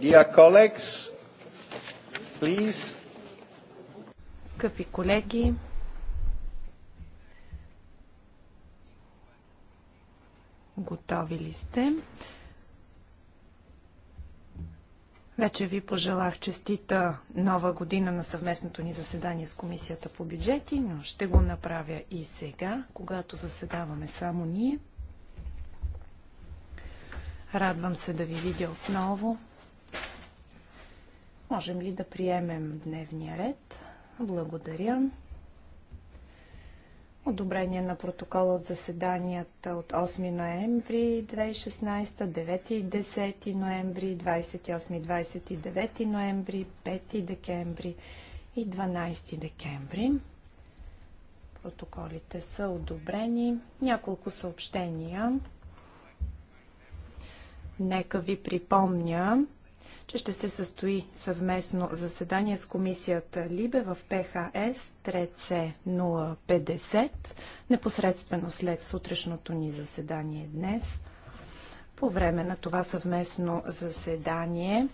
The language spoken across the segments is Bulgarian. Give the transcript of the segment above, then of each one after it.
Dear colleagues, please. Скъпи колеги, готови ли сте? Вече ви пожелах честита нова година на съвместното ни заседание с Комисията по бюджети, но ще го направя и сега, когато заседаваме само ние. Радвам се да ви видя отново. Можем ли да приемем дневния ред? Благодаря. Одобрение на протокола от заседанията от 8 ноември 2016, 9 и 10 ноември, 28 и 29 ноември, 5 декември и 12 декември. Протоколите са одобрени. Няколко съобщения. Нека ви припомня, че ще се състои съвместно заседание с комисията Либе в ПХС 3C050, непосредствено след сутрешното ни заседание днес. По време на това съвместно заседание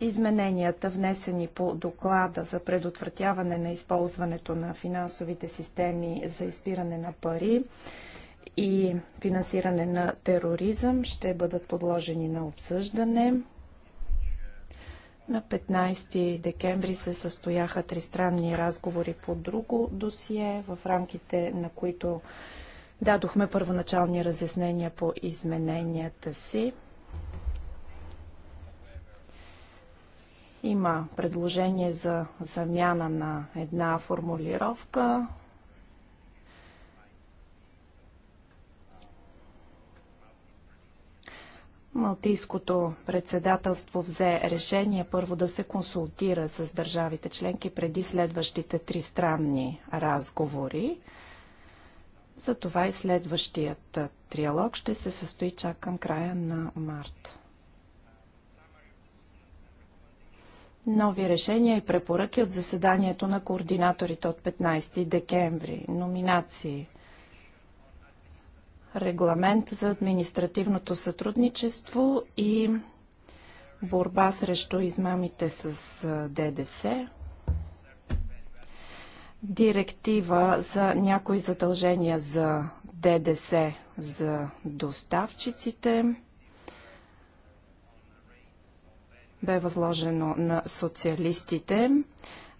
измененията, внесени по доклада за предотвратяване на използването на финансовите системи за изпиране на пари, и финансиране на тероризъм ще бъдат подложени на обсъждане. На 15 декември се състояха тристранни разговори по друго досие, в рамките на които дадохме първоначални разяснения по измененията си. Има предложение за замяна на една формулировка Малтийското председателство взе решение първо да се консултира с държавите членки преди следващите три странни разговори. Затова и следващият триалог ще се състои чак към края на март. Нови решения и препоръки от заседанието на координаторите от 15 декември. Номинации – регламент за административното сътрудничество и борба срещу измамите с ДДС, директива за някои задължения за ДДС за доставчиците. Бе възложено на социалистите.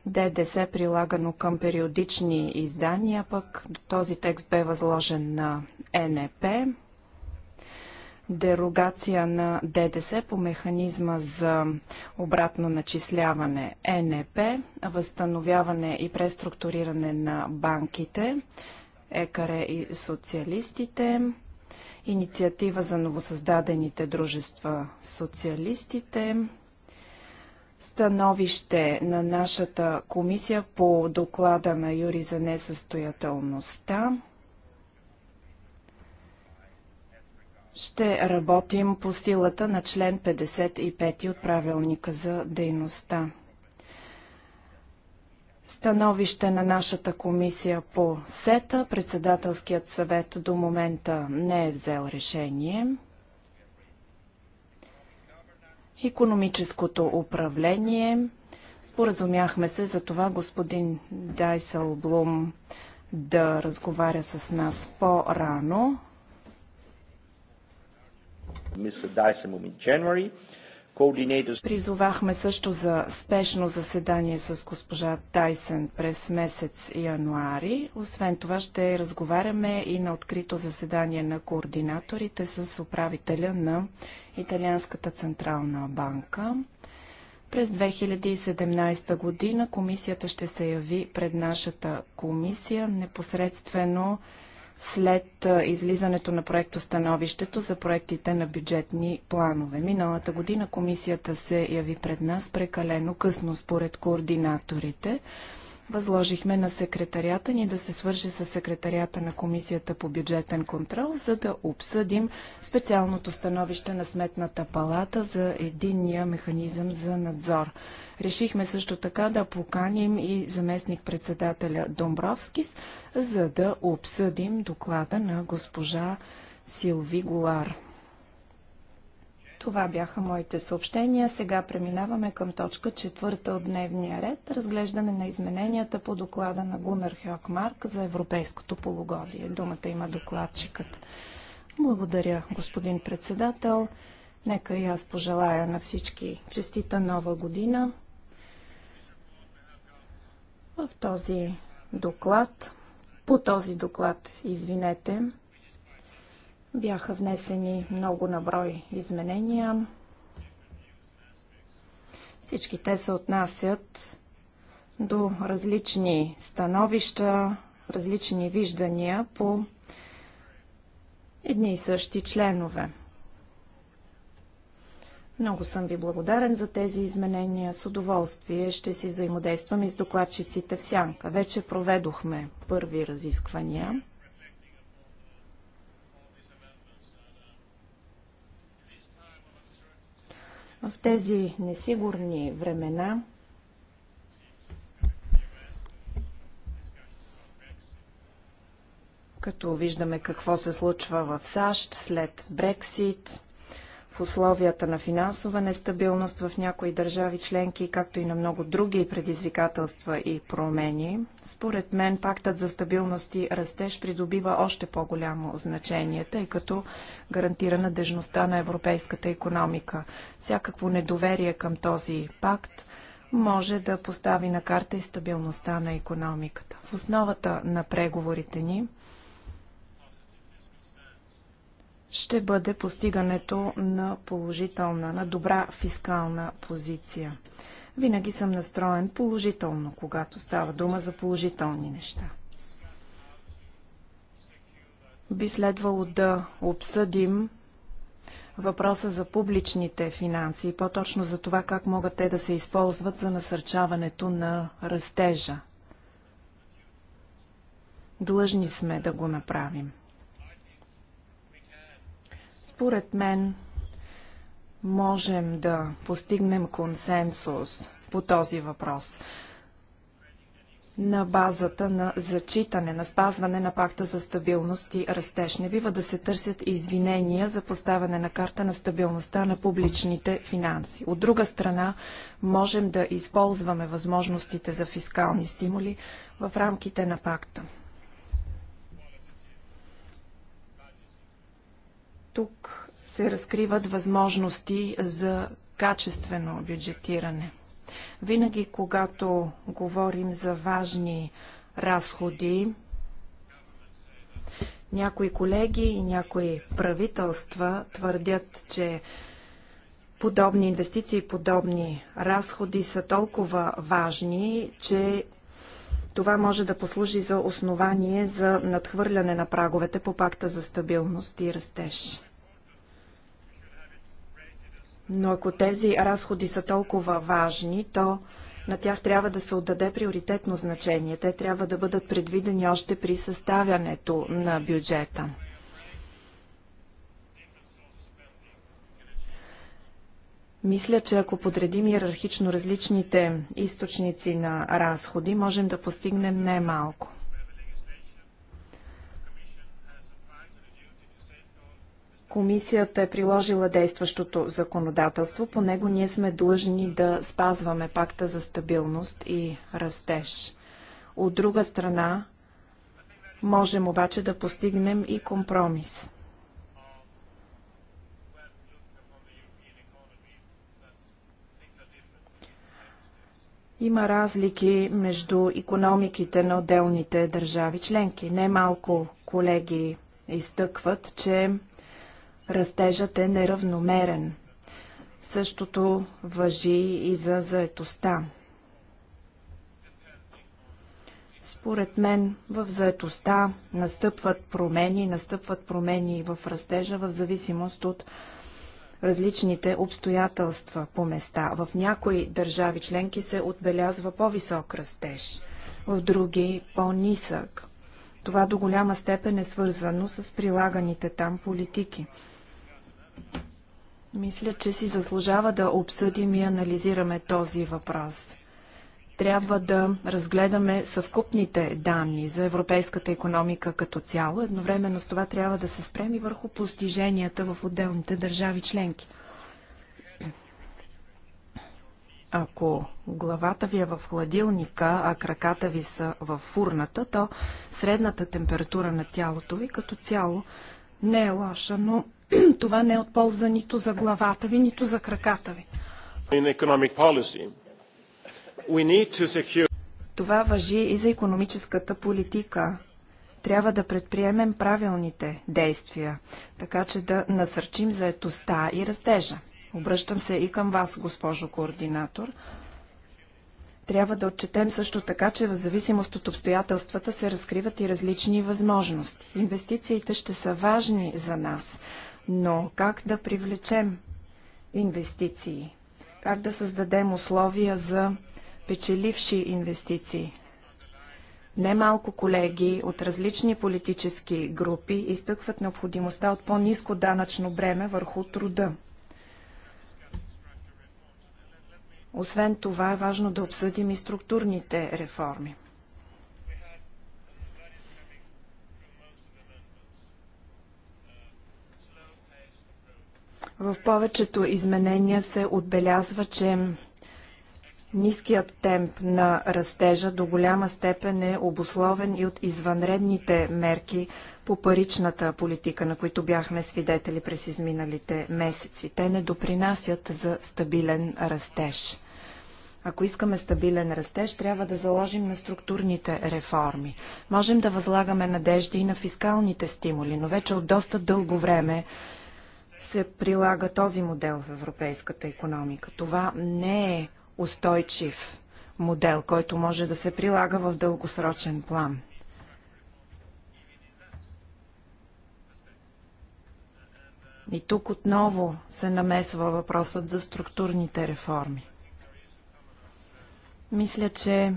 ДДС прилагано към периодични издания, пък този текст бе възложен на НЕП. Дерогация на ДДС по механизма за обратно начисляване НЕП, възстановяване и преструктуриране на банките, ЕКАРЕ и социалистите, инициатива за новосъздадените дружества социалистите, становище на нашата комисия по доклада на Юри за несъстоятелността. Ще работим по силата на член 55 от правилника за дейността. Становище на нашата комисия по СЕТА. Председателският съвет до момента не е взел решение економическото управление. Споразумяхме се за това господин Дайсел Блум да разговаря с нас по-рано. Mr. Dijsselbloem in January. Призовахме също за спешно заседание с госпожа Тайсен през месец януари. Освен това ще разговаряме и на открито заседание на координаторите с управителя на Италианската централна банка. През 2017 година комисията ще се яви пред нашата комисия непосредствено след излизането на проекто становището за проектите на бюджетни планове. Миналата година комисията се яви пред нас прекалено късно според координаторите. Възложихме на секретарията ни да се свържи с секретарията на Комисията по бюджетен контрол, за да обсъдим специалното становище на Сметната палата за единния механизъм за надзор. Решихме също така да поканим и заместник-председателя Домбровскис, за да обсъдим доклада на госпожа Силви Голар. Това бяха моите съобщения. Сега преминаваме към точка четвърта от дневния ред – разглеждане на измененията по доклада на Гунар Хеокмарк за европейското полугодие. Думата има докладчикът. Благодаря, господин председател. Нека и аз пожелая на всички честита нова година. В този доклад, по този доклад, извинете, бяха внесени много наброй изменения. Всички те се отнасят до различни становища, различни виждания по едни и същи членове. Много съм ви благодарен за тези изменения. С удоволствие ще си взаимодействам и с докладчиците в Сянка. Вече проведохме първи разисквания. В тези несигурни времена като виждаме какво се случва в САЩ след Брексит, условията на финансова нестабилност в някои държави членки, както и на много други предизвикателства и промени, според мен пактът за стабилност и растеж придобива още по-голямо значение, тъй като гарантира надежността на европейската економика. Всякакво недоверие към този пакт може да постави на карта и стабилността на економиката. В основата на преговорите ни ще бъде постигането на положителна, на добра фискална позиция. Винаги съм настроен положително, когато става дума за положителни неща. Би следвало да обсъдим въпроса за публичните финанси и по-точно за това как могат те да се използват за насърчаването на растежа. Длъжни сме да го направим. Според мен можем да постигнем консенсус по този въпрос на базата на зачитане, на спазване на пакта за стабилност и растеж. Не бива да се търсят извинения за поставяне на карта на стабилността на публичните финанси. От друга страна, можем да използваме възможностите за фискални стимули в рамките на пакта. Тук се разкриват възможности за качествено бюджетиране. Винаги, когато говорим за важни разходи, някои колеги и някои правителства твърдят, че подобни инвестиции, подобни разходи са толкова важни, че това може да послужи за основание за надхвърляне на праговете по пакта за стабилност и растеж. Но ако тези разходи са толкова важни, то на тях трябва да се отдаде приоритетно значение. Те трябва да бъдат предвидени още при съставянето на бюджета. Мисля, че ако подредим иерархично различните източници на разходи, можем да постигнем най малко. Комисията е приложила действащото законодателство. По него ние сме длъжни да спазваме пакта за стабилност и растеж. От друга страна, можем обаче да постигнем и компромис. Има разлики между економиките на отделните държави членки. Немалко колеги изтъкват, че растежът е неравномерен. Същото въжи и за заетостта. Според мен в заетостта настъпват промени, настъпват промени в растежа в зависимост от различните обстоятелства по места. В някои държави членки се отбелязва по-висок растеж, в други по-нисък. Това до голяма степен е свързано с прилаганите там политики. Мисля, че си заслужава да обсъдим и анализираме този въпрос трябва да разгледаме съвкупните данни за европейската економика като цяло. Едновременно с това трябва да се спреми върху постиженията в отделните държави членки. Ако главата ви е в хладилника, а краката ви са в фурната, то средната температура на тялото ви като цяло не е лоша, но това не е от полза нито за главата ви, нито за краката ви. In това въжи и за економическата политика. Трябва да предприемем правилните действия, така че да насърчим заетостта и растежа. Обръщам се и към вас, госпожо координатор. Трябва да отчетем също така, че в зависимост от обстоятелствата се разкриват и различни възможности. Инвестициите ще са важни за нас, но как да привлечем инвестиции? Как да създадем условия за печеливши инвестиции. Немалко колеги от различни политически групи изтъкват необходимостта от по-низко данъчно бреме върху труда. Освен това е важно да обсъдим и структурните реформи. В повечето изменения се отбелязва, че Ниският темп на растежа до голяма степен е обусловен и от извънредните мерки по паричната политика, на които бяхме свидетели през изминалите месеци. Те не допринасят за стабилен растеж. Ако искаме стабилен растеж, трябва да заложим на структурните реформи. Можем да възлагаме надежди и на фискалните стимули, но вече от доста дълго време се прилага този модел в европейската економика. Това не е устойчив модел, който може да се прилага в дългосрочен план. И тук отново се намесва въпросът за структурните реформи. Мисля, че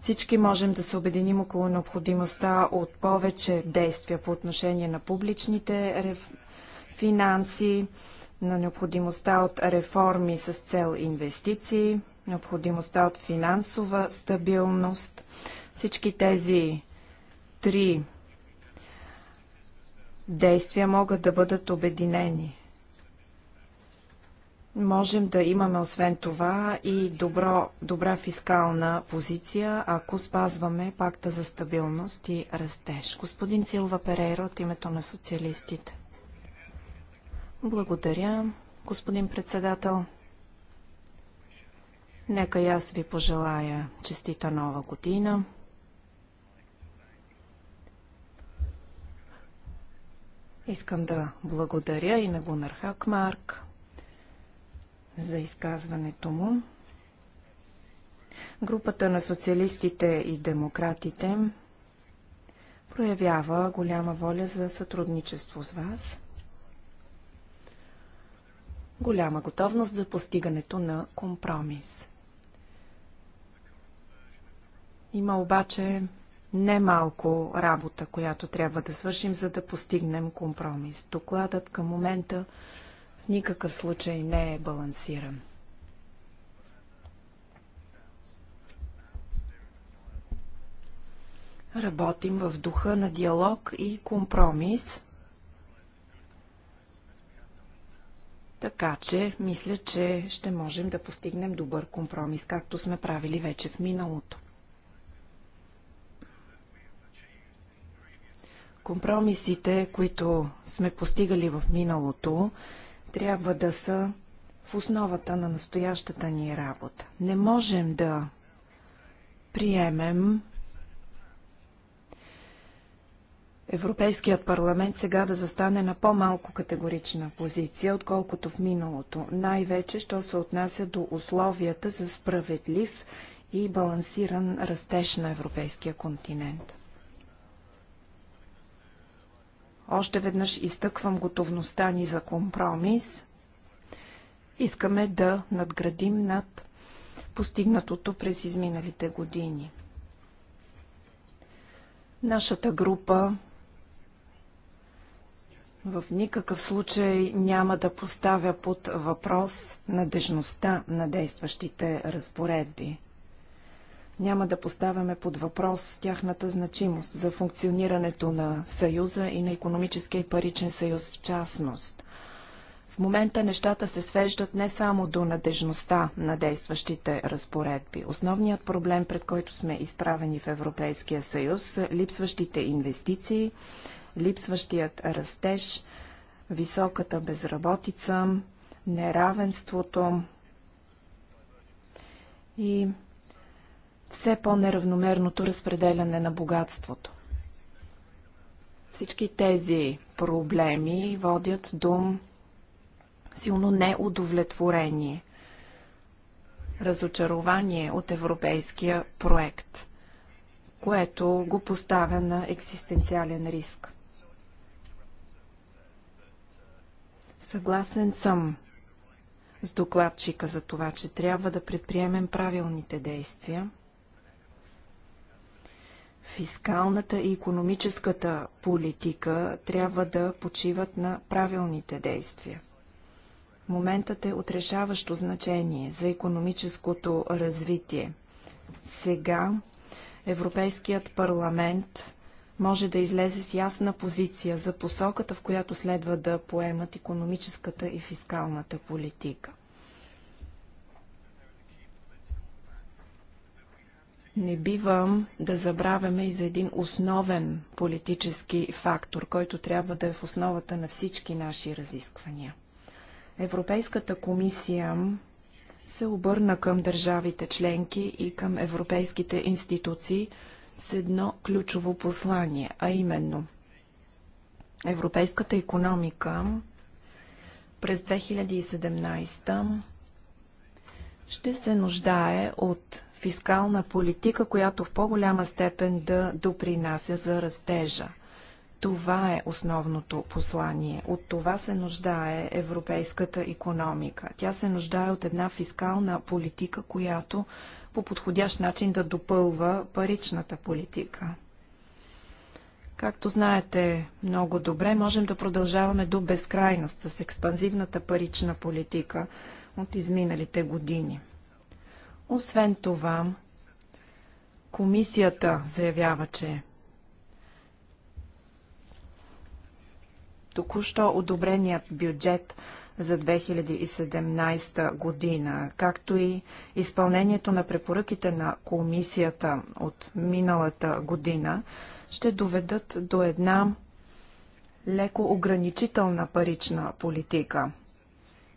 всички можем да се обединим около необходимостта от повече действия по отношение на публичните реф... финанси, на необходимостта от реформи с цел инвестиции, необходимостта от финансова стабилност. Всички тези три действия могат да бъдат обединени. Можем да имаме освен това и добро, добра фискална позиция, ако спазваме пакта за стабилност и растеж. Господин Силва Перейро от името на социалистите. Благодаря, господин председател. Нека и аз ви пожелая честита нова година. Искам да благодаря и на Гунар Хакмарк за изказването му. Групата на социалистите и демократите проявява голяма воля за сътрудничество с вас – голяма готовност за постигането на компромис. Има обаче немалко работа, която трябва да свършим, за да постигнем компромис. Докладът към момента в никакъв случай не е балансиран. Работим в духа на диалог и компромис – Така че, мисля, че ще можем да постигнем добър компромис, както сме правили вече в миналото. Компромисите, които сме постигали в миналото, трябва да са в основата на настоящата ни работа. Не можем да приемем Европейският парламент сега да застане на по-малко категорична позиция, отколкото в миналото, най-вече, що се отнася до условията за справедлив и балансиран растеж на европейския континент. Още веднъж изтъквам готовността ни за компромис. Искаме да надградим над постигнатото през изминалите години. Нашата група в никакъв случай няма да поставя под въпрос надежността на действащите разпоредби. Няма да поставяме под въпрос тяхната значимост за функционирането на Съюза и на економическия и паричен съюз в частност. В момента нещата се свеждат не само до надежността на действащите разпоредби. Основният проблем, пред който сме изправени в Европейския съюз, са липсващите инвестиции – липсващият растеж, високата безработица, неравенството и все по-неравномерното разпределяне на богатството. Всички тези проблеми водят до силно неудовлетворение, разочарование от европейския проект, което го поставя на екзистенциален риск. Съгласен съм с докладчика за това, че трябва да предприемем правилните действия. Фискалната и економическата политика трябва да почиват на правилните действия. Моментът е отрешаващо значение за економическото развитие. Сега Европейският парламент може да излезе с ясна позиция за посоката, в която следва да поемат економическата и фискалната политика. Не бивам да забравяме и за един основен политически фактор, който трябва да е в основата на всички наши разисквания. Европейската комисия се обърна към държавите членки и към европейските институции – с едно ключово послание, а именно европейската економика през 2017 ще се нуждае от фискална политика, която в по-голяма степен да допринася за растежа. Това е основното послание. От това се нуждае европейската економика. Тя се нуждае от една фискална политика, която по подходящ начин да допълва паричната политика. Както знаете много добре, можем да продължаваме до безкрайност с експанзивната парична политика от изминалите години. Освен това, комисията заявява, че току-що одобреният бюджет за 2017 година, както и изпълнението на препоръките на комисията от миналата година, ще доведат до една леко ограничителна парична политика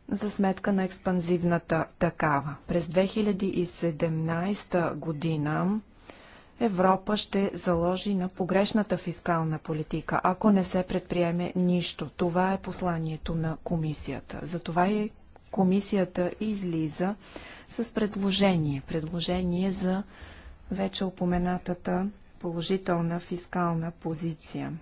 за сметка на експанзивната такава. През 2017 година Европа ще заложи на погрешната фискална политика, ако не се предприеме нищо. Това е посланието на комисията. Затова и комисията излиза с предложение. Предложение за вече упоменатата положителна фискална позиция.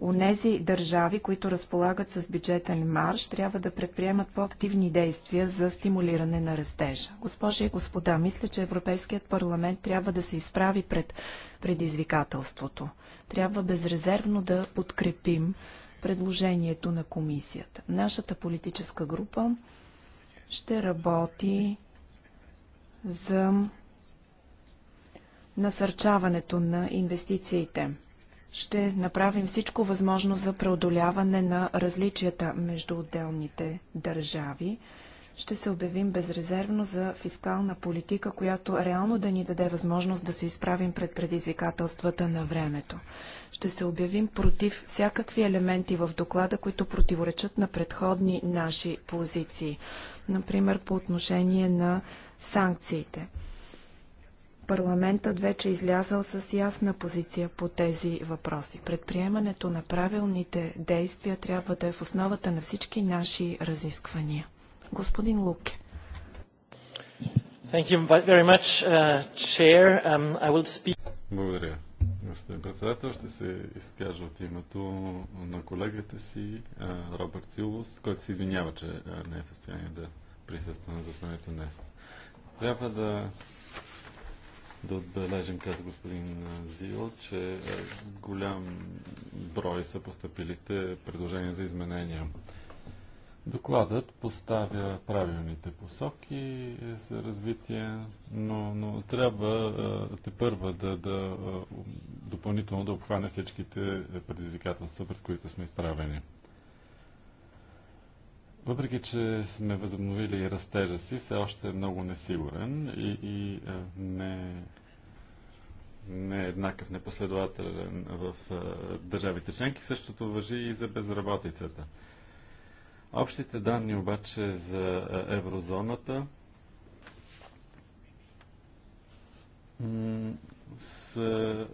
Унези държави, които разполагат с бюджетен марш, трябва да предприемат по-активни действия за стимулиране на растежа. Госпожи и господа, мисля, че Европейският парламент трябва да се изправи пред предизвикателството. Трябва безрезервно да подкрепим предложението на комисията. Нашата политическа група ще работи за насърчаването на инвестициите ще направим всичко възможно за преодоляване на различията между отделните държави. Ще се обявим безрезервно за фискална политика, която реално да ни даде възможност да се изправим пред предизвикателствата на времето. Ще се обявим против всякакви елементи в доклада, които противоречат на предходни наши позиции, например по отношение на санкциите. Парламентът вече е излязал с ясна позиция по тези въпроси. Предприемането на правилните действия трябва да е в основата на всички наши разисквания. Господин Луке. Благодаря, господин председател. Ще се изкажа от името на колегата си, Робърт Силус, който се извинява, че не е в състояние да присъства на заседанието днес. Трябва да да отбележим, каза господин Зил, че е, голям брой са поступилите предложения за изменения. Докладът поставя правилните посоки е, за развитие, но, но трябва е, те първа да, да допълнително да обхване всичките предизвикателства, пред които сме изправени. Въпреки, че сме възобновили растежа си, все още е много несигурен и, и не не е еднакъв, непоследователен в държавите членки. Същото въжи и за безработицата. Общите данни обаче за еврозоната са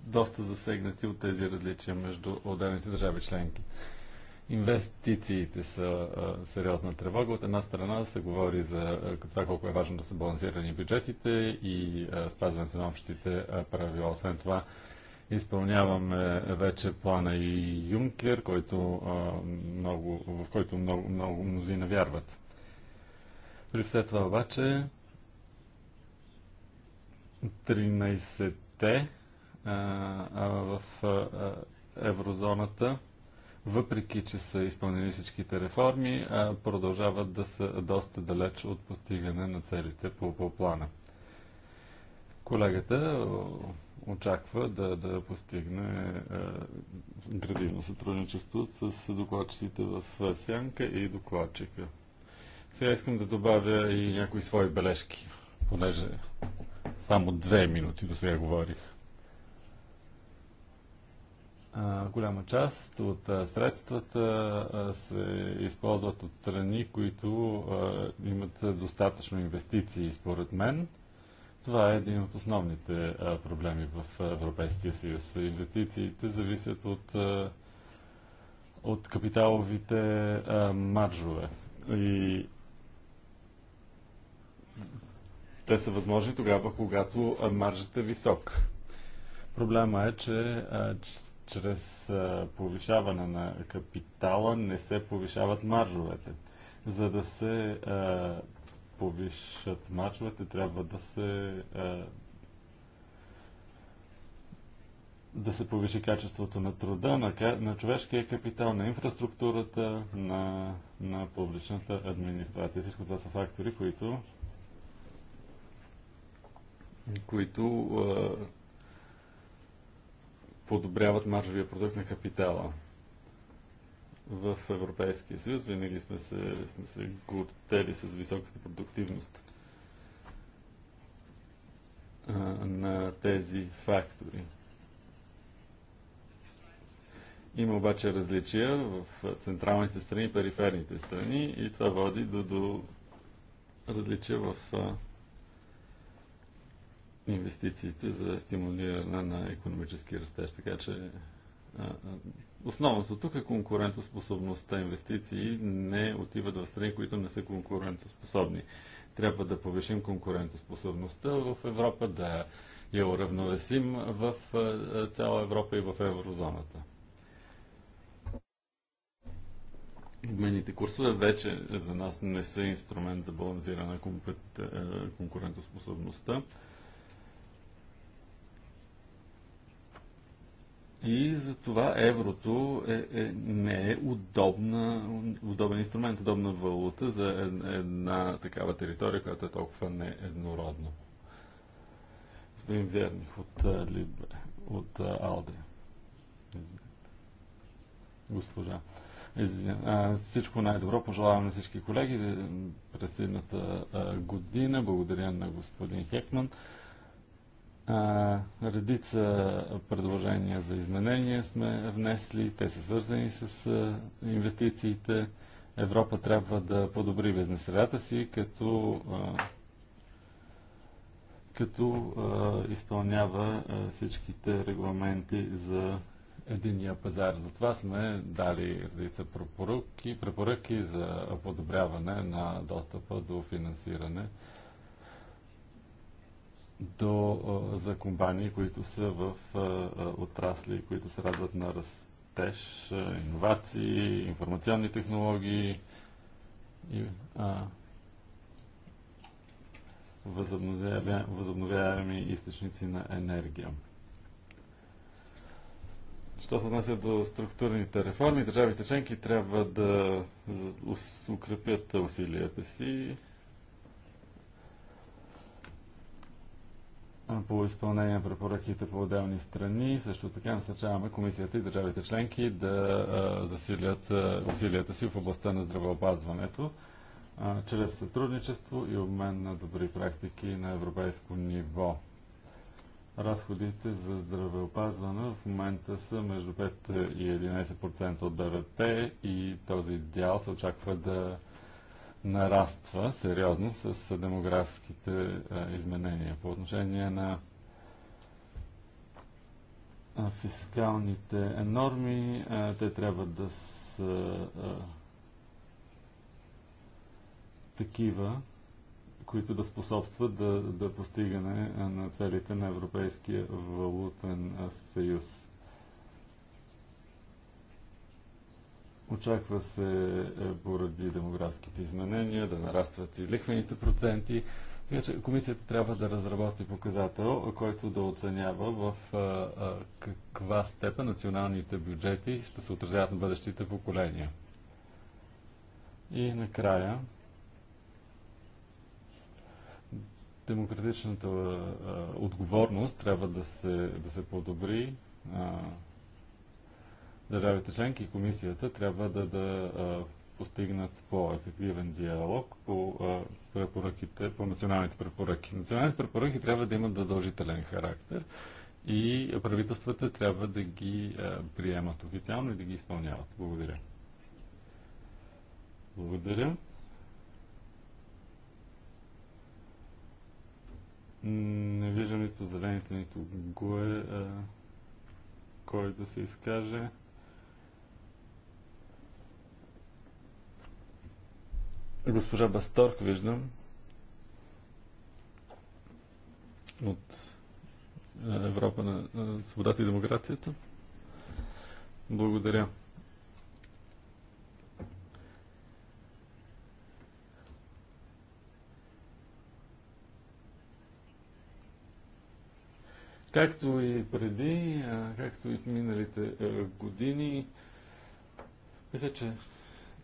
доста засегнати от тези различия между отделните държави членки. Инвестициите са а, сериозна тревога. От една страна се говори за а, това колко е важно да са балансирани бюджетите и а, спазването на общите правила. Освен това, изпълняваме вече плана и Юнкер, който, много, в който много, много мнозина вярват. При все това обаче 13-те в еврозоната въпреки че са изпълнени всичките реформи, продължават да са доста далеч от постигане на целите по, по плана. Колегата очаква да, да постигне градивно сътрудничество с докладчиците в Сянка и докладчика. Сега искам да добавя и някои свои бележки, понеже само две минути до сега говорих голяма част от средствата се използват от страни, които имат достатъчно инвестиции, според мен. Това е един от основните проблеми в Европейския съюз. Инвестициите зависят от, от капиталовите маржове. И те са възможни тогава, когато маржът е висок. Проблема е, че чрез повишаване на капитала не се повишават маржовете. За да се повишат маржовете, трябва да се да се повиши качеството на труда, на, на човешкия капитал, на инфраструктурата, на, на публичната администрация. Всичко това са фактори, които, които подобряват маржовия продукт на капитала. В Европейския съюз винаги сме се, сме се гордели с високата продуктивност а, на тези фактори. Има обаче различия в централните страни и периферните страни и това води до, до различия в а, инвестициите за стимулиране на економически растеж. Така че основното тук е конкурентоспособността. Инвестиции не отиват в страни, които не са конкурентоспособни. Трябва да повишим конкурентоспособността в Европа, да я уравновесим в цяла Европа и в еврозоната. Обмените курсове вече за нас не са инструмент за балансиране на конкурентоспособността. И за това еврото е, е, не е удобна, удобен инструмент, удобна валута за една такава територия, която е толкова нееднородна. Господин Верних от, е, от, от е, Алде. Госпожа. Извиня. Всичко най-добро. Пожелавам на всички колеги през следната е, година. Благодаря на господин Хекман редица предложения за изменения сме внесли. Те са свързани с инвестициите. Европа трябва да подобри бизнес си, като, като изпълнява всичките регламенти за единия пазар. Затова сме дали редица препоръки, препоръки за подобряване на достъпа до финансиране до, за компании, които са в отрасли, които се радват на растеж, иновации, информационни технологии и възобновяеми, възобновяеми източници на енергия. Що се отнася до структурните реформи, държавите членки трябва да укрепят усилията си по изпълнение на препоръките по отделни страни. Също така насърчаваме комисията и държавите членки да засилят усилията си в областта на здравеопазването чрез сътрудничество и обмен на добри практики на европейско ниво. Разходите за здравеопазване в момента са между 5 и 11% от БВП и този дял се очаква да нараства сериозно с демографските е, изменения. По отношение на фискалните норми, е, те трябва да са е, такива, които да способстват да, да постигане на целите на Европейския валутен съюз. Очаква се е, поради демографските изменения да нарастват и лихвените проценти. комисията трябва да разработи показател, който да оценява в е, е, каква степен националните бюджети ще се отразяват на бъдещите поколения. И накрая, демократичната отговорност трябва да се, да се подобри държавите членки и комисията трябва да, да постигнат по-ефективен диалог по препоръките, по националните препоръки. Националните препоръки трябва да имат задължителен характер и правителствата трябва да ги приемат официално и да ги изпълняват. Благодаря. Благодаря. Не виждам нито зелените, нито е кой да се изкаже. Госпожа Басторг, виждам. От е, Европа на свободата и демокрацията. Благодаря. Както и преди, както и в миналите е, години, мисля, че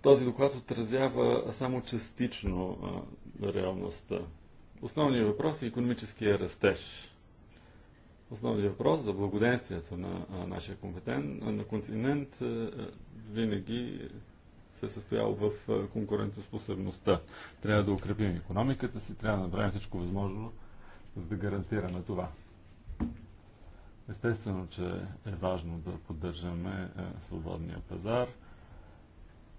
този доклад отразява само частично а, реалността. Основният въпрос е економическия растеж. Основният въпрос за благоденствието на а, нашия а, на континент а, винаги се е състоял в конкурентоспособността. Трябва да укрепим економиката си, трябва да направим всичко възможно, за да гарантираме това. Естествено, че е важно да поддържаме свободния пазар –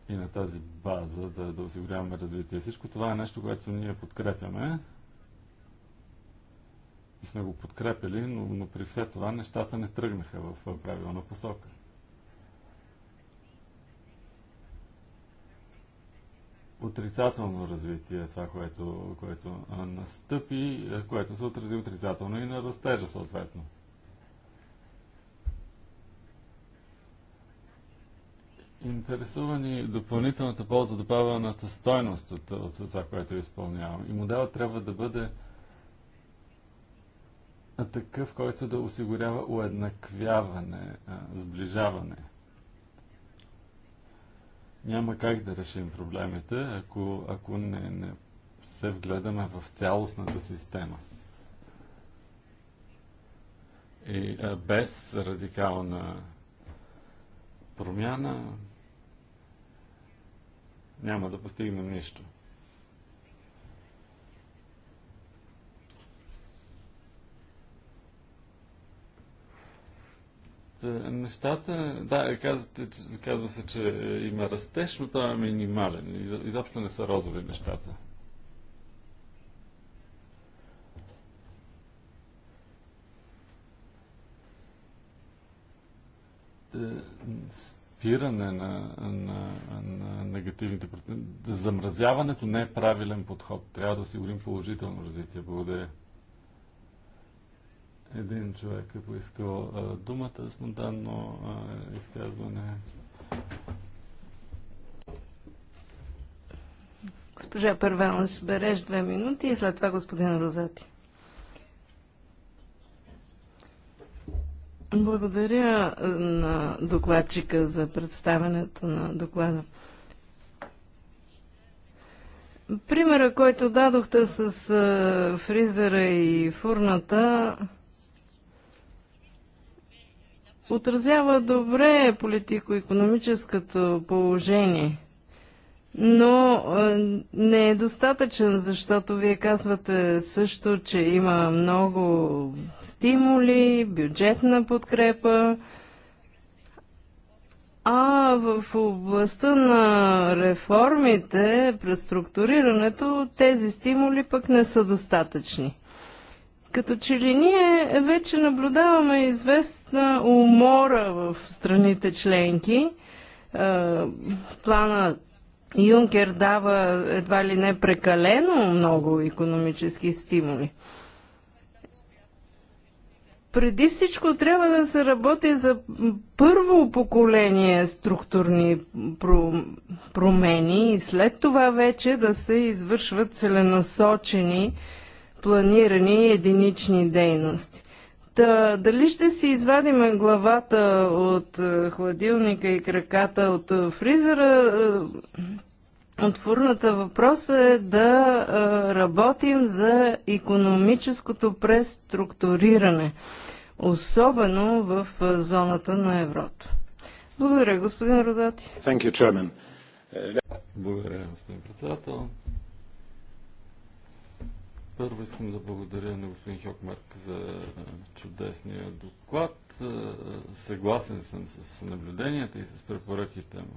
и на тази база да, да осигуряваме развитие. Всичко това е нещо, което ние подкрепяме и сме го подкрепили, но, но при все това нещата не тръгнаха в правилна посока. отрицателно развитие, е това, което, което настъпи, което се отрази отрицателно и на растежа съответно. Интересува ни допълнителната полза, добавената стойност от, от, от това, което изпълнявам. И моделът трябва да бъде такъв, който да осигурява уеднаквяване, сближаване. Няма как да решим проблемите, ако, ако не, не се вгледаме в цялостната система. И а, без радикална промяна няма да постигнем нищо. нещата, да, казвате, казва се, че има растеж, но това е минимален. Изобщо не са розови нещата. Да, спиране на, на, на негативните замразяването не е правилен подход. Трябва да осигурим положително развитие. Благодаря. Един човек е поискал а, думата спонтанно а, изказване. Госпожа Първанс, береш две минути и след това господин Розати. Благодаря е, на докладчика за представенето на доклада. Примера, който дадохте с е, фризера и фурната, отразява добре политико-економическото положение но не е достатъчен, защото вие казвате също, че има много стимули, бюджетна подкрепа. А в областта на реформите, преструктурирането, тези стимули пък не са достатъчни. Като че ли ние вече наблюдаваме известна умора в страните членки, плана Юнкер дава едва ли не прекалено много економически стимули. Преди всичко трябва да се работи за първо поколение структурни промени и след това вече да се извършват целенасочени планирани единични дейности. Та, дали ще си извадим главата от е, хладилника и краката от е, фризера, е, от фурната въпроса е да работим за економическото преструктуриране, особено в зоната на еврото. Благодаря, господин Родати. Благодаря, господин председател. Първо искам да благодаря на господин Хокмарк за чудесния доклад. Съгласен съм с наблюденията и с препоръките му.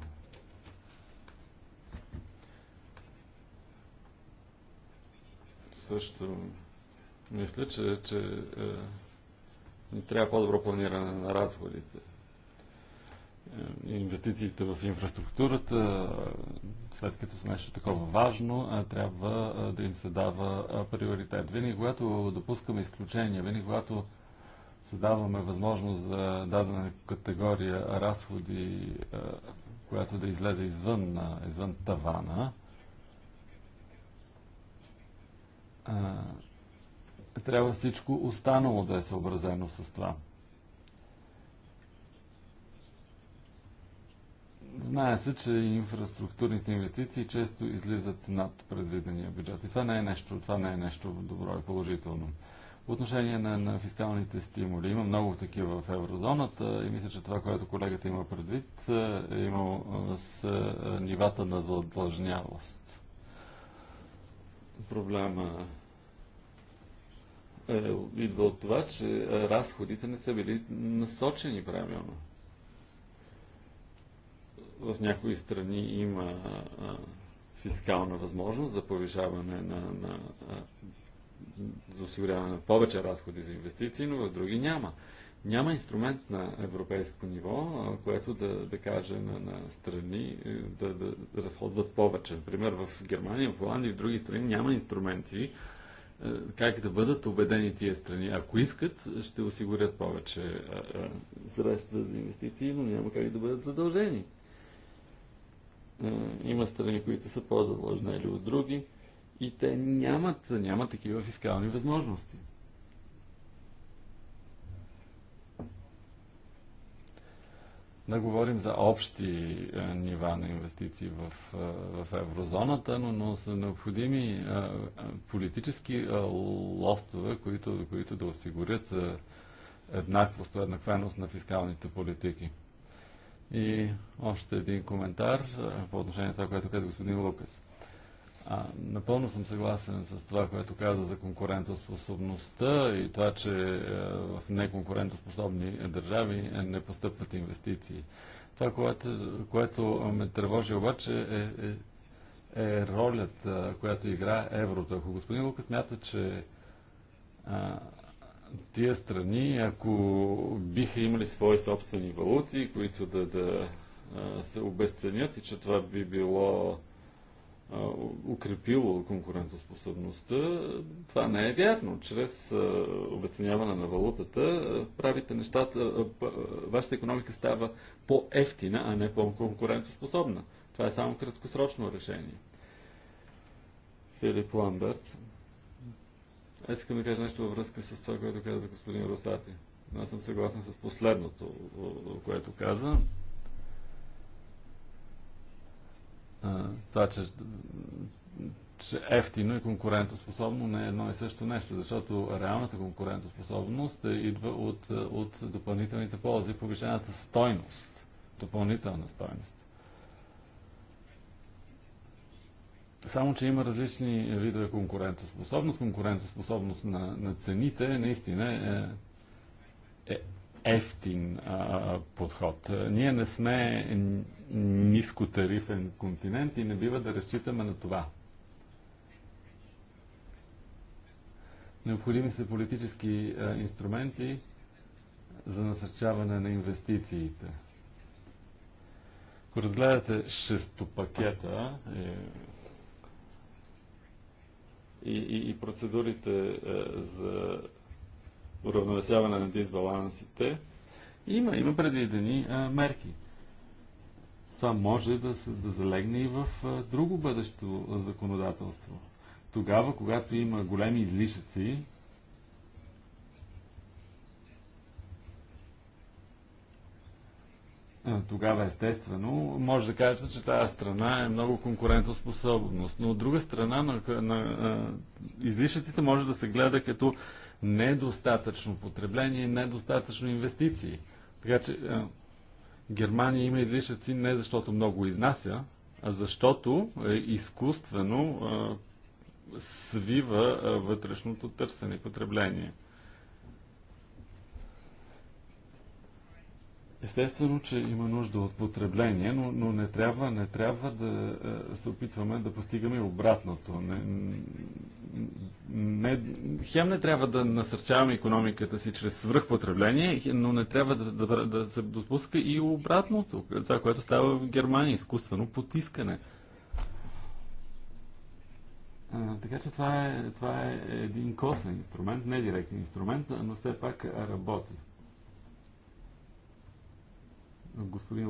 Също мисля, че, че е, трябва по-добро планиране на разходите. Е, инвестициите в инфраструктурата, след като са нещо такова важно, е, трябва е, да им се дава приоритет. Винаги, когато допускаме изключения, винаги, когато създаваме възможност за дадена категория разходи, която да излезе извън, извън тавана, трябва всичко останало да е съобразено с това. Знае се, че инфраструктурните инвестиции често излизат над предвидения бюджет. И това не е нещо, това не е нещо добро и е положително. По отношение на, на фискалните стимули, има много такива в еврозоната и мисля, че това, което колегата има предвид, е, е имало с нивата на задлъжнявост. Проблема е, идва от това, че разходите не са били насочени правилно в някои страни има фискална възможност за повишаване на, на, за осигуряване на повече разходи за инвестиции, но в други няма. Няма инструмент на европейско ниво, което да, да каже на, на страни да, е, да, да разходват повече. Например, в Германия, в Холандия и в други страни няма инструменти е, как да бъдат убедени тия страни. Ако искат, ще осигурят повече е, средства за инвестиции, но няма как да бъдат задължени. Има страни, които са по или от други и те нямат, нямат такива фискални възможности. Да говорим за общи е, нива на инвестиции в, е, в еврозоната, но, но са необходими е, политически лостове, които, които да осигурят еднаквост, еднаквеност на фискалните политики. И още един коментар по отношение на това, което каза господин Лукас. А, напълно съм съгласен с това, което каза за конкурентоспособността и това, че е, в неконкурентоспособни държави е, не постъпват инвестиции. Това, което, което ме тревожи обаче е, е, е ролята, която игра еврото. Ако господин Лукас смята, че а, тия страни, ако биха имали свои собствени валути, които да, да се обесценят и че това би било укрепило конкурентоспособността, това не е вярно. Чрез обесценяване на валутата правите нещата, вашата економика става по-ефтина, а не по-конкурентоспособна. Това е само краткосрочно решение. Филип Ламберт. Аз искам да кажа нещо във връзка с това, което каза господин Росати. Аз съм съгласен с последното, което каза. Това, че, че ефтино и конкурентоспособно не е едно и също нещо, защото реалната конкурентоспособност е, идва от, от допълнителните ползи, повишената стойност, допълнителна стойност. Само, че има различни видове конкурентоспособност. Конкурентоспособност на, на цените наистина е, е, е ефтин а, подход. Ние не сме нискотарифен континент и не бива да разчитаме на това. Необходими са политически а, инструменти за насърчаване на инвестициите. Ако разгледате шестопакета, е, и, и, и процедурите е, за уравновесяване на дисбалансите, има, има предвидени е, мерки. Това може да, се, да залегне и в е, друго бъдещо законодателство. Тогава, когато има големи излишъци, тогава естествено може да кажете, че тази страна е много конкурентоспособност. Но от друга страна на, на, на излишъците може да се гледа като недостатъчно потребление, недостатъчно инвестиции. Така че а, Германия има излишъци не защото много изнася, а защото е, изкуствено а, свива а, вътрешното търсене и потребление. Естествено, че има нужда от потребление, но, но не, трябва, не трябва да е, се опитваме да постигаме обратното. Не, не, хем не трябва да насърчаваме економиката си чрез свръхпотребление, но не трябва да, да, да се допуска и обратното. Това, което става в Германия, изкуствено потискане. А, така че това е, това е един косвен инструмент, не директен инструмент, но все пак работи. Господин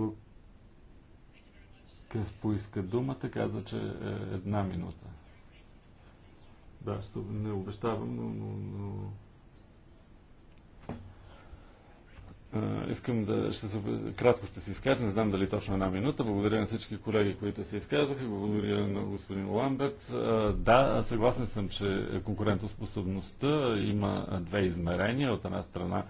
Лукас поиска думата, каза, че е една минута. Да, ще не обещавам, но, но, но... Uh, искам да ще се, кратко ще се изкажа, не знам дали точно една минута. Благодаря на всички колеги, които се изказаха. Благодаря на господин Ламберт. Uh, да, съгласен съм, че конкурентоспособността има две измерения. От една страна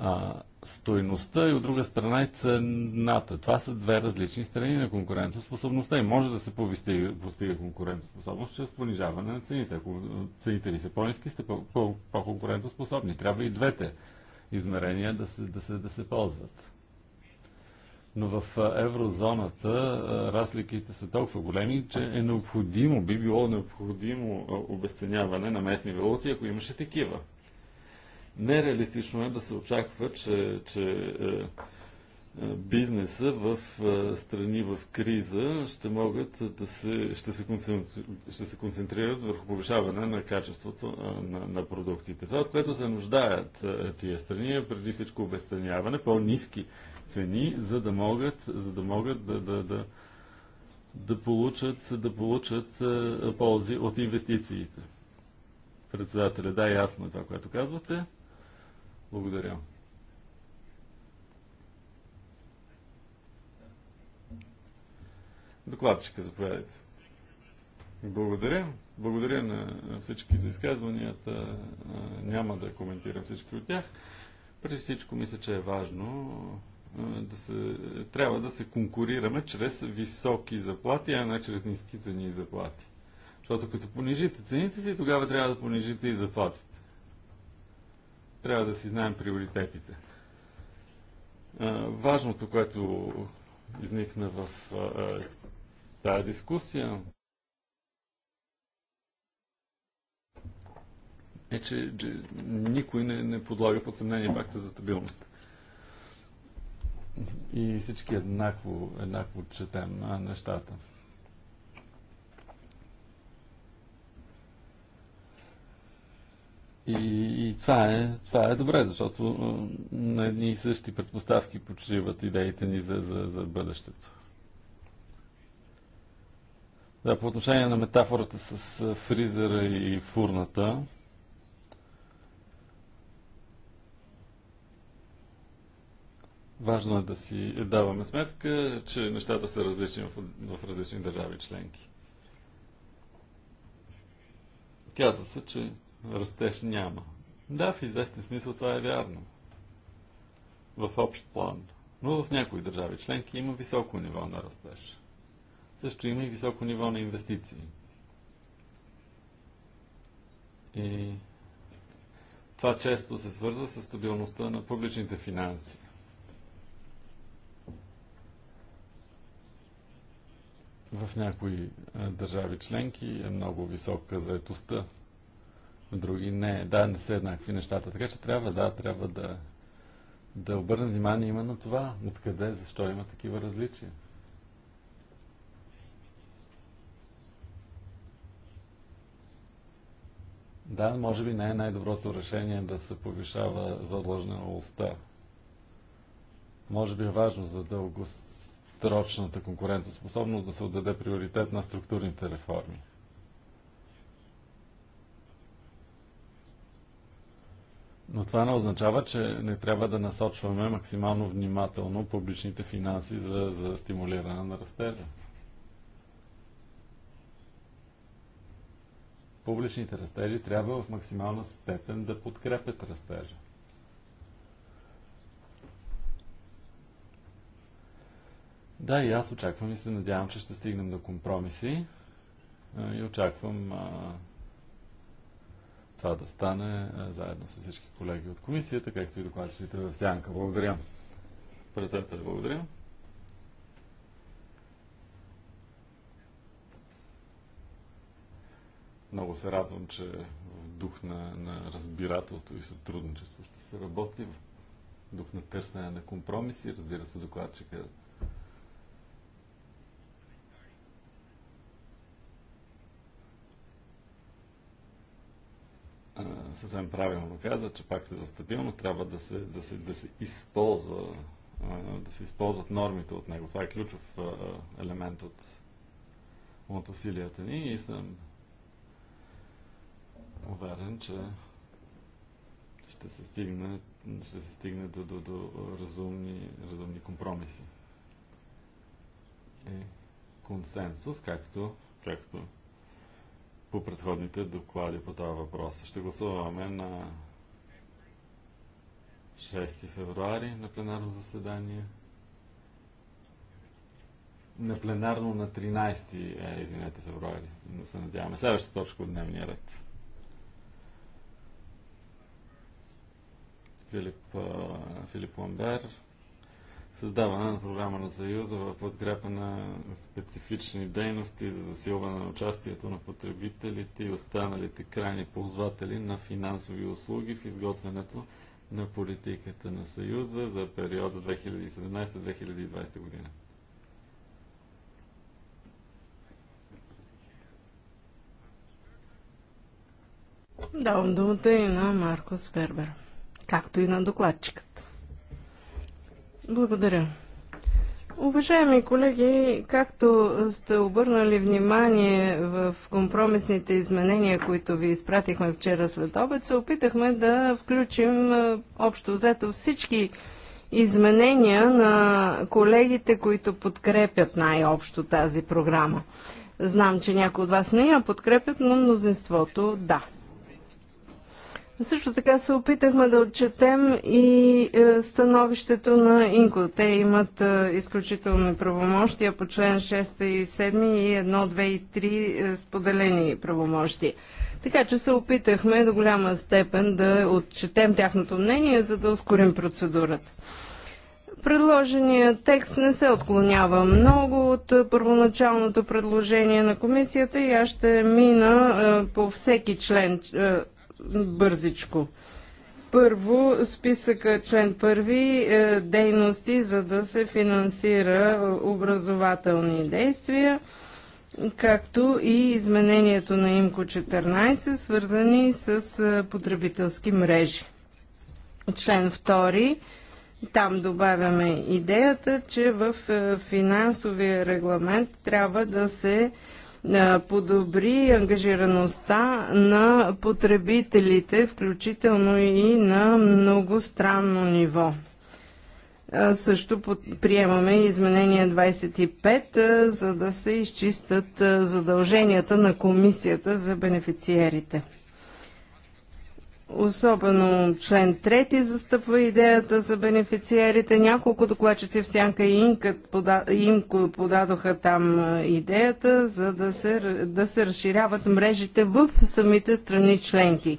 uh, стойността и от друга страна е цената. Това са две различни страни на конкурентоспособността и може да се повести, постига конкурентоспособност чрез понижаване на цените. Ако цените ви са по-низки, сте по-конкурентоспособни. Трябва и двете измерения да се, да се, да се ползват. Но в еврозоната разликите са толкова големи, че е необходимо, би било необходимо обесценяване на местни валути, ако имаше такива. Нереалистично е да се очаква, че, че е, е, бизнеса в е, страни в криза ще могат да се, ще се, ще се концентрират върху повишаване на качеството на, на продуктите. Това, от което се нуждаят тия страни е преди всичко обесценяване, по-низки цени, за да могат, за да, могат да, да, да, да получат, да получат ползи от инвестициите. Председателя, да, ясно е това, което казвате. Благодаря. Докладчика, заповядайте. Благодаря. Благодаря на всички за изказванията. Няма да коментирам всички от тях. Преди всичко мисля, че е важно да се, трябва да се конкурираме чрез високи заплати, а не чрез ниски цени и заплати. Защото като понижите цените си, тогава трябва да понижите и заплатите. Трябва да си знаем приоритетите. Важното, което изникна в тази дискусия, е, че, че никой не, не подлага под съмнение пакта за стабилност. И всички еднакво, еднакво четем нещата. И, и това, е, това е добре, защото на едни и същи предпоставки почиват идеите ни за, за, за бъдещето. Да, по отношение на метафората с фризера и фурната, важно е да си даваме сметка, че нещата са различни в, в различни държави членки. Казва се, че растеж няма. Да, в известен смисъл това е вярно. В общ план. Но в някои държави членки има високо ниво на растеж. Също има и високо ниво на инвестиции. И това често се свързва с стабилността на публичните финанси. В някои държави членки е много висока заетостта други не. Да, не са еднакви нещата. Така че трябва, да, трябва да, да обърнем внимание именно това. Откъде, защо има такива различия. Да, може би не е най-доброто решение да се повишава задлъжнялостта. Може би е важно за дългосрочната конкурентоспособност да се отдаде приоритет на структурните реформи. Но това не означава, че не трябва да насочваме максимално внимателно публичните финанси за, за стимулиране на растежа. Публичните растежи трябва в максимална степен да подкрепят растежа. Да, и аз очаквам и се надявам, че ще стигнем до компромиси и очаквам това да стане заедно с всички колеги от комисията, както и докладчиците в Сянка. Благодаря. Председател, благодаря. Много се радвам, че в дух на, на разбирателство и сътрудничество ще се работи, в дух на търсене на компромиси. Разбира се, докладчикът съвсем правилно каза, че пакта за стабилност трябва да се, да се, да се използва да се използват нормите от него. Това е ключов елемент от, от усилията ни и съм уверен, че ще се стигне, ще се стигне до, до, до разумни, разумни компромиси. И е, консенсус, както, както по предходните доклади по това въпрос. Ще гласуваме на 6 февруари на пленарно заседание. На пленарно на 13, е, извинете, февруари. Не се надяваме. Следващата точка от дневния ред. Филип, Филип Ламбер създаване на програма на Съюза в подкрепа на специфични дейности за засилване на участието на потребителите и останалите крайни ползватели на финансови услуги в изготвянето на политиката на Съюза за периода 2017-2020 година. Давам думата и на Маркос Фербер, както и на докладчиката. Благодаря. Уважаеми колеги, както сте обърнали внимание в компромисните изменения, които ви изпратихме вчера след обед, се опитахме да включим е, общо взето всички изменения на колегите, които подкрепят най-общо тази програма. Знам, че някои от вас не я подкрепят, но мнозинството да. Също така се опитахме да отчетем и е, становището на Инко. Те имат е, изключителни правомощия по член 6 и 7 и 1, 2 и 3 е, споделени правомощия. Така че се опитахме до голяма степен да отчетем тяхното мнение, за да ускорим процедурата. Предложеният текст не се отклонява много от първоначалното предложение на комисията и аз ще мина по всеки член бързичко. Първо, списъка член първи е, дейности, за да се финансира образователни действия, както и изменението на ИМКО 14, свързани с е, потребителски мрежи. Член втори, там добавяме идеята, че в е, финансовия регламент трябва да се е, подобри ангажираността на потребителите, включително и на многостранно ниво. Също приемаме изменение 25, за да се изчистят задълженията на комисията за бенефициерите. Особено член 3 застъпва идеята за бенефициерите. Няколко докладчици в Сянка и Инка пода, Инко подадоха там идеята, за да се, да се разширяват мрежите в самите страни членки.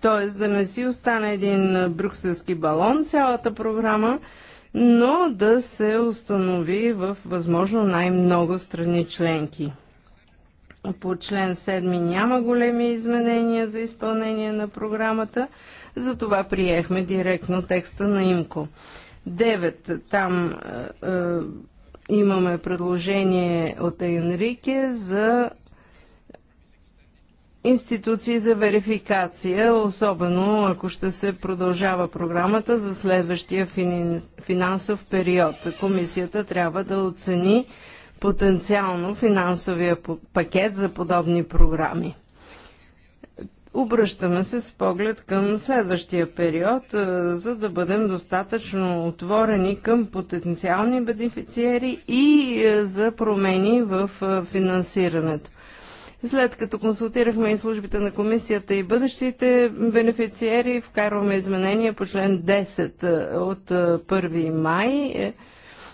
Тоест да не си остане един брюкселски балон цялата програма, но да се установи в възможно най-много страни членки. По член 7 няма големи изменения за изпълнение на програмата, затова приехме директно текста на ИМКО. 9. Там е, е, имаме предложение от Енрике за институции за верификация, особено ако ще се продължава програмата за следващия финансов период. Комисията трябва да оцени потенциално финансовия пакет за подобни програми. Обръщаме се с поглед към следващия период, е, за да бъдем достатъчно отворени към потенциални бенефициери и е, за промени в е, финансирането. След като консултирахме и службите на комисията и бъдещите бенефициери, вкарваме изменения по член 10 от 1 май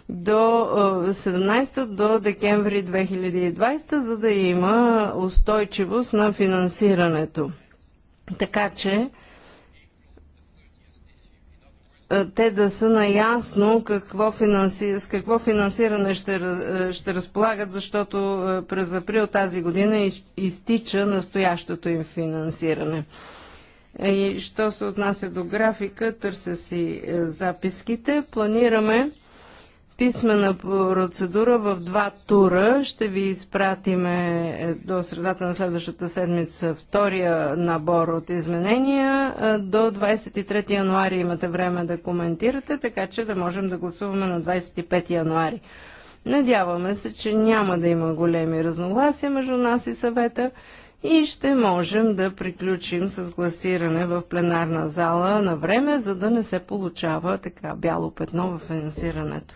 до 17 е, до декември 2020, за да има устойчивост на финансирането. Така че е, те да са наясно какво финанси... с какво финансиране ще, е, ще разполагат, защото през април тази година из... изтича настоящото им финансиране. И що се отнася до графика, търся си записките. Планираме писмена процедура в два тура. Ще ви изпратиме до средата на следващата седмица втория набор от изменения. До 23 януари имате време да коментирате, така че да можем да гласуваме на 25 януари. Надяваме се, че няма да има големи разногласия между нас и съвета и ще можем да приключим с гласиране в пленарна зала на време, за да не се получава така бяло петно в финансирането.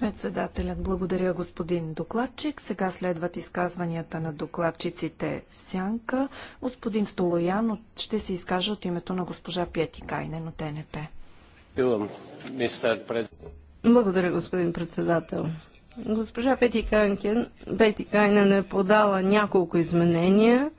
Председателят, благодаря господин докладчик. Сега следват изказванията на докладчиците в сянка. Господин Столоян ще се изкаже от името на госпожа Пети Кайнен от НП. Благодаря, господин председател. Госпожа Пети, Канкен, Пети Кайнен е подала няколко изменения.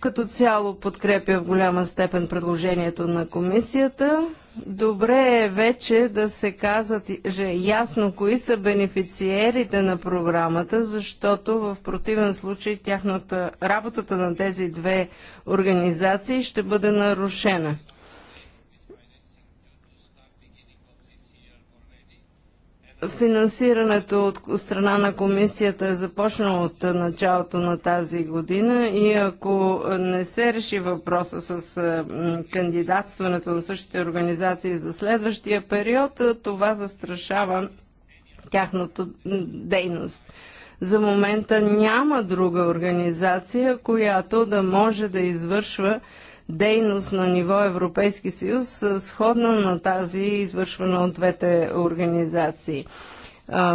Като цяло подкрепя в голяма степен предложението на комисията добре е вече да се казат же ясно кои са бенефициерите на програмата, защото в противен случай тяхната, работата на тези две организации ще бъде нарушена. Финансирането от страна на комисията е започнало от началото на тази година и ако не се реши въпроса с кандидатстването на същите организации за следващия период, това застрашава тяхната дейност. За момента няма друга организация, която да може да извършва дейност на ниво Европейски съюз, сходна на тази, извършвана от двете организации.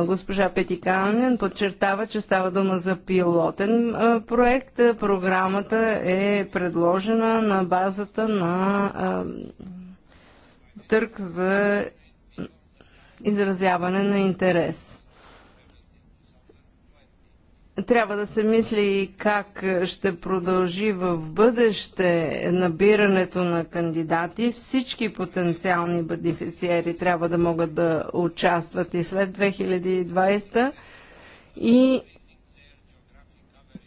Госпожа Петиканен подчертава, че става дума за пилотен проект. Програмата е предложена на базата на търг за изразяване на интерес трябва да се мисли как ще продължи в бъдеще набирането на кандидати. Всички потенциални бенефициери трябва да могат да участват и след 2020 и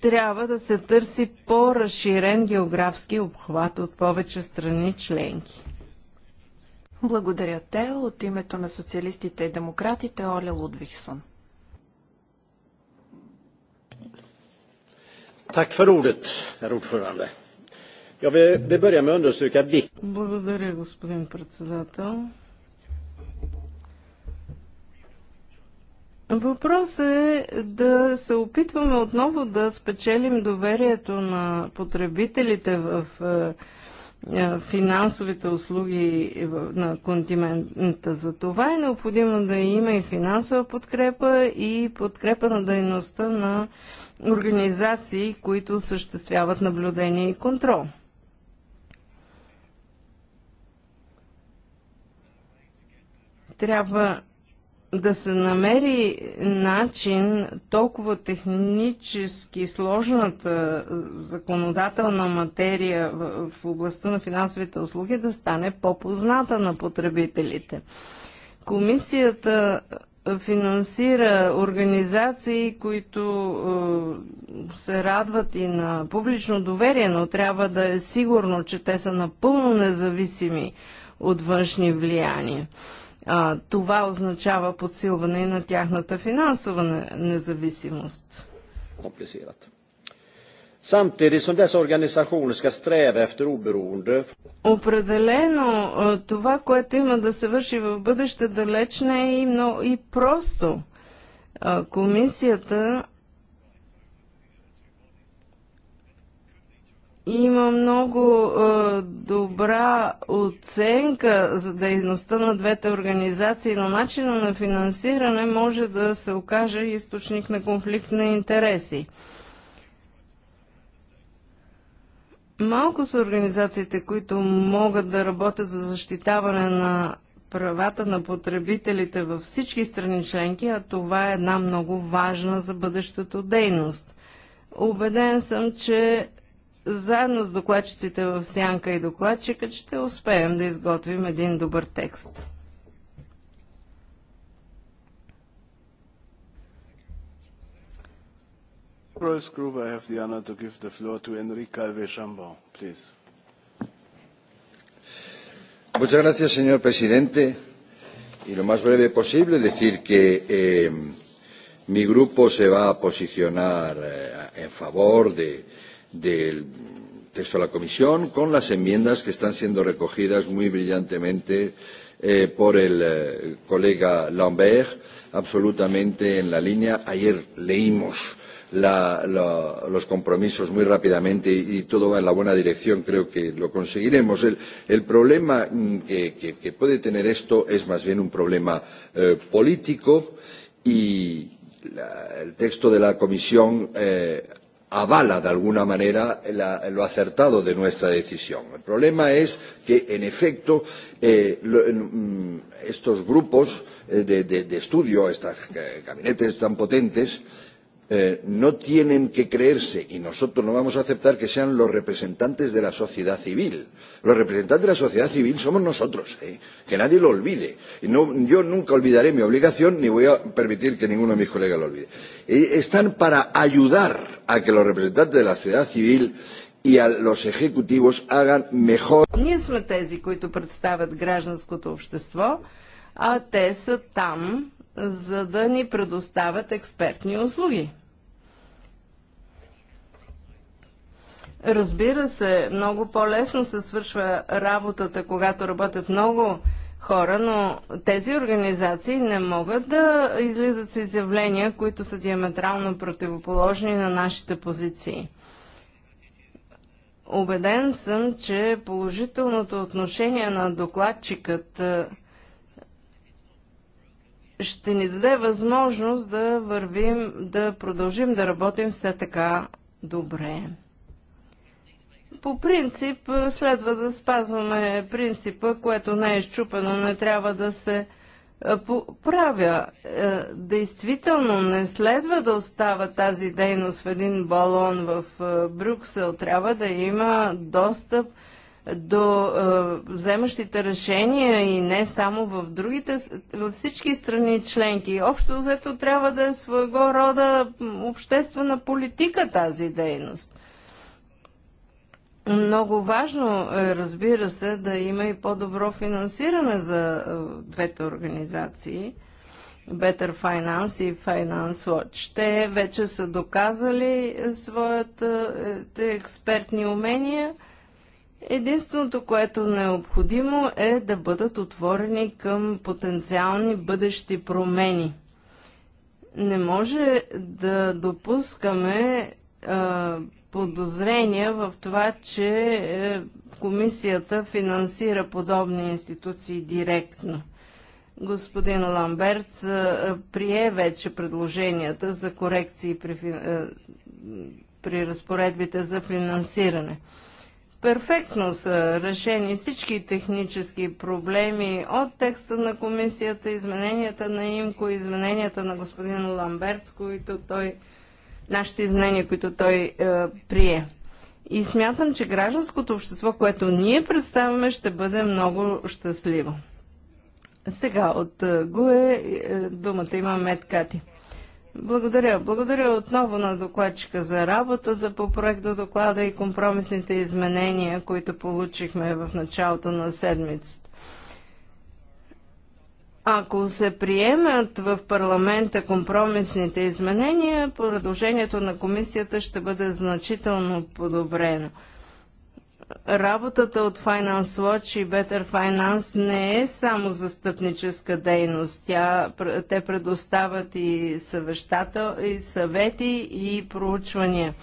трябва да се търси по-разширен географски обхват от повече страни членки. Благодаря те от името на социалистите и демократите Оля Лудвихсон. Tack för ordet, herr ordförande. Jag vill börja med att Благодаря, господин председател. Въпрос е да се опитваме отново да спечелим доверието на потребителите в е, е, финансовите услуги на континента. За това е необходимо да има и финансова подкрепа и подкрепа на дейността на организации, които съществяват наблюдение и контрол. Трябва да се намери начин толкова технически сложната е, законодателна материя в областта на финансовите услуги да стане по-позната на потребителите. Комисията е, финансира организации, които е, се радват и на публично доверие, но трябва да е сигурно, че те са напълно независими от външни влияния. А, това означава подсилване на тяхната финансова независимост. Комплицират. Samtidigt som dessa organisationer ska sträva efter oberoende. Определено това, което има да се върши в бъдеще, далеч не е и, но и просто. Комисията има много е, добра оценка за дейността на двете организации, но начина на финансиране може да се окаже източник на конфликт на интереси. Малко са организациите, които могат да работят за защитаване на правата на потребителите във всички страни членки, а това е една много важна за бъдещето дейност. Обеден съм, че заедно с докладчиците в Сянка и докладчикът ще успеем да изготвим един добър текст. Muchas gracias, señor presidente. Y lo más breve posible, decir que eh, mi grupo se va a posicionar eh, en favor de, eh, del texto de la comisión con las enmiendas que están siendo recogidas muy brillantemente eh, por el eh, colega Lambert, absolutamente en la línea. Ayer leímos la, la, los compromisos muy rápidamente y, y todo va en la buena dirección, creo que lo conseguiremos. El, el problema que, que, que puede tener esto es más bien un problema eh, político y la, el texto de la Comisión eh, avala de alguna manera la, lo acertado de nuestra decisión. El problema es que, en efecto, eh, lo, estos grupos de, de, de estudio, estos gabinetes tan potentes, no tienen que creerse y nosotros no vamos a aceptar que sean los representantes de la sociedad civil. Los representantes de la sociedad civil somos nosotros, ¿eh? que nadie lo olvide. Y no, yo nunca olvidaré mi obligación ni voy a permitir que ninguno de mis colegas lo olvide. están para ayudar a que los representantes de la sociedad civil и los ejecutivos hagan mejor. Ние сме тези, които представят гражданското общество, а те са там, за да ни предоставят експертни услуги. Разбира се, много по-лесно се свършва работата, когато работят много хора, но тези организации не могат да излизат с изявления, които са диаметрално противоположни на нашите позиции. Обеден съм, че положителното отношение на докладчикът е, ще ни даде възможност да вървим, да продължим да работим все така добре по принцип е, следва да спазваме принципа, което не е изчупено, не трябва да се е, правя. Е, действително не следва да остава тази дейност в един балон в Брюксел. Трябва да има достъп до вземащите решения и не само в другите, във всички страни членки. Общо взето трябва да е своего рода обществена политика тази дейност. Много важно е, разбира се, да има и по-добро финансиране за е, двете организации. Better Finance и Finance Watch. Те вече са доказали е, своите експертни умения. Единственото, което е необходимо е да бъдат отворени към потенциални бъдещи промени. Не може да допускаме е, подозрения в това, че е, комисията финансира подобни институции директно. Господин Ламберт е, прие вече предложенията за корекции при, е, при разпоредбите за финансиране. Перфектно са решени всички технически проблеми от текста на комисията, измененията на ИМКО, измененията на господин Ламберт, които той нашите изменения, които той е, прие. И смятам, че гражданското общество, което ние представяме, ще бъде много щастливо. Сега от е, ГУЕ е, думата има Кати. Благодаря. Благодаря отново на докладчика за работата по проекта доклада и компромисните изменения, които получихме в началото на седмицата. Ако се приемат в парламента компромисните изменения, продължението на комисията ще бъде значително подобрено. Работата от Finance Watch и Better Finance не е само застъпническа дейност. Тя, те предоставят и, и съвети и проучвания.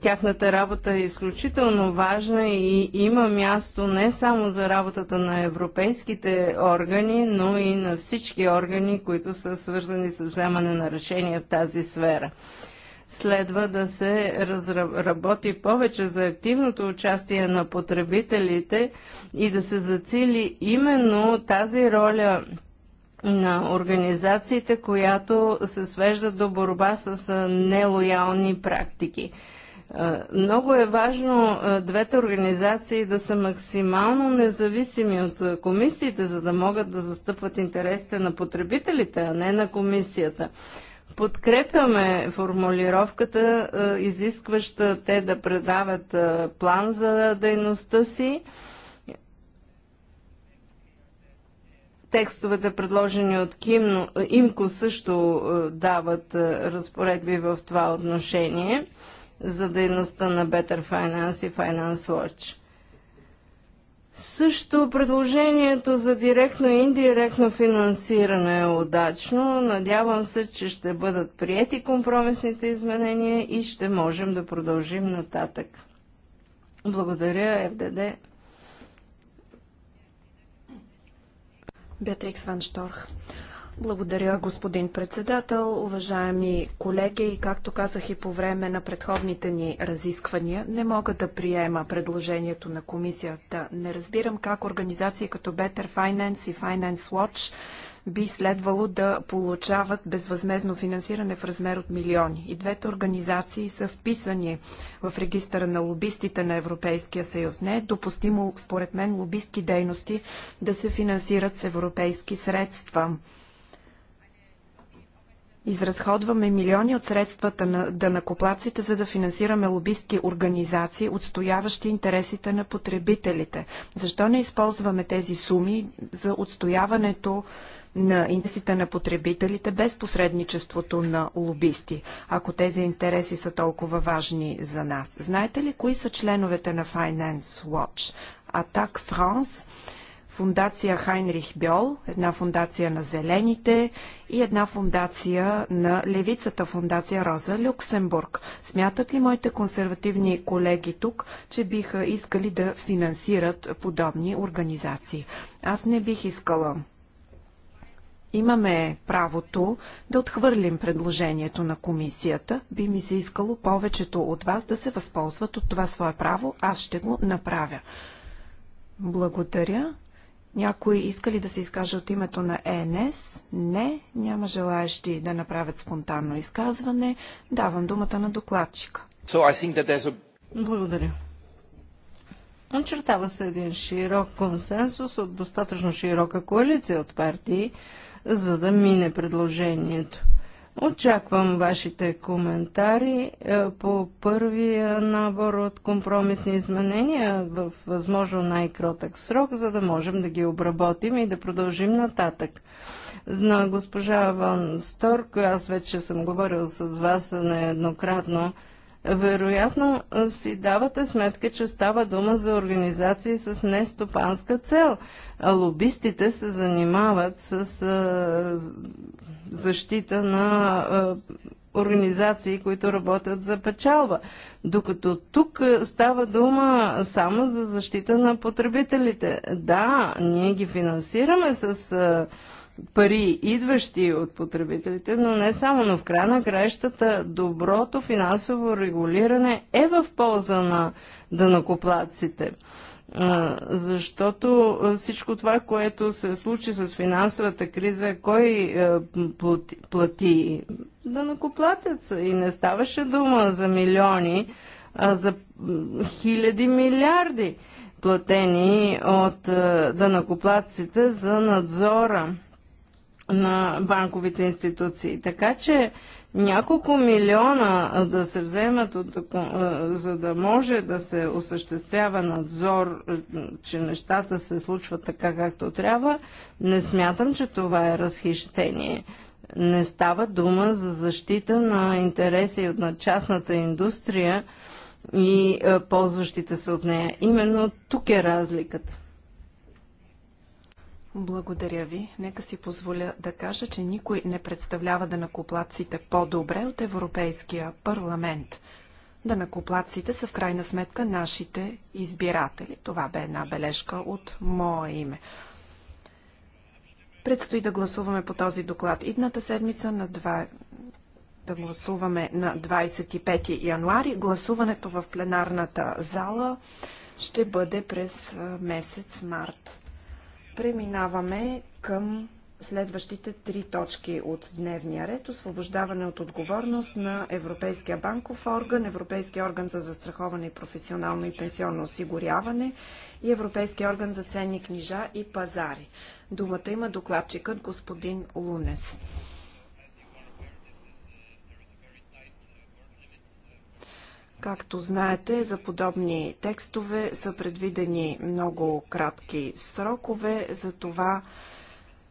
Тяхната работа е изключително важна и има място не само за работата на европейските органи, но и на всички органи, които са свързани с вземане на решения в тази сфера следва да се разработи повече за активното участие на потребителите и да се зацили именно тази роля на организациите, която се свежда до борба с нелоялни практики. Много е важно двете организации да са максимално независими от комисиите, за да могат да застъпват интересите на потребителите, а не на комисията. Подкрепяме формулировката, изискваща те да предават план за дейността си. Текстовете, предложени от Ким, Имко, също дават разпоредби в това отношение за дейността на Better Finance и Finance Watch. Също предложението за директно и индиректно финансиране е удачно. Надявам се, че ще бъдат приети компромисните изменения и ще можем да продължим нататък. Благодаря, ФДД. Беатрикс Ван Шторх. Благодаря, господин председател. Уважаеми колеги, както казах и по време на предходните ни разисквания, не мога да приема предложението на комисията. Не разбирам как организации като Better Finance и Finance Watch би следвало да получават безвъзмезно финансиране в размер от милиони. И двете организации са вписани в регистъра на лобистите на Европейския съюз. Не е допустимо, според мен, лобистки дейности да се финансират с европейски средства. Изразходваме милиони от средствата на дънакоплаците, за да финансираме лобистки организации, отстояващи интересите на потребителите. Защо не използваме тези суми за отстояването на интересите на потребителите без посредничеството на лобисти, ако тези интереси са толкова важни за нас? Знаете ли кои са членовете на Finance Watch? Атак Франс. France фундация Хайнрих Бьол, една фундация на Зелените и една фундация на левицата фундация Роза Люксембург. Смятат ли моите консервативни колеги тук, че биха искали да финансират подобни организации? Аз не бих искала. Имаме правото да отхвърлим предложението на комисията. Би ми се искало повечето от вас да се възползват от това свое право. Аз ще го направя. Благодаря. Някой иска ли да се изкаже от името на ЕНС? Не, няма желаящи да направят спонтанно изказване. Давам думата на докладчика. So a... Благодаря. Очертава се един широк консенсус от достатъчно широка коалиция от партии, за да мине предложението. Очаквам вашите коментари е, по първия набор от компромисни изменения в възможно най-кротък срок, за да можем да ги обработим и да продължим нататък. На госпожа Ван Сторк, аз вече съм говорил с вас нееднократно, вероятно е, си давате сметка, че става дума за организации с нестопанска цел. Лобистите се занимават с е, защита на организации, които работят за печалба. Докато тук става дума само за защита на потребителите. Да, ние ги финансираме с пари, идващи от потребителите, но не само, но в края на краищата доброто финансово регулиране е в полза на данокоплаците. Да защото всичко това, което се случи с финансовата криза, кой плати? Да накоплатеца. И не ставаше дума за милиони, а за хиляди милиарди платени от данакоплатците за надзора на банковите институции. Така че няколко милиона да се вземат, от, за да може да се осъществява надзор, че нещата се случват така както трябва, не смятам, че това е разхищение. Не става дума за защита на интереси от на частната индустрия и ползващите се от нея. Именно тук е разликата. Благодаря ви. Нека си позволя да кажа, че никой не представлява данакоплаците по-добре от Европейския парламент. Данакоплаците са в крайна сметка нашите избиратели. Това бе една бележка от мое име. Предстои да гласуваме по този доклад идната седмица на 2 да гласуваме на 25 януари. Гласуването в пленарната зала ще бъде през месец март. Преминаваме към следващите три точки от дневния ред. Освобождаване от отговорност на Европейския банков орган, Европейския орган за застраховане и професионално и пенсионно осигуряване и Европейския орган за ценни книжа и пазари. Думата има докладчикът господин Лунес. Както знаете, за подобни текстове са предвидени много кратки срокове, затова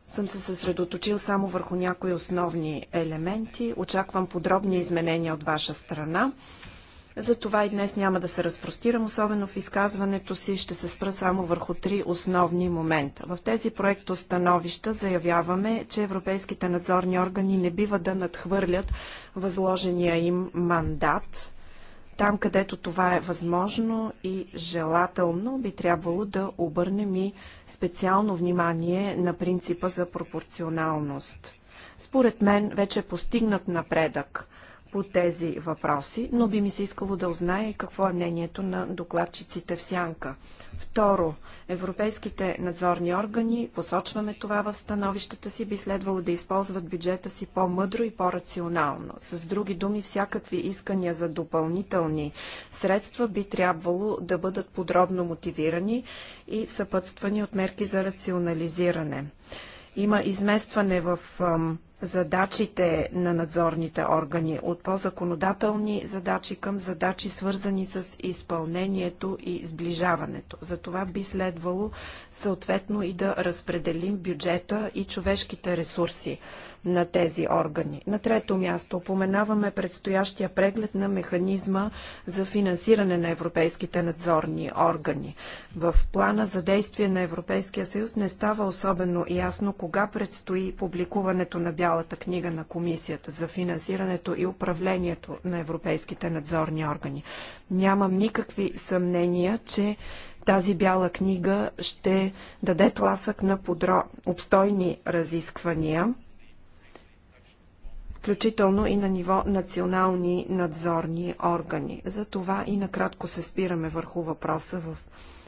съм се съсредоточил само върху някои основни елементи. Очаквам подробни изменения от ваша страна. Затова и днес няма да се разпростирам, особено в изказването си ще се спра само върху три основни момента. В тези становища заявяваме, че европейските надзорни органи не бива да надхвърлят възложения им мандат. Там, където това е възможно и желателно, би трябвало да обърнем и специално внимание на принципа за пропорционалност. Според мен вече е постигнат напредък по тези въпроси, но би ми се искало да узнае какво е мнението на докладчиците в Сянка. Второ, европейските надзорни органи, посочваме това в становищата си, би следвало да използват бюджета си по-мъдро и по-рационално. С други думи, всякакви искания за допълнителни средства би трябвало да бъдат подробно мотивирани и съпътствани от мерки за рационализиране. Има изместване в задачите на надзорните органи от по-законодателни задачи към задачи свързани с изпълнението и сближаването. За това би следвало съответно и да разпределим бюджета и човешките ресурси на тези органи. На трето място упоменаваме предстоящия преглед на механизма за финансиране на европейските надзорни органи. В плана за действие на Европейския съюз не става особено ясно кога предстои публикуването на Бялата книга на Комисията за финансирането и управлението на европейските надзорни органи. Нямам никакви съмнения, че тази бяла книга ще даде тласък на подро... обстойни разисквания включително и на ниво национални надзорни органи. За това и накратко се спираме върху въпроса в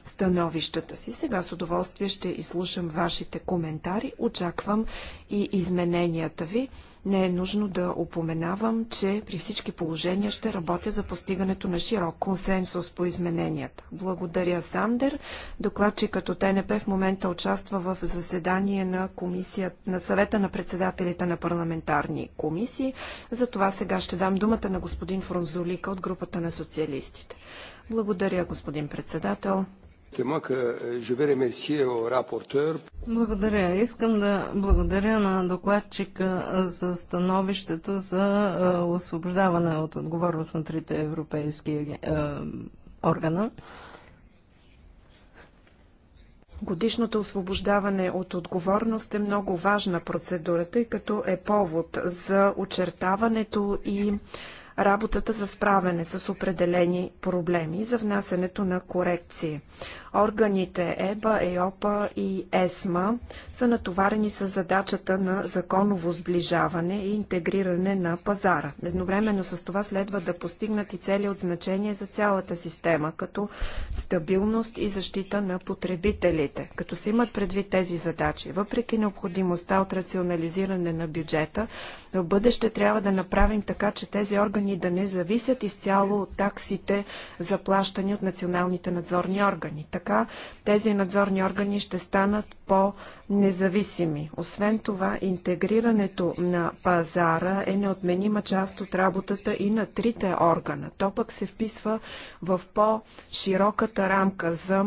становищата си. Сега с удоволствие ще изслушам вашите коментари. Очаквам и измененията ви. Не е нужно да упоменавам, че при всички положения ще работя за постигането на широк консенсус по измененията. Благодаря, Сандер. Докладчик като ТНП в момента участва в заседание на, комисия, на съвета на председателите на парламентарни комисии. За това сега ще дам думата на господин Фронзолика от групата на социалистите. Благодаря, господин председател. Благодаря. Искам да благодаря на докладчика за становището за е, освобождаване от отговорност на трите европейски е, органа. Годишното освобождаване от отговорност е много важна процедура, тъй като е повод за очертаването и работата за справяне с определени проблеми и за внасянето на корекции. Органите ЕБА, ЕОПА и ЕСМА са натоварени с задачата на законово сближаване и интегриране на пазара. Едновременно с това следва да постигнат и цели от значение за цялата система, като стабилност и защита на потребителите. Като се имат предвид тези задачи, въпреки необходимостта от рационализиране на бюджета, в бъдеще трябва да направим така, че тези органи да не зависят изцяло от таксите заплащани от националните надзорни органи така тези надзорни органи ще станат по-независими. Освен това, интегрирането на пазара е неотменима част от работата и на трите органа. То пък се вписва в по-широката рамка за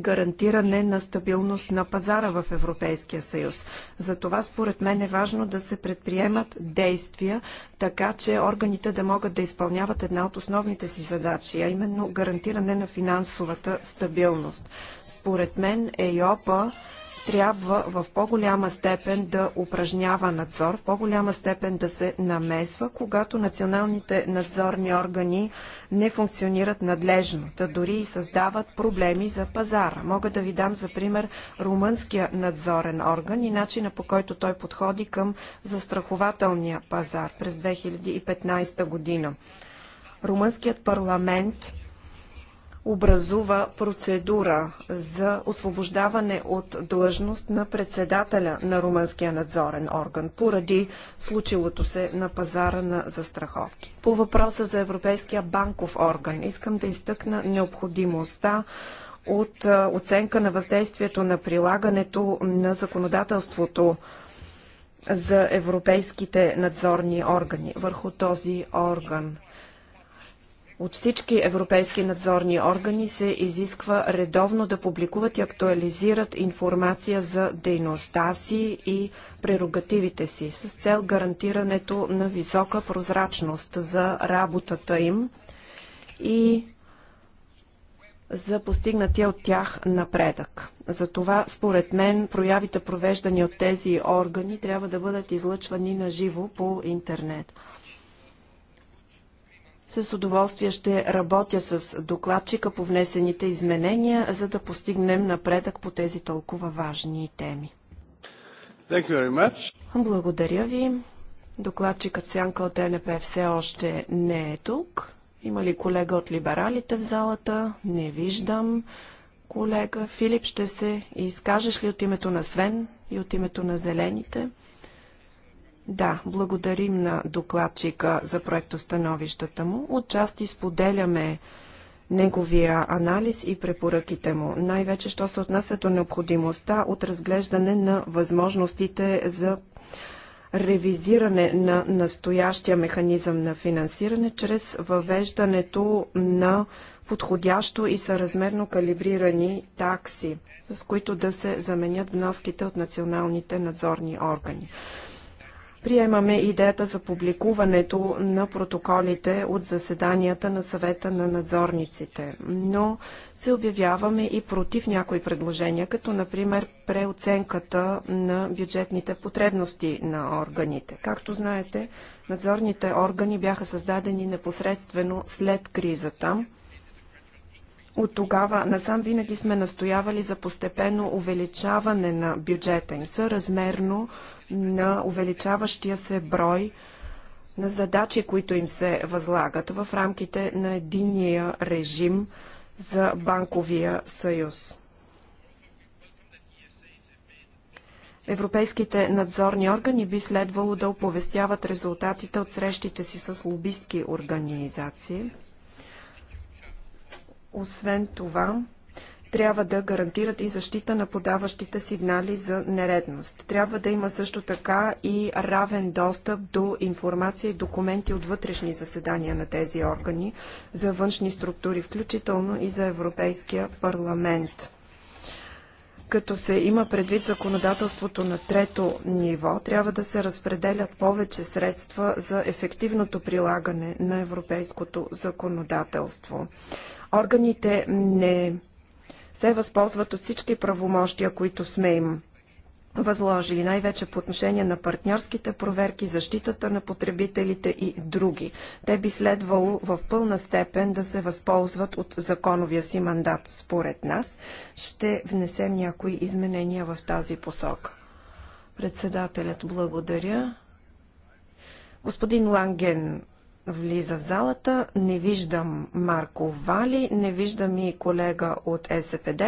гарантиране на стабилност на пазара в Европейския съюз. Затова според мен е важно да се предприемат действия, така че органите да могат да изпълняват една от основните си задачи, а именно гарантиране на финансовата стабилност. Според мен ЕЙОПА трябва в по-голяма степен да упражнява надзор, в по-голяма степен да се намесва, когато националните надзорни органи не функционират надлежно, да дори и създават проблеми за пазара. Мога да ви дам за пример румънския надзорен орган и начина по който той подходи към застрахователния пазар през 2015 година. Румънският парламент образува процедура за освобождаване от длъжност на председателя на румънския надзорен орган поради случилото се на пазара на застраховки. По въпроса за Европейския банков орган искам да изтъкна необходимостта от оценка на въздействието на прилагането на законодателството за европейските надзорни органи върху този орган. От всички европейски надзорни органи се изисква редовно да публикуват и актуализират информация за дейността си и прерогативите си с цел гарантирането на висока прозрачност за работата им и за постигнатия от тях напредък. Затова, според мен, проявите провеждани от тези органи трябва да бъдат излъчвани на живо по интернет. С удоволствие ще работя с докладчика по внесените изменения, за да постигнем напредък по тези толкова важни теми. Благодаря ви. Докладчикът Сянка от НП все още не е тук. Има ли колега от либералите в залата? Не виждам. Колега Филип, ще се изкажеш ли от името на Свен и от името на Зелените? Да, благодарим на докладчика за проектостановищата му. Отчасти споделяме неговия анализ и препоръките му, най-вече що се отнася до необходимостта от разглеждане на възможностите за ревизиране на настоящия механизъм на финансиране чрез въвеждането на подходящо и съразмерно калибрирани такси, с които да се заменят вноските от националните надзорни органи. Приемаме идеята за публикуването на протоколите от заседанията на съвета на надзорниците, но се обявяваме и против някои предложения, като например преоценката на бюджетните потребности на органите. Както знаете, надзорните органи бяха създадени непосредствено след кризата. От тогава насам винаги сме настоявали за постепенно увеличаване на бюджета им съразмерно размерно на увеличаващия се брой на задачи, които им се възлагат в рамките на единния режим за банковия съюз. Европейските надзорни органи би следвало да оповестяват резултатите от срещите си с лобистки организации. Освен това, трябва да гарантират и защита на подаващите сигнали за нередност. Трябва да има също така и равен достъп до информация и документи от вътрешни заседания на тези органи за външни структури, включително и за Европейския парламент като се има предвид законодателството на трето ниво, трябва да се разпределят повече средства за ефективното прилагане на европейското законодателство. Органите не се възползват от всички правомощия, които сме им възложили, най-вече по отношение на партньорските проверки, защитата на потребителите и други. Те би следвало в пълна степен да се възползват от законовия си мандат. Според нас ще внесем някои изменения в тази посока. Председателят благодаря. Господин Ланген влиза в залата. Не виждам Марко Вали, не виждам и колега от СПД,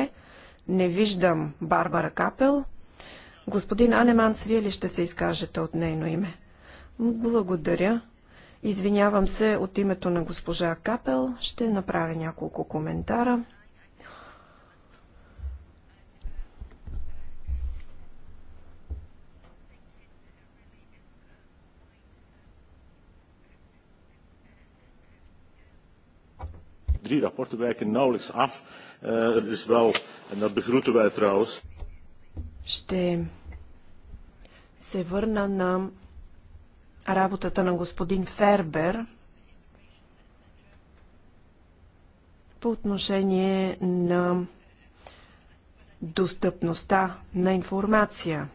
не виждам Барбара Капел. Господин Анеманс, вие ли ще се изкажете от нейно име? Благодаря. Извинявам се от името на госпожа Капел. Ще направя няколко коментара. drie rapporten wijken nauwelijks af. Uh, er is wel, en dat begroeten wij trouwens. Ще се върна на работата на господин Фербер по отношение на достъпността на информация.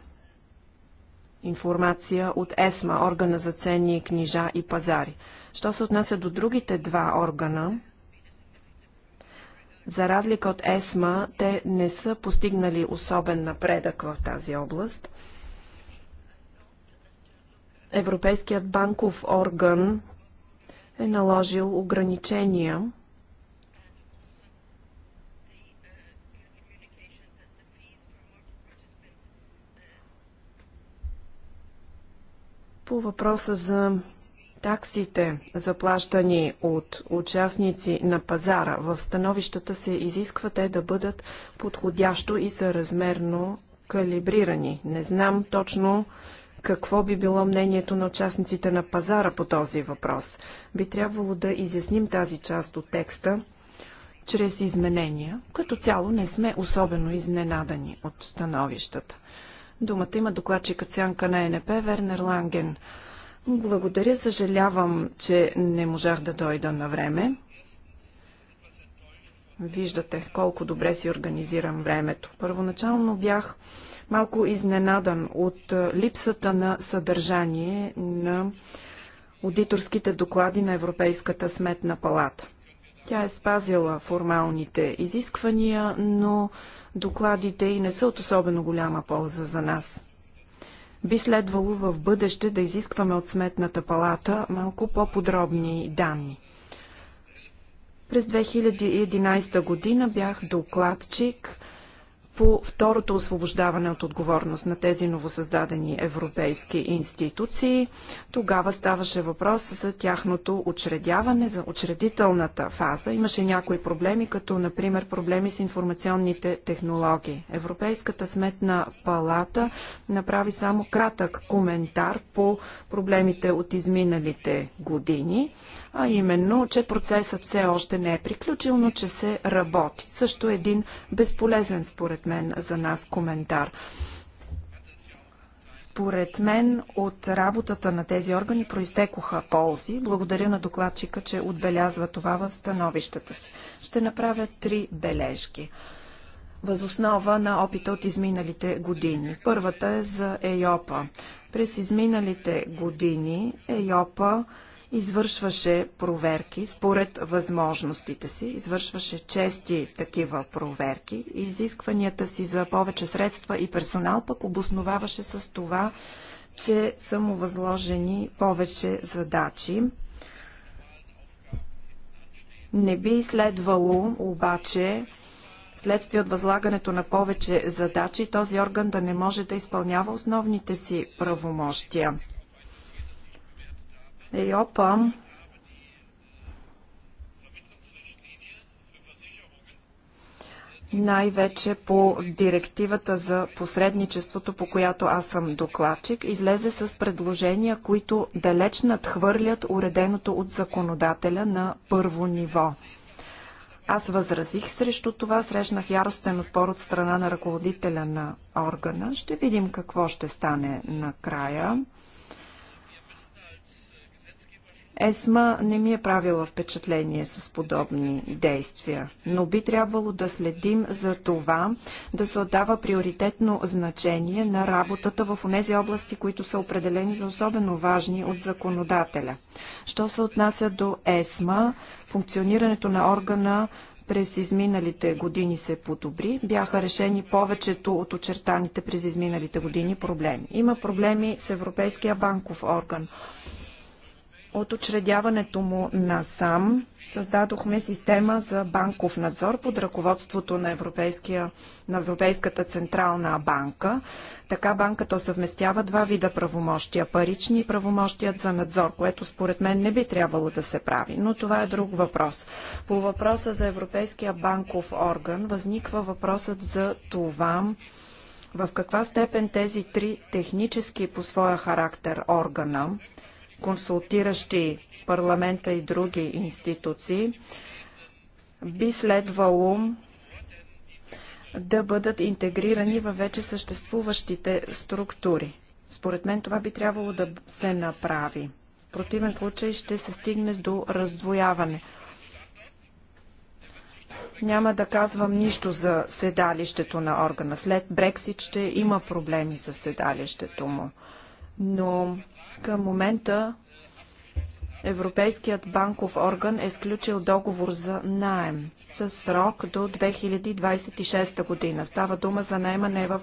Информация от ЕСМА, органа за ценни книжа и пазари. Що се отнася до другите два органа, за разлика от ЕСМА, те не са постигнали особен напредък в тази област. Европейският банков орган е наложил ограничения по въпроса за Таксите, заплащани от участници на пазара, в становищата се изисква те да бъдат подходящо и съразмерно калибрирани. Не знам точно какво би било мнението на участниците на пазара по този въпрос. Би трябвало да изясним тази част от текста чрез изменения. Като цяло не сме особено изненадани от становищата. Думата има докладчика Цянка на НП Вернер Ланген. Благодаря, съжалявам, че не можах да дойда на време. Виждате колко добре си организирам времето. Първоначално бях малко изненадан от липсата на съдържание на аудиторските доклади на Европейската сметна палата. Тя е спазила формалните изисквания, но докладите и не са от особено голяма полза за нас. Би следвало в бъдеще да изискваме от Сметната палата малко по-подробни данни. През 2011 година бях докладчик – по второто освобождаване от отговорност на тези новосъздадени европейски институции. Тогава ставаше въпрос за тяхното учредяване, за учредителната фаза. Имаше някои проблеми, като например проблеми с информационните технологии. Европейската сметна палата направи само кратък коментар по проблемите от изминалите години а именно, че процесът все още не е приключил, но че се работи. Също е един безполезен, според мен, за нас коментар. Според мен от работата на тези органи произтекоха ползи. Благодаря на докладчика, че отбелязва това в становищата си. Ще направя три бележки възоснова на опита от изминалите години. Първата е за ЕЙОПА. През изминалите години ЕЙОПА извършваше проверки според възможностите си, извършваше чести такива проверки. Изискванията си за повече средства и персонал пък обосноваваше с това, че са му възложени повече задачи. Не би следвало обаче следствие от възлагането на повече задачи този орган да не може да изпълнява основните си правомощия. Eiopam най-вече по директивата за посредничеството, по която аз съм докладчик, излезе с предложения, които далеч надхвърлят уреденото от законодателя на първо ниво. Аз възразих срещу това, срещнах яростен отпор от страна на ръководителя на органа. Ще видим какво ще стане накрая. ЕСМА не ми е правила впечатление с подобни действия, но би трябвало да следим за това да се отдава приоритетно значение на работата в тези области, които са определени за особено важни от законодателя. Що се отнася до ЕСМА, функционирането на органа през изминалите години се подобри, бяха решени повечето от очертаните през изминалите години проблеми. Има проблеми с Европейския банков орган. От учредяването му сам създадохме система за банков надзор под ръководството на, на Европейската централна банка. Така банката съвместява два вида правомощия – парични и правомощият за надзор, което според мен не би трябвало да се прави, но това е друг въпрос. По въпроса за Европейския банков орган възниква въпросът за това, в каква степен тези три технически по своя характер органа консултиращи парламента и други институции, би следвало да бъдат интегрирани във вече съществуващите структури. Според мен това би трябвало да се направи. В противен случай ще се стигне до раздвояване. Няма да казвам нищо за седалището на органа. След Брексит ще има проблеми с седалището му. Но към момента Европейският банков орган е сключил договор за найем с срок до 2026 година. Става дума за найемане в,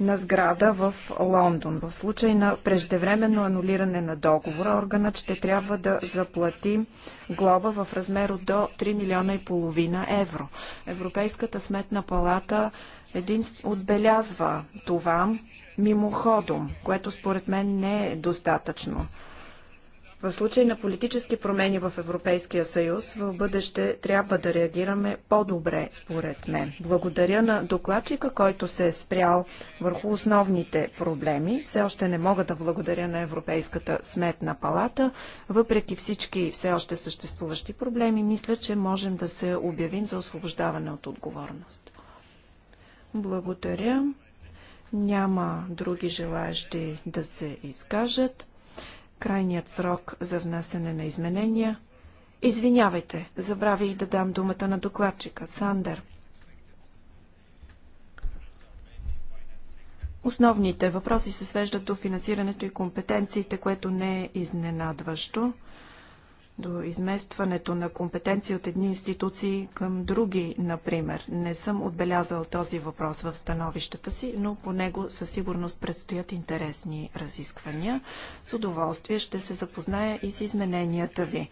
на сграда в Лондон. В случай на преждевременно анулиране на договора, органът ще трябва да заплати глоба в размер от до 3 милиона и половина евро. Европейската сметна палата един отбелязва това мимоходом, което според мен не е достатъчно. В случай на политически промени в Европейския съюз, в бъдеще трябва да реагираме по-добре, според мен. Благодаря на докладчика, който се е спрял върху основните проблеми. Все още не мога да благодаря на Европейската сметна палата. Въпреки всички все още съществуващи проблеми, мисля, че можем да се обявим за освобождаване от отговорност. Благодаря. Няма други желаящи да се изкажат. Крайният срок за внасене на изменения. Извинявайте, забравих да дам думата на докладчика. Сандер. Основните въпроси се свеждат до финансирането и компетенциите, което не е изненадващо до изместването на компетенции от едни институции към други, например. Не съм отбелязал този въпрос в становищата си, но по него със сигурност предстоят интересни разисквания. С удоволствие ще се запозная и с измененията ви.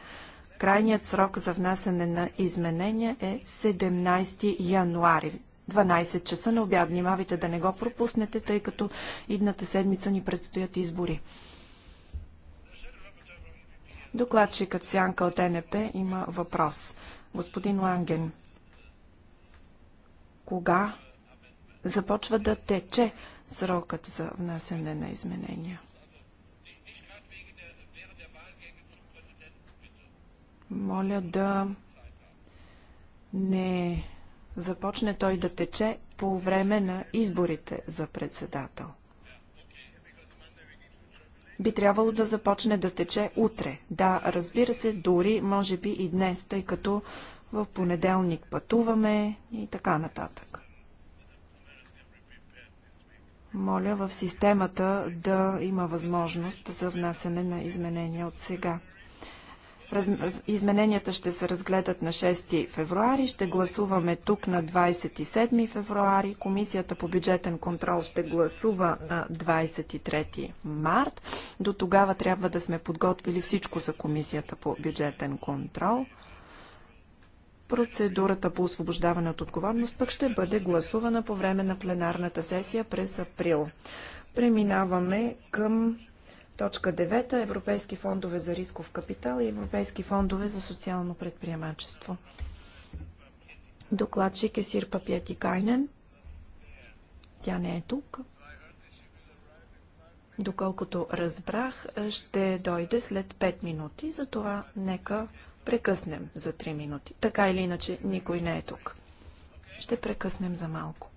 Крайният срок за внасяне на изменения е 17 януари. 12 часа на обяд. Внимавайте да не го пропуснете, тъй като идната седмица ни предстоят избори. Докладчикът Сянка от НП има въпрос. Господин Ланген, кога започва да тече срокът за внасяне на изменения? Моля да не започне той да тече по време на изборите за председател би трябвало да започне да тече утре. Да, разбира се, дори може би и днес, тъй като в понеделник пътуваме и така нататък. Моля в системата да има възможност за внасяне на изменения от сега. Раз... Измененията ще се разгледат на 6 февруари, ще гласуваме тук на 27 февруари, Комисията по бюджетен контрол ще гласува на 23 март. До тогава трябва да сме подготвили всичко за Комисията по бюджетен контрол. Процедурата по освобождаване от отговорност пък ще бъде гласувана по време на пленарната сесия през април. Преминаваме към Точка 9. Европейски фондове за рисков капитал и Европейски фондове за социално предприемачество. Докладчик е Сир Пяти Кайнен. Тя не е тук. Доколкото разбрах, ще дойде след 5 минути, затова нека прекъснем за 3 минути. Така или иначе, никой не е тук. Ще прекъснем за малко.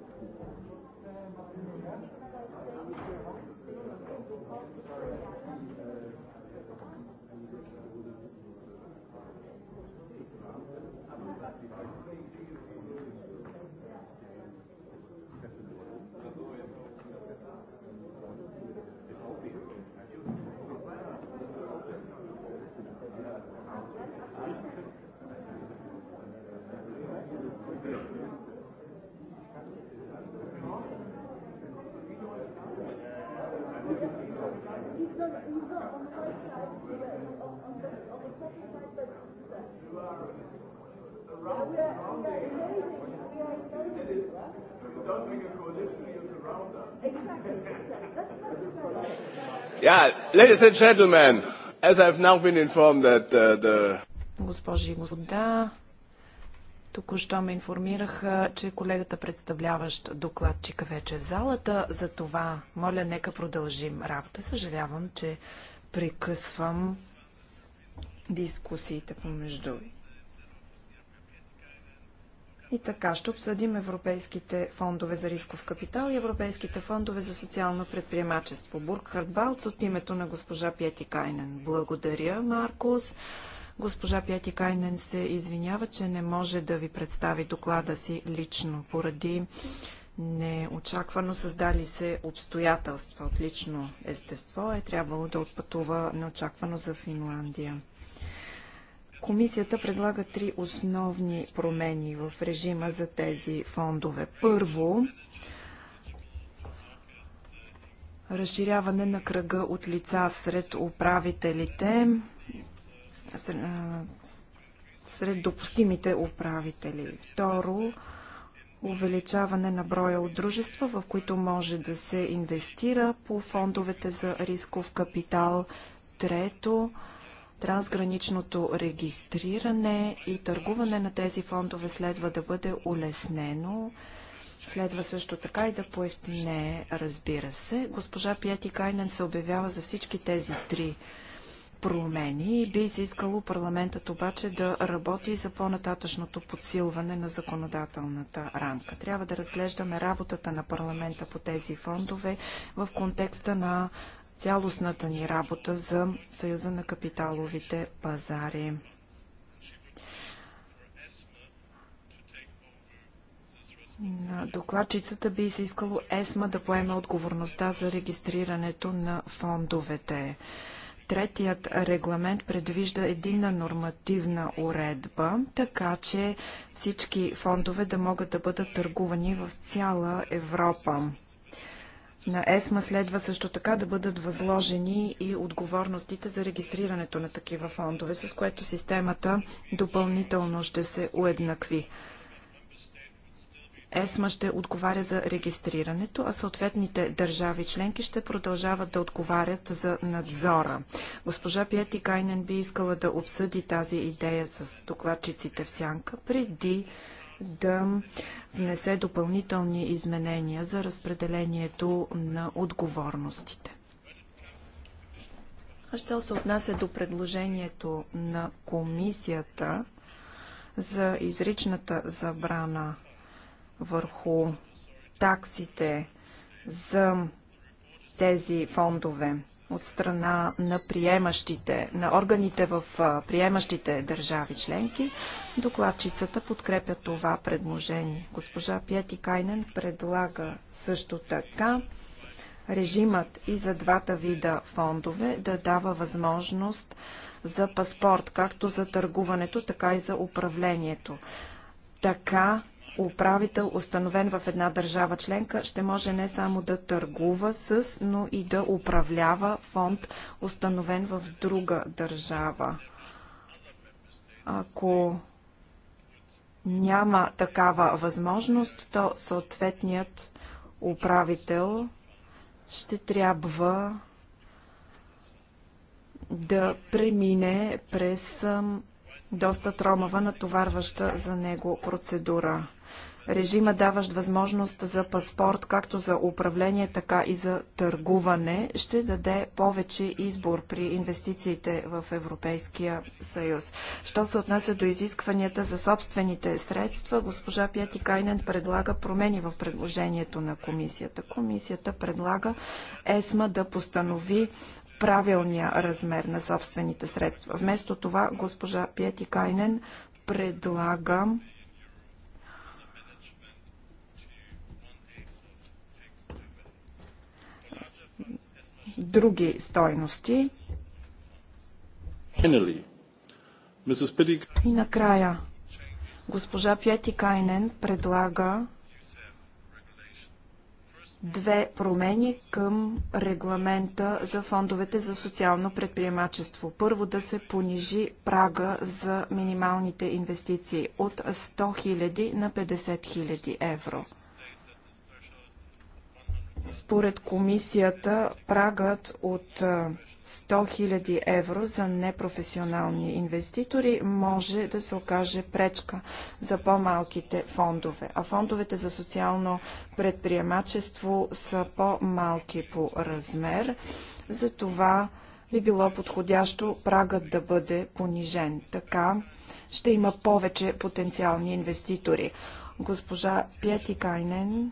Thank you. Yeah, ladies and gentlemen, as I've now been informed that uh, the... Госпожи и господа, Току-що ме информираха, че колегата представляващ докладчика вече е в залата. За това, моля, нека продължим работа. Съжалявам, че прекъсвам дискусиите помежду и така ще обсъдим европейските фондове за рисков капитал и европейските фондове за социално предприемачество. Бургхард Балц от името на госпожа Пети Кайнен. Благодаря, Маркус. Госпожа Пяти Кайнен се извинява, че не може да ви представи доклада си лично поради неочаквано създали се обстоятелства от лично естество. Е трябвало да отпътува неочаквано за Финландия. Комисията предлага три основни промени в режима за тези фондове. Първо, разширяване на кръга от лица сред управителите, сред допустимите управители. Второ, увеличаване на броя от дружества, в които може да се инвестира по фондовете за рисков капитал. Трето, Трансграничното регистриране и търгуване на тези фондове следва да бъде улеснено. Следва също така и да поевтине, разбира се. Госпожа Пяти Кайнен се обявява за всички тези три промени и би изискало парламентът обаче да работи за по-нататъчното подсилване на законодателната рамка. Трябва да разглеждаме работата на парламента по тези фондове в контекста на цялостната ни работа за Съюза на капиталовите пазари. На докладчицата би се искало ЕСМА да поеме отговорността за регистрирането на фондовете. Третият регламент предвижда единна нормативна уредба, така че всички фондове да могат да бъдат търгувани в цяла Европа. На ЕСМА следва също така да бъдат възложени и отговорностите за регистрирането на такива фондове, с което системата допълнително ще се уеднакви. ЕСМА ще отговаря за регистрирането, а съответните държави членки ще продължават да отговарят за надзора. Госпожа Пиети Кайнен би искала да обсъди тази идея с докладчиците в Сянка преди да внесе допълнителни изменения за разпределението на отговорностите. Ще се отнася до предложението на комисията за изричната забрана върху таксите за тези фондове от страна на приемащите, на органите в приемащите държави членки. Докладчицата подкрепя това предложение. Госпожа Пети Кайнен предлага също така режимът и за двата вида фондове да дава възможност за паспорт, както за търгуването, така и за управлението. Така управител, установен в една държава членка, ще може не само да търгува с, но и да управлява фонд, установен в друга държава. Ако няма такава възможност, то съответният управител ще трябва да премине през доста тромава, натоварваща за него процедура режима, даващ възможност за паспорт, както за управление, така и за търгуване, ще даде повече избор при инвестициите в Европейския съюз. Що се отнася до изискванията за собствените средства, госпожа Пяти Кайнен предлага промени в предложението на комисията. Комисията предлага ЕСМА да постанови правилния размер на собствените средства. Вместо това госпожа Пети Кайнен предлага други стойности. И накрая, госпожа Пети Кайнен предлага две промени към регламента за фондовете за социално предприемачество. Първо да се понижи прага за минималните инвестиции от 100 000 на 50 000 евро. Според комисията, прагът от 100 000 евро за непрофесионални инвеститори може да се окаже пречка за по-малките фондове, а фондовете за социално предприемачество са по-малки по размер. Затова би било подходящо прагът да бъде понижен. Така ще има повече потенциални инвеститори. Госпожа Пети Кайнен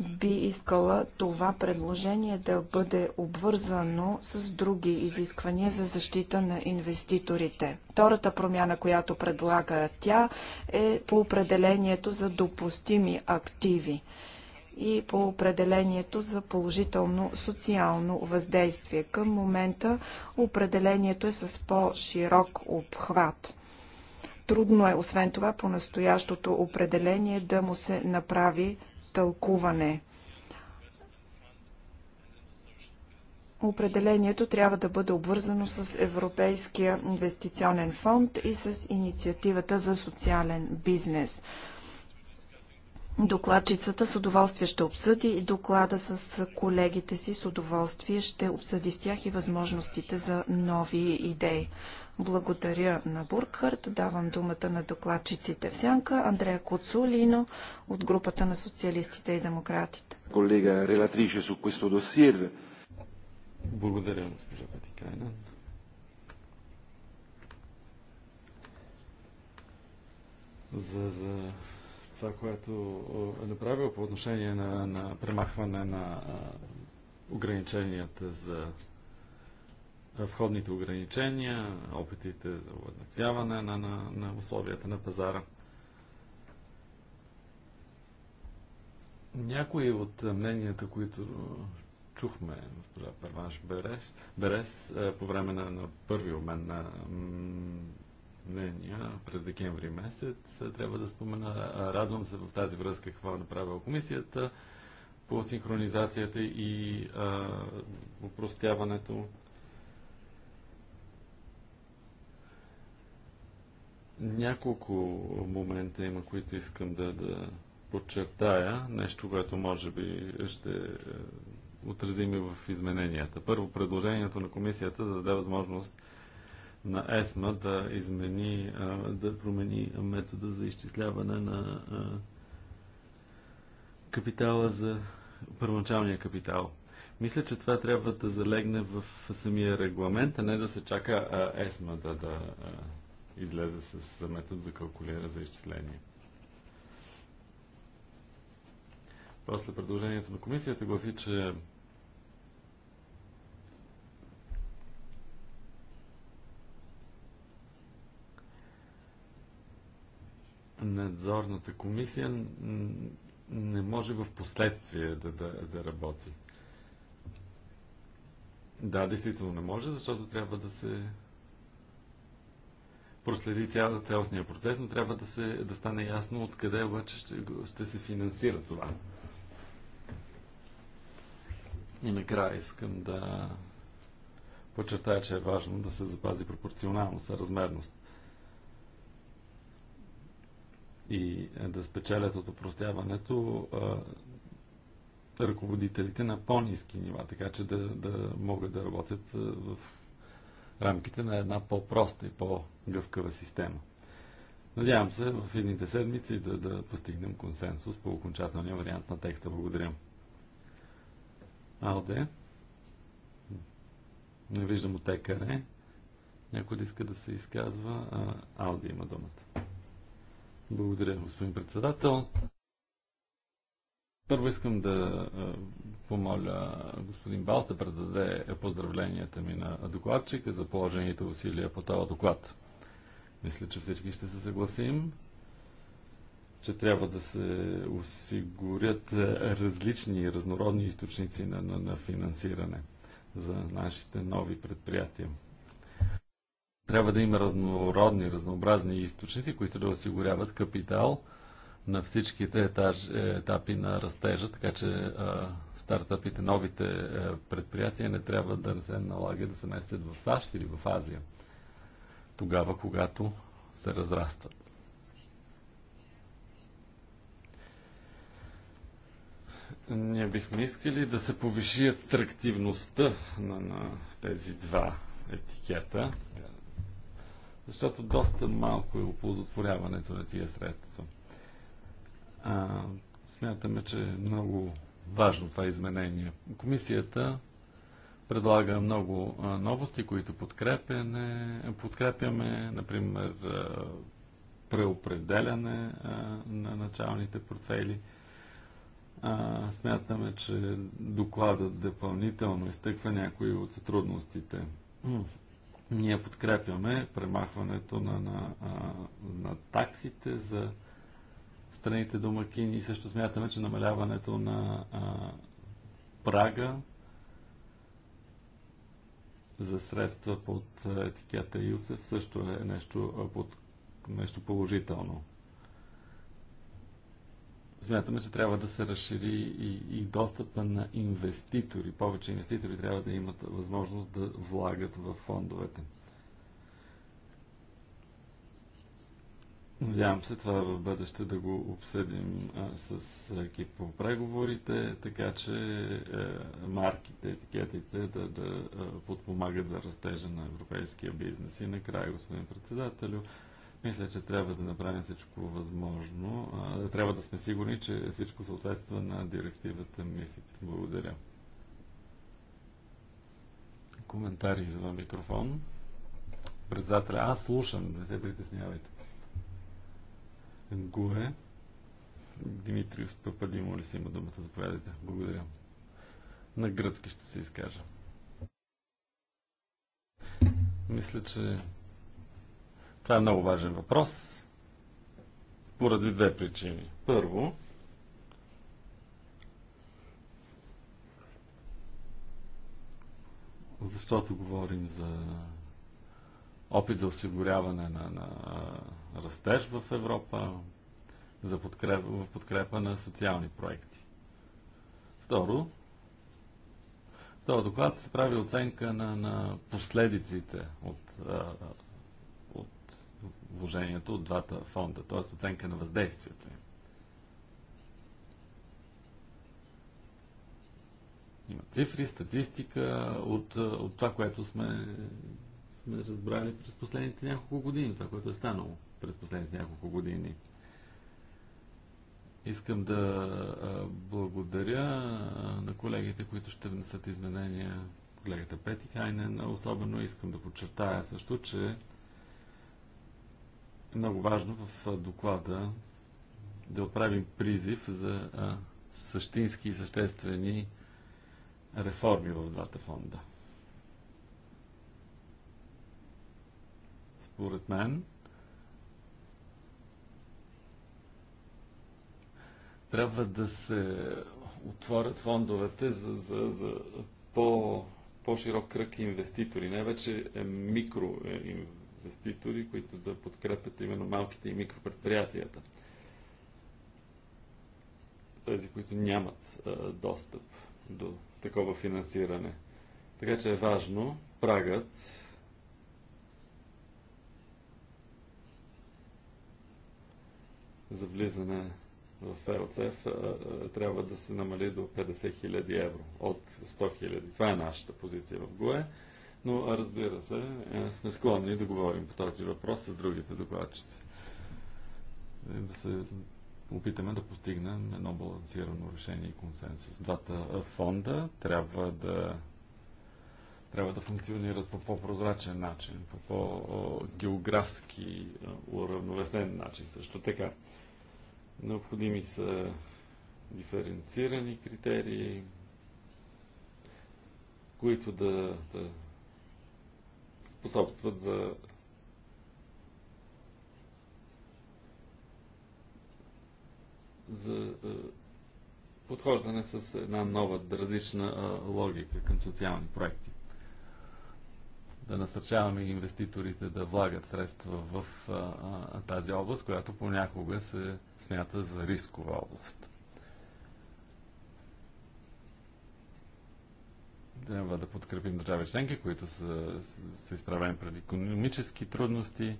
би искала това предложение да бъде обвързано с други изисквания за защита на инвеститорите. Втората промяна, която предлага тя е по определението за допустими активи и по определението за положително социално въздействие. Към момента определението е с по-широк обхват. Трудно е, освен това, по настоящото определение да му се направи тълкуване. Определението трябва да бъде обвързано с Европейския инвестиционен фонд и с инициативата за социален бизнес. Докладчицата с удоволствие ще обсъди и доклада с колегите си. С удоволствие ще обсъди с тях и възможностите за нови идеи. Благодаря на Буркхарт. Давам думата на докладчиците в сянка. Андрея Коцулино от групата на социалистите и демократите. Колега релатрише су questo досир. Благодаря, госпожа Патикайна. За, за това, което е направил по отношение на, на премахване на ограниченията за входните ограничения, опитите за уеднаквяване на, на, на условията на пазара. Някои от мненията, които чухме госпожа Перванш Берес, Берес по време на, на първи обмен на обсъждания през декември месец. Трябва да спомена, радвам се в тази връзка какво е направила комисията по синхронизацията и а, упростяването. Няколко момента има, които искам да, да подчертая. Нещо, което може би ще е, отразим и в измененията. Първо, предложението на комисията да даде възможност на ЕСМА да измени, да промени метода за изчисляване на капитала за първоначалния капитал. Мисля, че това трябва да залегне в самия регламент, а не да се чака ЕСМА да, да излезе с метод за калкулиране за изчисление. После предложението на комисията гласи, че надзорната комисия не може в последствие да, да, да работи. Да, действително не може, защото трябва да се проследи цял, цялостния процес, но трябва да, се, да стане ясно откъде обаче ще, ще се финансира това. И накрая искам да подчертая, че е важно да се запази пропорционалност, размерност и е, да спечелят от опростяването ръководителите на по-низки нива, така че да, да могат да работят е, в рамките на една по-проста и по-гъвкава система. Надявам се в едните седмици да, да постигнем консенсус по окончателния вариант на текста. Благодаря. Алде? Не виждам отекане, Някой да иска да се изказва. Алде има думата. Благодаря, господин председател. Първо искам да помоля господин Балс да предаде поздравленията ми на докладчика за положените усилия по този доклад. Мисля, че всички ще се съгласим, че трябва да се осигурят различни разнородни източници на, на, на финансиране за нашите нови предприятия. Трябва да има разнородни, разнообразни източници, които да осигуряват капитал на всичките етаж, е, етапи на растежа, така че а, стартъпите, новите а, е, предприятия не трябва да се налага да се местят в САЩ или в Азия, тогава когато се разрастват. Ние бихме искали да се повиши атрактивността на, на тези два етикета защото доста малко е оползотворяването на тия средства. А, смятаме, че е много важно това изменение. Комисията предлага много новости, които подкрепяне, подкрепяме, например преопределяне на началните портфели. Смятаме, че докладът допълнително изтъква някои от трудностите. Ние подкрепяме премахването на, на, на таксите за страните домакини и също смятаме, че намаляването на а, прага за средства под етикета ЮСЕФ също е нещо, под, нещо положително. Смятаме, че трябва да се разшири и, и достъпа на инвеститори. Повече инвеститори трябва да имат възможност да влагат в фондовете. Надявам се това в бъдеще да го обсъдим а, с екип по преговорите, така че а, е, марките, етикетите да, да а, подпомагат за растежа на европейския бизнес. И накрая, господин председателю, мисля, че трябва да направим всичко възможно. Трябва да сме сигурни, че всичко съответства на директивата МИФИТ. Благодаря. Коментари извън микрофон. Председателя, аз слушам, не се притеснявайте. Гуе. Димитриев Пападимо ли си има думата? Заповядайте. Благодаря. На гръцки ще се изкажа. Мисля, че това е много важен въпрос, поради две причини. Първо, защото говорим за опит за осигуряване на, на растеж в Европа, за подкрепа, в подкрепа на социални проекти. Второ, в този доклад се прави оценка на, на последиците от а, вложението от двата фонда, т.е. оценка на въздействието им. Има цифри, статистика от, от това, което сме, сме разбрали през последните няколко години, това, което е станало през последните няколко години. Искам да благодаря на колегите, които ще внесат изменения, колегата Пети Хайнен, особено искам да подчертая също, че много важно в доклада да отправим призив за същински и съществени реформи в двата фонда. Според мен, трябва да се отворят фондовете за, за, за по, по-широк кръг инвеститори, най-вече е микроинвеститори инвеститори, които да подкрепят именно малките и микропредприятията. Тези, които нямат а, достъп до такова финансиране. Така че е важно прагът за влизане в ЕЛЦФ трябва да се намали до 50 000 евро от 100 000. Това е нашата позиция в ГОЕ но разбира се, е, сме склонни да говорим по този въпрос с другите докладчици. Е, да се опитаме да постигнем едно балансирано решение и консенсус. Двата фонда трябва да трябва да функционират по по-прозрачен начин, по по-географски е, уравновесен начин също така. Необходими са диференцирани критерии, които да, да способстват за за е, подхождане с една нова, различна е, логика към социални проекти. Да насърчаваме инвеститорите да влагат средства в е, тази област, която понякога се смята за рискова област. Трябва да подкрепим държави членки, които са, са изправени пред економически трудности.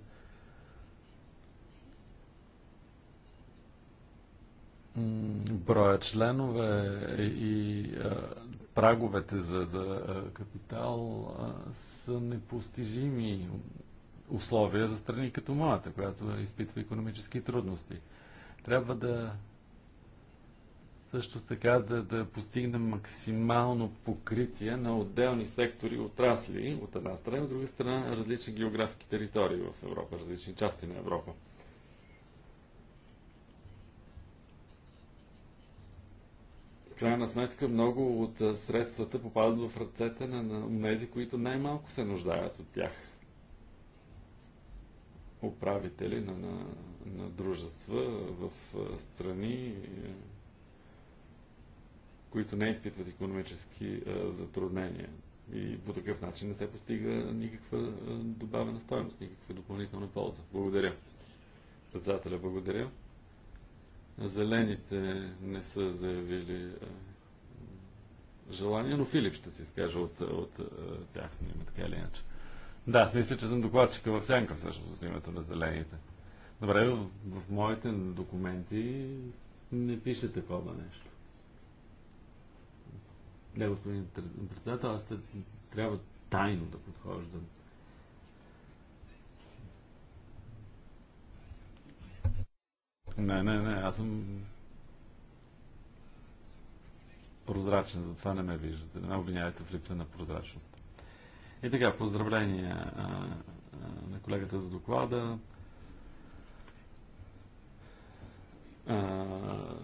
Броя членове и а, праговете за, за капитал а, са непостижими условия за страни като моята, която изпитва економически трудности. Трябва да също така да, да постигнем максимално покритие на отделни сектори и отрасли от една страна, от друга страна различни географски територии в Европа, различни части на Европа. крайна сметка много от средствата попадат в ръцете на, на тези, които най-малко се нуждаят от тях. Управители на, на, на дружества в страни, които не изпитват економически затруднения. И по такъв начин не се постига никаква добавена стоеност, никаква допълнителна полза. Благодаря. Председателя, благодаря. Зелените не са заявили желание, но Филип ще се изкаже от, от, тях, име, така или иначе. Да, мисля, че съм докладчика в сянка всъщност с името на зелените. Добре, в, в моите документи не пише такова нещо. Да, господин председател, аз трябва тайно да подхождам. Не, не, не, аз съм прозрачен, затова не ме виждате. Не обвинявайте в липса на прозрачност. И така, поздравления а, а, на колегата за доклада.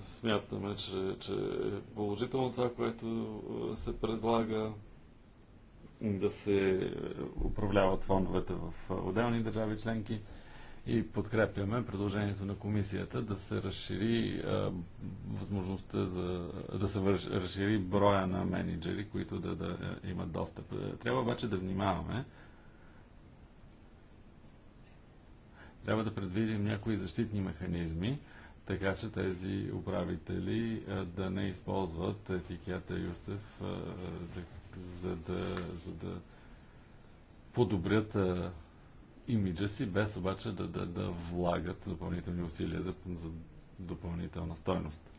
смятаме, че, че е положително това, което се предлага да се управляват фондовете в отделни държави членки и подкрепяме предложението на комисията да се разшири а, възможността за да се разшири броя на менеджери, които да, да е, имат достъп. Е, трябва обаче да внимаваме. Трябва да предвидим някои защитни механизми, така че тези управители да не използват етикета Юсеф, за да, за да подобрят имиджа си, без обаче да, да, да влагат допълнителни усилия за, за допълнителна стойност.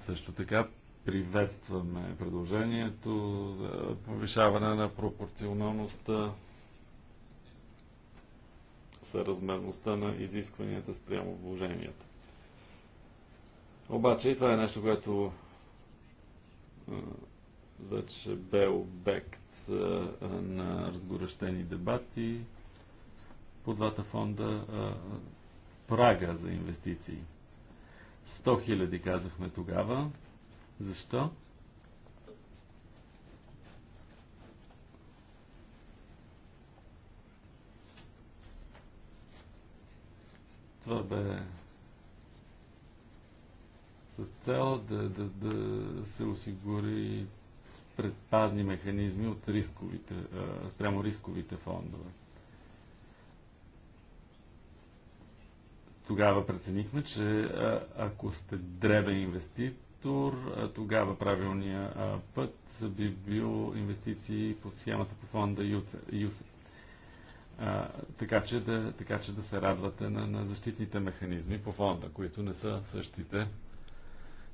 Също така приветстваме предложението за повишаване на пропорционалността съразмерността на изискванията спрямо вложенията. Обаче и това е нещо, което вече бе обект на разгорещени дебати по двата фонда прага за инвестиции. 100 000 казахме тогава. Защо? Това бе с цел да, да, да се осигури предпазни механизми от рисковите, прямо рисковите фондове. Тогава преценихме, че ако сте дребен инвеститор, тогава правилният път би бил инвестиции по схемата по фонда USET а, така, че да, така че да се радвате на, на защитните механизми по фонда, които не са същите,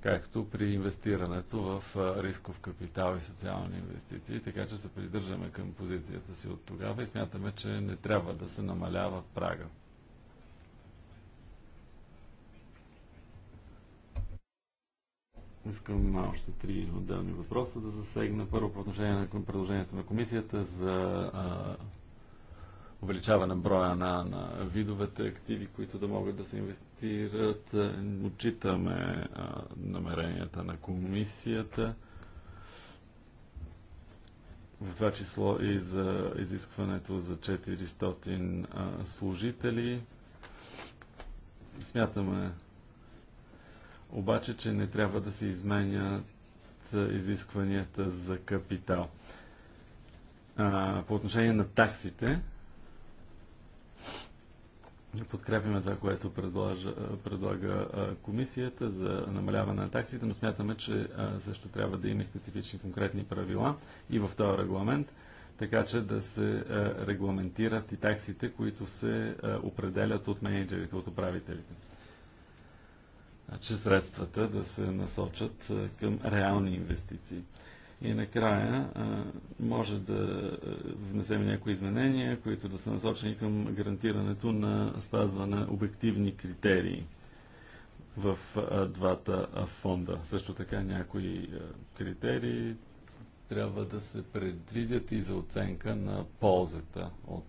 както при инвестирането в а, рисков капитал и социални инвестиции, така че се придържаме към позицията си от тогава и смятаме, че не трябва да се намалява прага. Искам още три отделни въпроса да засегна. Първо по отношение на предложението на комисията за а, увеличаване броя на, на видовете активи, които да могат да се инвестират. Е, отчитаме а, намеренията на комисията. В това число и за изискването за 400 а, служители. Смятаме обаче, че не трябва да се изменят изискванията за капитал. А, по отношение на таксите, Подкрепяме това, което предложа, предлага комисията за намаляване на таксите, но смятаме, че също трябва да има специфични конкретни правила и в този регламент, така че да се регламентират и таксите, които се определят от менеджерите, от управителите. Че значи средствата да се насочат към реални инвестиции. И накрая може да внесем някои изменения, които да са насочени към гарантирането на спазване на обективни критерии в двата фонда. Също така някои критерии трябва да се предвидят и за оценка на ползата от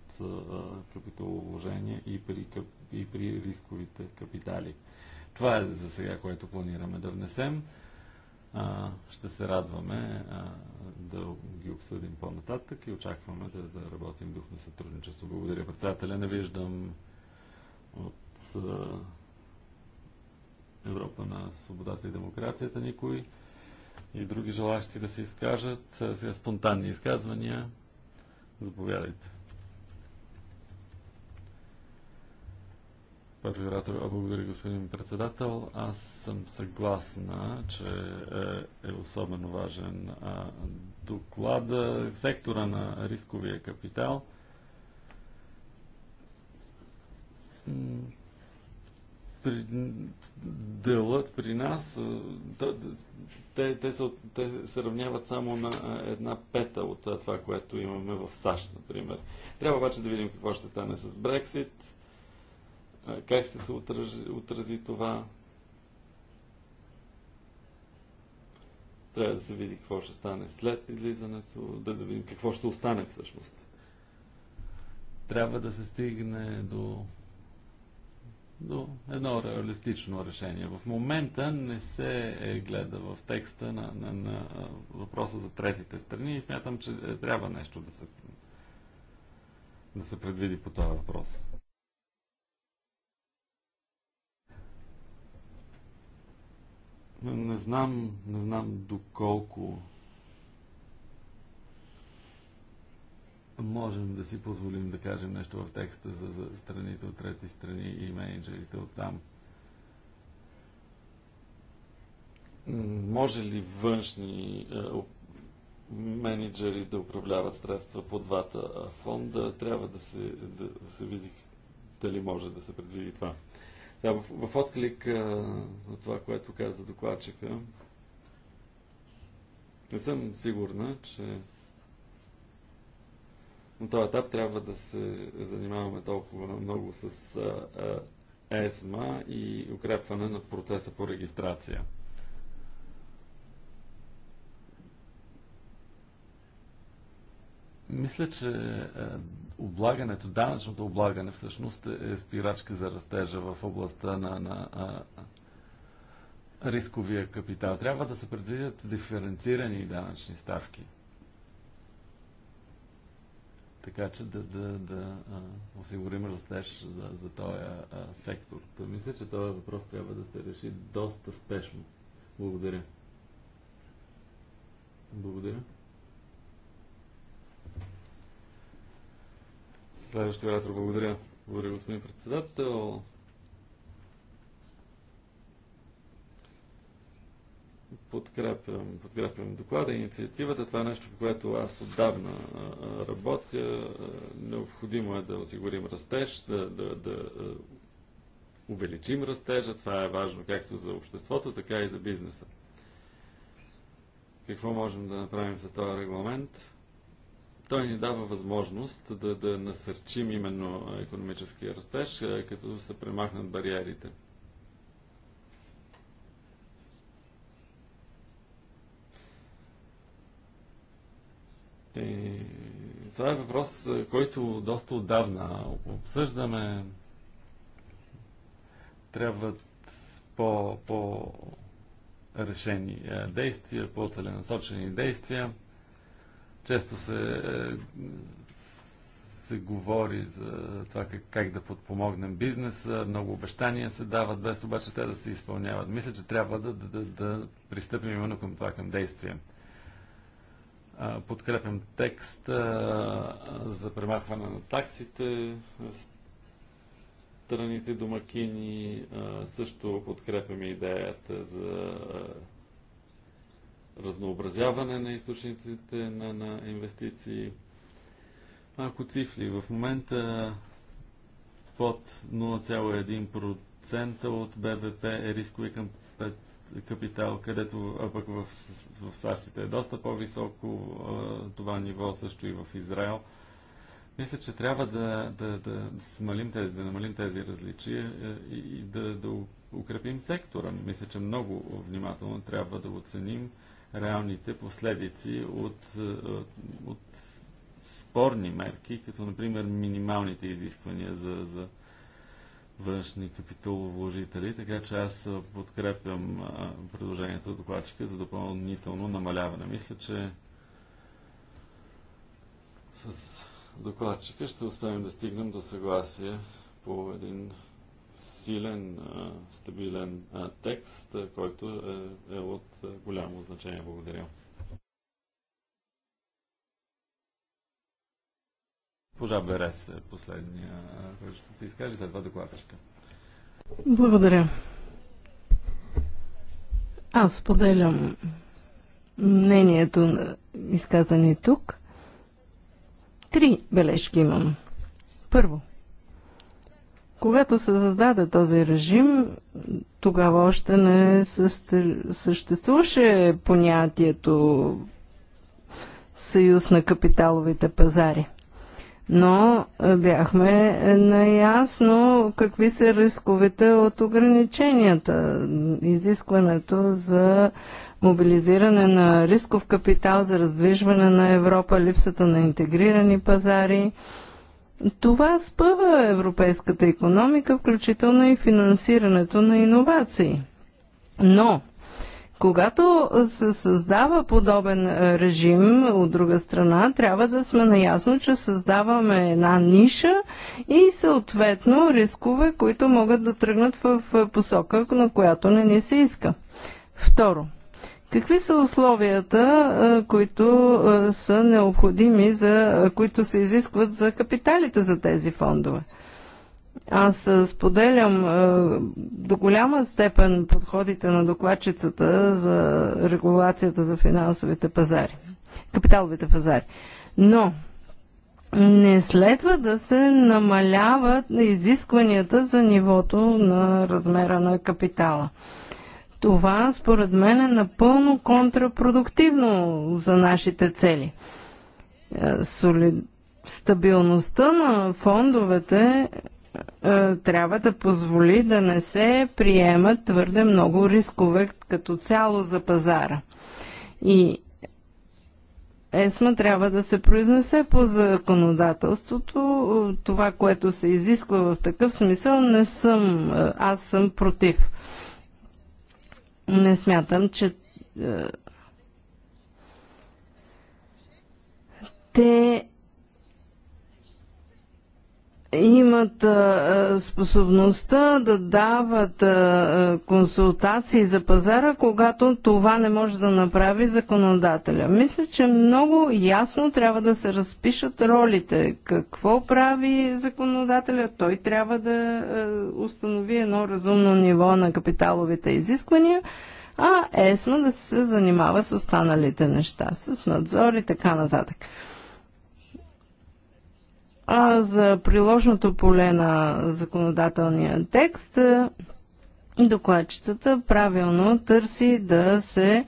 капиталовложение и при, и при рисковите капитали. Това е за сега, което планираме да внесем а, ще се радваме а, да ги обсъдим по-нататък и очакваме да, да работим дух на сътрудничество. Благодаря, председателя. Не виждам от а, Европа на свободата и демокрацията никой и други желащи да се изкажат. Сега спонтанни изказвания. Заповядайте. Първи благодаря господин председател. Аз съм съгласна, че е, е особено важен а, сектора на рисковия капитал. При, делът при нас, е, те, те, са, те се равняват само на е, една пета от е, това, което имаме в САЩ, например. Трябва обаче да видим какво ще стане с Брексит как ще се отрази, отрази това. Трябва да се види какво ще стане след излизането, да, да видим какво ще остане всъщност. Трябва да се стигне до, до едно реалистично решение. В момента не се е гледа в текста на, на, на въпроса за третите страни и смятам, че е, трябва нещо да се, да се предвиди по този въпрос. Не знам, не знам доколко можем да си позволим да кажем нещо в текста за, за страните от трети страни и менеджерите от там. Може ли външни е, менеджери да управляват средства по двата фонда? Трябва да се, да, да се види дали може да се предвиди това. Да, в, в отклик на това, което каза докладчика, не съм сигурна, че на този етап трябва да се занимаваме толкова много с а, а, ЕСМА и укрепване на процеса по регистрация. Мисля, че е, облагането, данъчното облагане всъщност е, е спирачка за растежа в областта на, на а, рисковия капитал. Трябва да се предвидят диференцирани данъчни ставки. Така че да, да, да а, осигурим растеж за, за този а, сектор. То мисля, че този въпрос трябва да се реши доста спешно. Благодаря. Благодаря. Следващия оратор, благодаря. Благодаря, господин председател. Подкрепям, подкрепям доклада, инициативата. Това е нещо, по което аз отдавна работя. Необходимо е да осигурим растеж, да, да, да увеличим растежа. Това е важно както за обществото, така и за бизнеса. Какво можем да направим с този регламент? той ни дава възможност да, да насърчим именно економическия растеж, е, като се премахнат бариерите. И е, това е въпрос, е, който доста отдавна обсъждаме. Трябват по, по решени действия, по целенасочени действия. Често се, се говори за това как, как да подпомогнем бизнеса, много обещания се дават, без обаче те да се изпълняват. Мисля, че трябва да, да, да, да пристъпим именно към това, към действие подкрепям текст за премахване на таксите. Страните домакини също подкрепяме идеята за разнообразяване на източниците на, на инвестиции. Малко цифри. В момента под 0,1% от БВП е рискови към капитал, където а пък в, в САЩите е доста по-високо това ниво, също и в Израел. Мисля, че трябва да, да, да смалим тези, да намалим тези различия е, и да, да укрепим сектора. Мисля, че много внимателно трябва да оценим реалните последици е, от, от спорни мерки, като например минималните изисквания за, за външни капиталовложители, така че аз е, подкрепям е, предложението от докладчика за допълнително намаляване. Мисля, че с докладчика ще успеем да стигнем до съгласие по един силен, стабилен текст, който е, е от голямо значение. Благодаря. Пожа Берес е последния, който ще се изкаже, след това докладчика. Благодаря. Аз споделям мнението на изказани тук. Три бележки имам. Първо – когато се създаде този режим, тогава още не съществуваше понятието съюз на капиталовите пазари. Но е, бяхме е, наясно какви са рисковете от ограниченията. Изискването за мобилизиране на рисков капитал за раздвижване на Европа, липсата на интегрирани пазари – това спъва европейската економика, включително и финансирането на иновации. Но, когато се създава подобен режим от друга страна, трябва да сме наясно, че създаваме една ниша и съответно рискове, които могат да тръгнат в посока, на която не ни се иска. Второ, Какви са условията, които са необходими, за, които се изискват за капиталите за тези фондове? Аз споделям до голяма степен подходите на докладчицата за регулацията за финансовите пазари, капиталовите пазари. Но не следва да се намаляват изискванията за нивото на размера на капитала. Това, според мен, е напълно контрапродуктивно за нашите цели. Е, соли... Стабилността на фондовете е, трябва да позволи да не се приемат твърде много рискове като цяло за пазара. И ЕСМА трябва да се произнесе по законодателството. Е, това, което се изисква в такъв смисъл, не съм. Аз съм против не смятам, че е, те имат способността да дават консултации за пазара, когато това не може да направи законодателя. Мисля, че много ясно трябва да се разпишат ролите. Какво прави законодателя? Той трябва да установи едно разумно ниво на капиталовите изисквания, а ЕСМА да се занимава с останалите неща, с надзор и така нататък. А за приложното поле на законодателния текст е, докладчицата правилно търси да се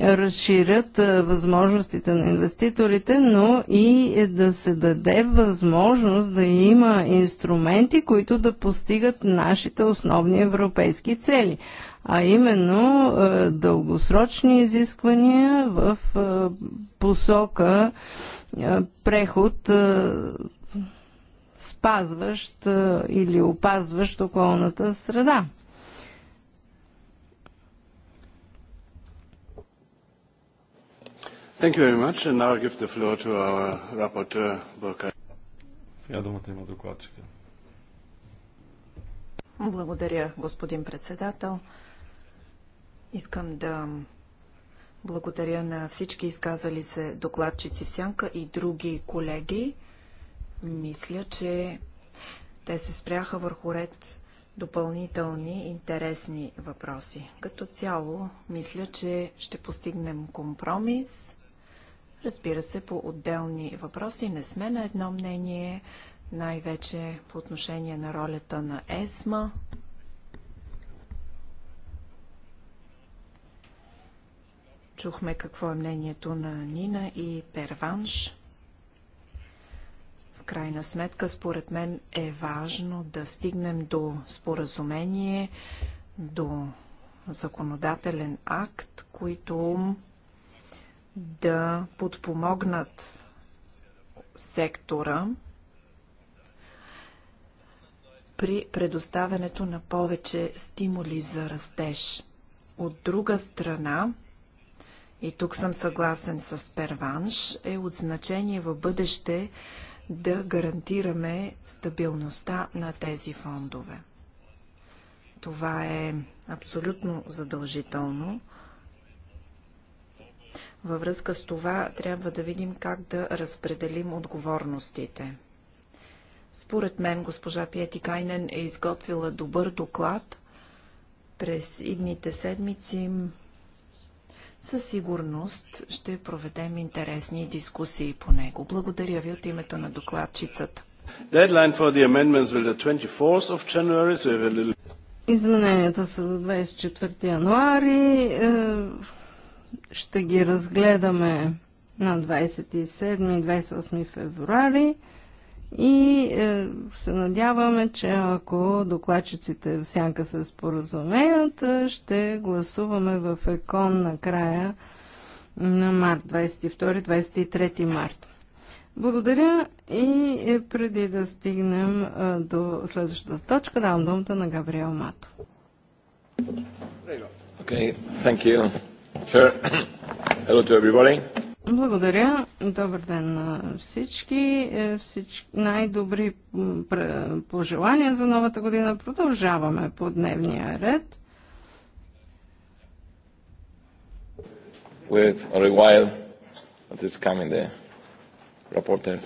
разширят е, възможностите на инвеститорите, но и да се даде възможност да има инструменти, които да постигат нашите основни европейски цели, а именно е, дългосрочни изисквания в посока преход спазващ или опазващ околната среда. Thank you very much. And now I give the floor to our rapporteur, Burkhard. Сега думата има докладчика. Благодаря, господин председател. Искам да благодаря на всички изказали се докладчици в Сянка и други колеги. Мисля, че те се спряха върху ред допълнителни интересни въпроси. Като цяло, мисля, че ще постигнем компромис. Разбира се, по отделни въпроси не сме на едно мнение, най-вече по отношение на ролята на ЕСМА. Чухме какво е мнението на Нина и Перванш крайна сметка, според мен е важно да стигнем до споразумение, до законодателен акт, които да подпомогнат сектора при предоставянето на повече стимули за растеж. От друга страна, и тук съм съгласен с Перванш, е от значение в бъдеще да гарантираме стабилността на тези фондове. Това е абсолютно задължително. Във връзка с това трябва да видим как да разпределим отговорностите. Според мен госпожа Пиети Кайнен е изготвила добър доклад. През идните седмици със сигурност ще проведем интересни дискусии по него. Благодаря ви от името на докладчицата. Измененията са до 24 януари. Е, ще ги разгледаме на 27-28 и февруари. И е, се надяваме, че ако докладчиците в сянка се споразумеят, е, ще гласуваме в ЕКОН на края на март, 22-23 март. Благодаря и е, преди да стигнем е, до следващата точка, давам думата на Габриел Мато. Okay, thank you. Sure. Hello to everybody. Благодаря. Добър ден на всички. Е, всички Най-добри пожелания за новата година. Продължаваме по дневния ред. With a while coming the reporters.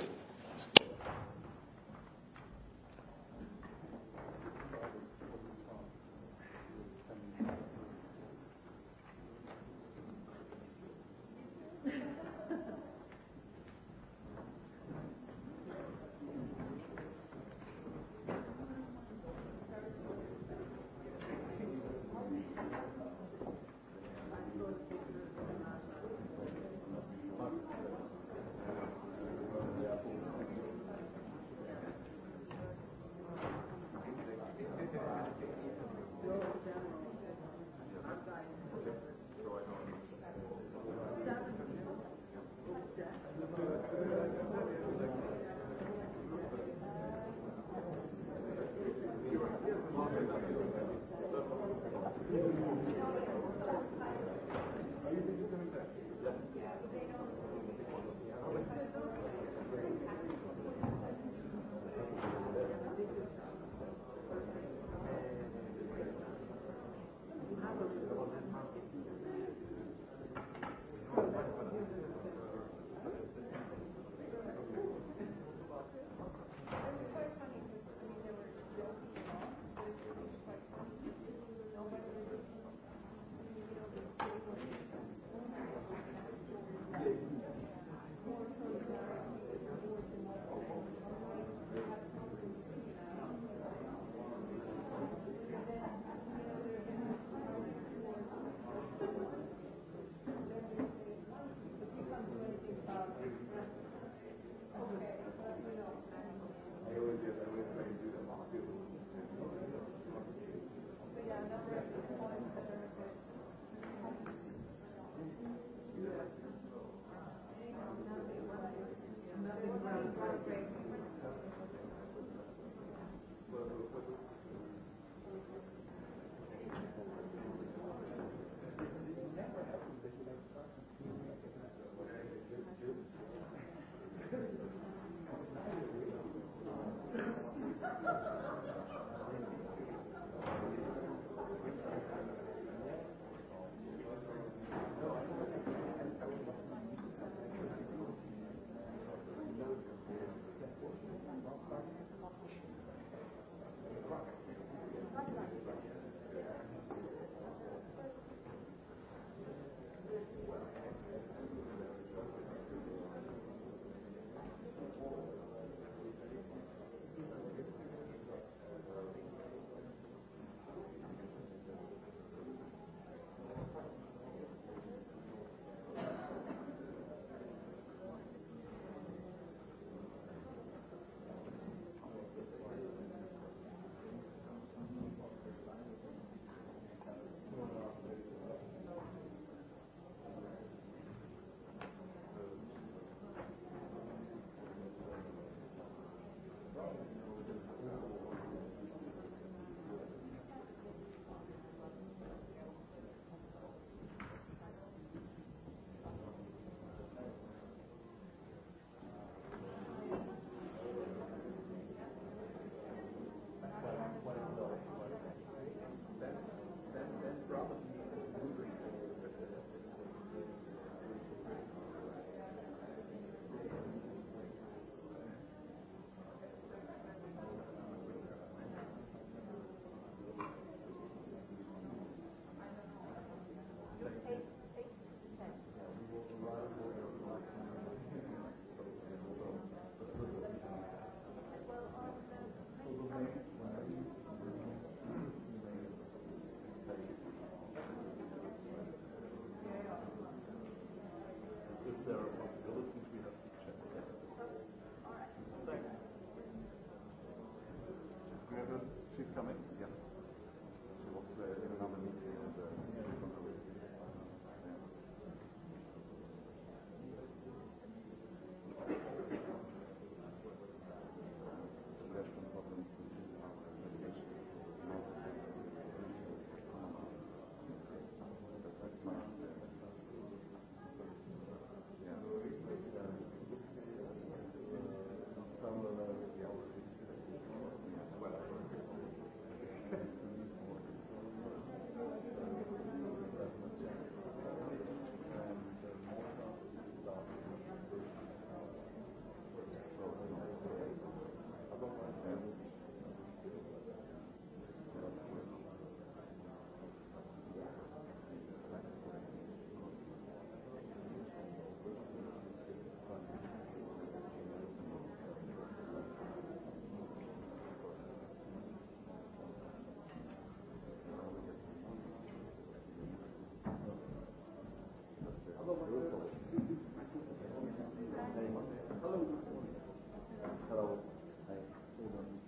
Thank you.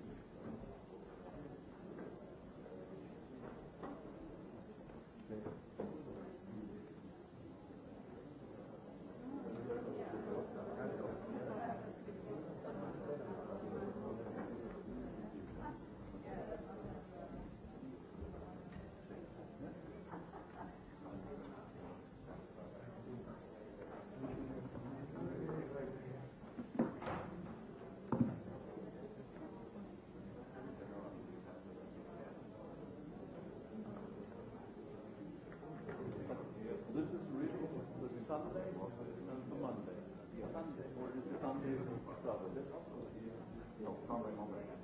Yok, tam ben olmayacağım.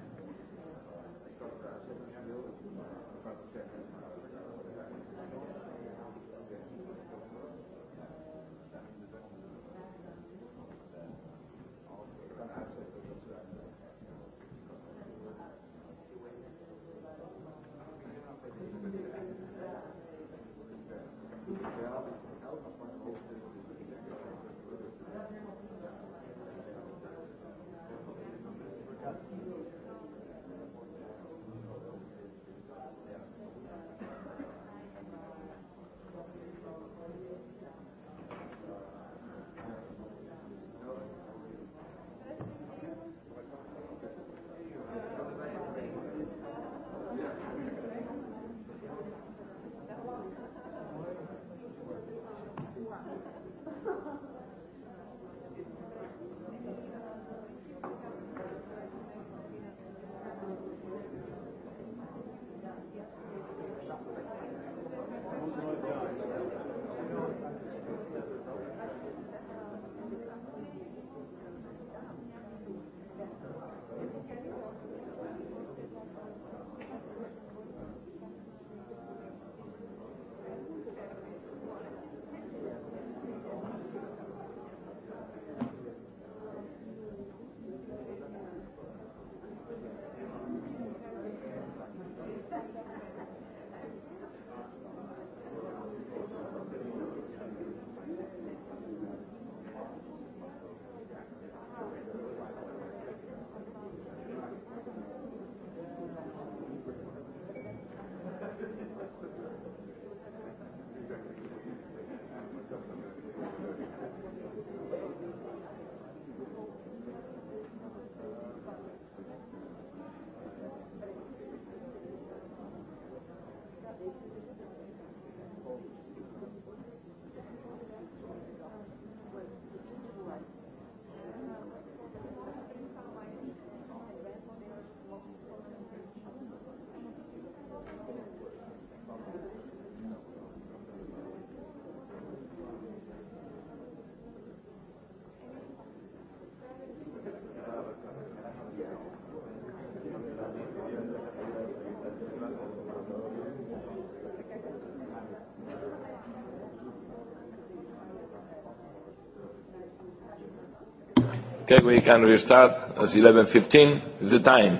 Okay, we can restart as 11.15 is the time.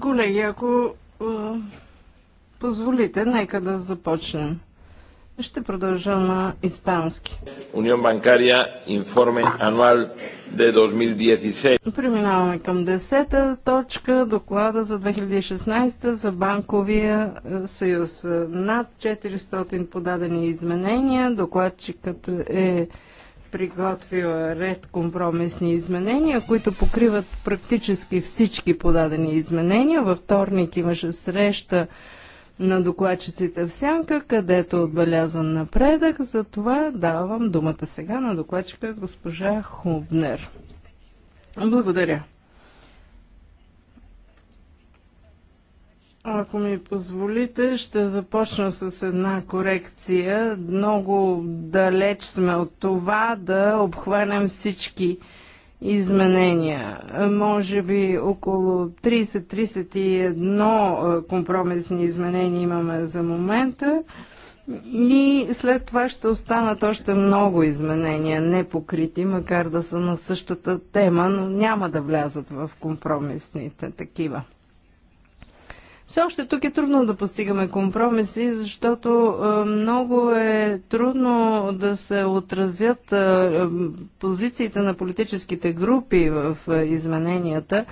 Колеги, ако позволите, нека да започнем. Ще продължа на испански. Унион банкария информе ануал де 2016. Преминаваме към 10-та точка, доклада за 2016 за банковия е, съюз. Е, над 400 подадени изменения. Докладчикът е приготвила ред компромисни изменения, които покриват практически всички подадени изменения. Във вторник имаше среща на докладчиците в сянка, където е отбелязан напредък. Затова давам думата сега на докладчика госпожа Хубнер. Благодаря. Ако ми позволите, ще започна с една корекция. Много далеч сме от това да обхванем всички изменения. Може би около 30-31 компромисни изменения имаме за момента. И след това ще останат още много изменения, непокрити, макар да са на същата тема, но няма да влязат в компромисните такива. Все още тук е трудно да постигаме компромиси, защото много е трудно да се отразят позициите на политическите групи в измененията.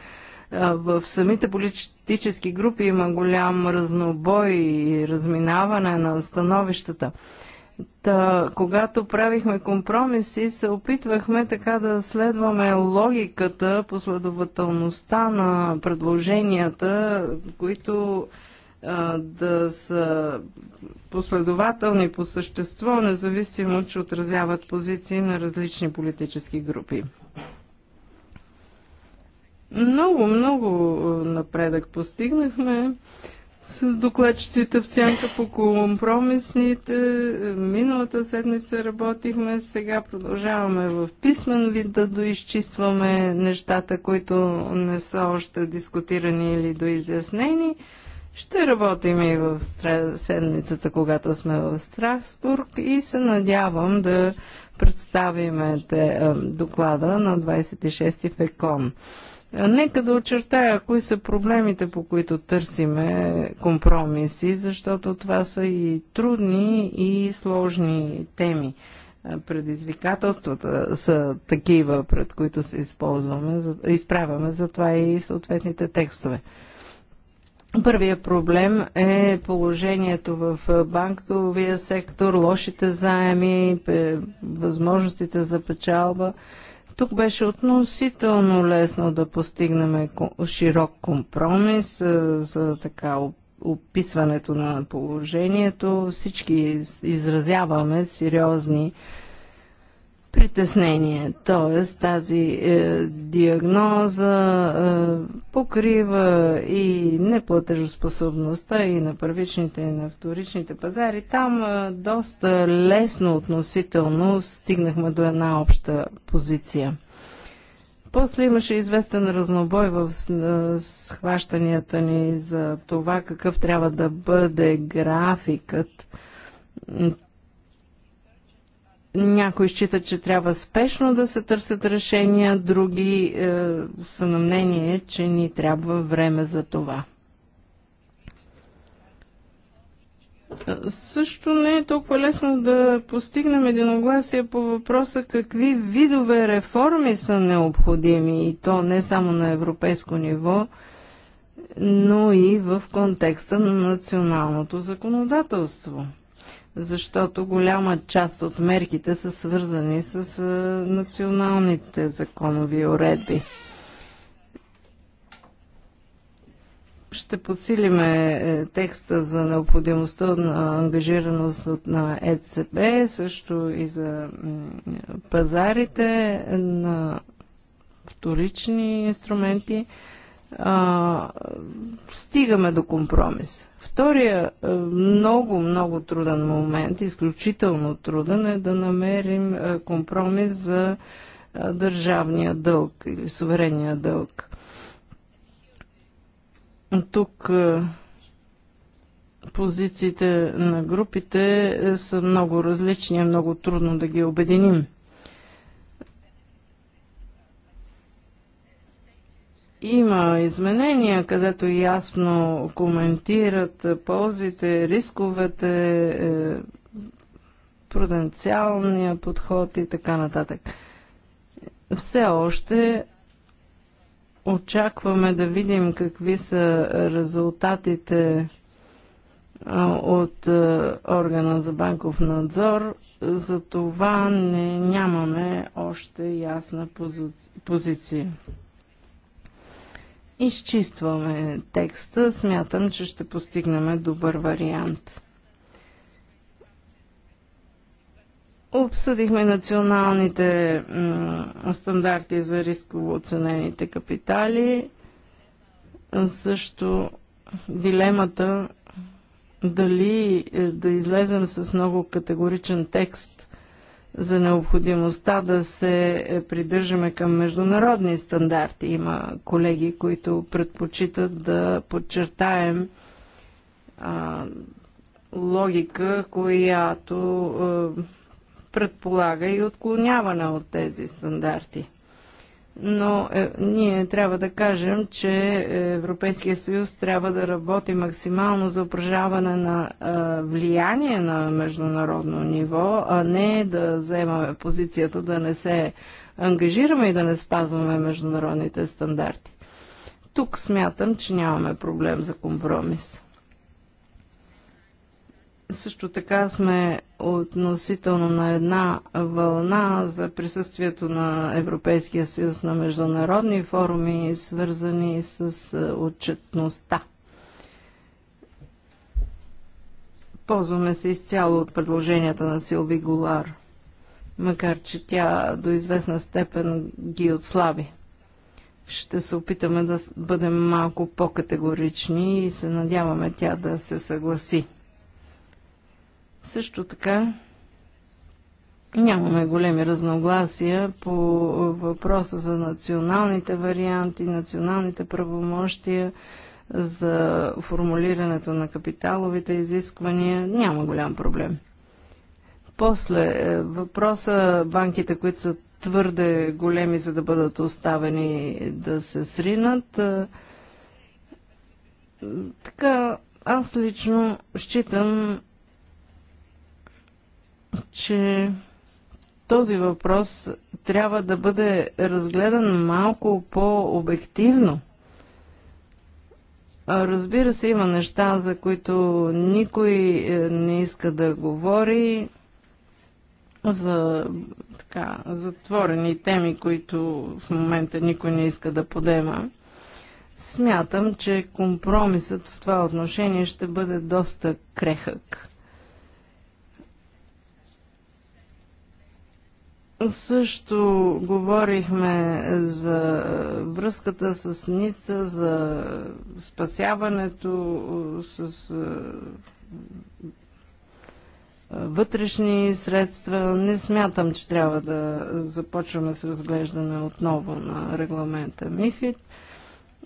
В самите политически групи има голям разнобой и разминаване на становищата. Та, когато правихме компромиси, се опитвахме така да следваме логиката, последователността на предложенията, които а, да са последователни по същество, независимо, че отразяват позиции на различни политически групи. Много, много напредък постигнахме с докладчиците в сянка по компромисните. Миналата седмица работихме, сега продължаваме в писмен вид да доизчистваме нещата, които не са още дискутирани или доизяснени. Ще работим и в седмицата, когато сме в Страсбург и се надявам да представим е, доклада на 26 ти фекон. Нека да очертая кои са проблемите, по които търсиме компромиси, защото това са и трудни и сложни теми. Предизвикателствата са такива, пред които се използваме, изправяме, за това и съответните текстове. Първия проблем е положението в банковия сектор, лошите заеми, възможностите за печалба. Тук беше относително лесно да постигнем широк компромис за така описването на положението. Всички изразяваме сериозни притеснение. Тоест тази е, диагноза е, покрива и неплатежоспособността и на първичните и на вторичните пазари. Там е, доста лесно относително стигнахме до една обща позиция. После имаше известен разнобой в е, схващанията ни за това какъв трябва да бъде графикът някои считат, че трябва спешно да се търсят решения, други е, са на мнение, че ни трябва време за това. Е, също не е толкова лесно да постигнем единогласие по въпроса какви видове реформи са необходими и то не само на европейско ниво, но и в контекста на националното законодателство защото голяма част от мерките са свързани с националните законови уредби. ще подсилиме е, текста за необходимостта на ангажираност на ЕЦБ, също и за пазарите на вторични инструменти а, стигаме до компромис. Втория е, много, много труден момент, изключително труден е да намерим е, компромис за е, държавния дълг или суверенния дълг. Тук позициите на групите са много различни, е много трудно да ги обединим. Има изменения, където ясно коментират ползите, рисковете, е, пруденциалния подход и така нататък. Все още очакваме да видим какви са резултатите е, от е, органа за банков надзор. За това не, нямаме още ясна пози... позиция изчистваме текста. Смятам, че ще постигнем добър вариант. Обсъдихме националните стандарти за рисково оценените капитали. Също дилемата дали е, да излезем с много категоричен текст – за необходимостта да се придържаме към международни стандарти. Има колеги, които предпочитат да подчертаем а, логика, която а, предполага и отклоняване от тези стандарти но е, ние трябва да кажем, че Европейския съюз трябва да работи максимално за упражняване на е, влияние на международно ниво, а не да заемаме позицията да не се ангажираме и да не спазваме международните стандарти. Тук смятам, че нямаме проблем за компромис. Също така сме относително на една вълна за присъствието на Европейския съюз на международни форуми, свързани с е, отчетността. Ползваме се изцяло от предложенията на Силви Голар, макар че тя до известна степен ги отслаби. Ще се опитаме да бъдем малко по-категорични и се надяваме тя да се съгласи. Също така нямаме големи разногласия по въпроса за националните варианти, националните правомощия, за формулирането на капиталовите изисквания. Няма голям проблем. После е, въпроса банките, които са твърде големи, за да бъдат оставени да се сринат. Е, така, аз лично считам, че този въпрос трябва да бъде разгледан малко по-обективно. Разбира се, има неща, за които никой е, не иска да говори, за така, затворени теми, които в момента никой не иска да подема. Смятам, че компромисът в това отношение ще бъде доста крехък. Също говорихме за връзката с Ница, за спасяването с вътрешни средства. Не смятам, че трябва да започваме с разглеждане отново на регламента МИФИД.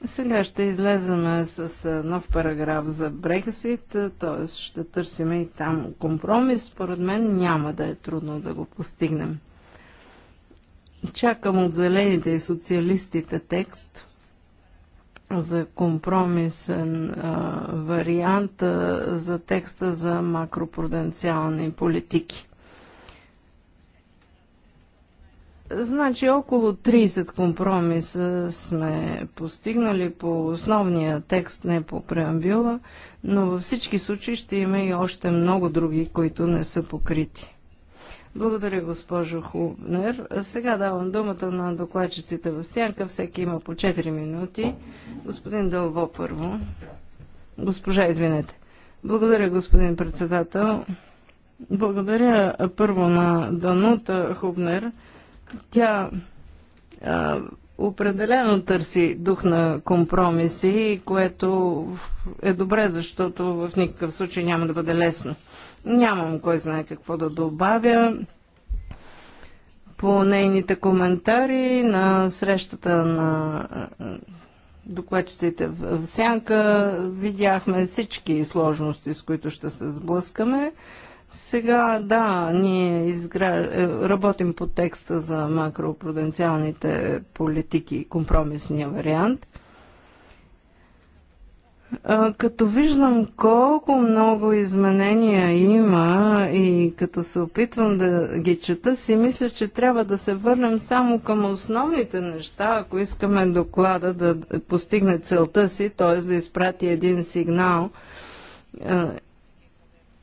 Сега ще излеземе с нов параграф за Брексит, т.е. ще търсим и там компромис. Според мен няма да е трудно да го постигнем. Чакам от зелените и социалистите текст за компромисен а, вариант а, за текста за макропруденциални политики. Значи около 30 компромиса сме постигнали по основния текст, не по преамбюла, но във всички случаи ще има и още много други, които не са покрити. Благодаря, госпожо Хубнер. Сега давам думата на докладчиците в сянка. Всеки има по 4 минути. Господин Дълво първо. Госпожа, извинете. Благодаря, господин председател. Благодаря първо на Данута Хубнер. Тя а, определено търси дух на компромиси, което е добре, защото в никакъв случай няма да бъде лесно. Нямам кой знае какво да добавя. По нейните коментари на срещата на докладчиците в Сянка видяхме всички сложности, с които ще се сблъскаме. Сега, да, ние изгра... Е, работим по текста за макропруденциалните политики, компромисния вариант. Като виждам колко много изменения има и като се опитвам да ги чета, си мисля, че трябва да се върнем само към основните неща, ако искаме доклада да постигне целта си, т.е. да изпрати един сигнал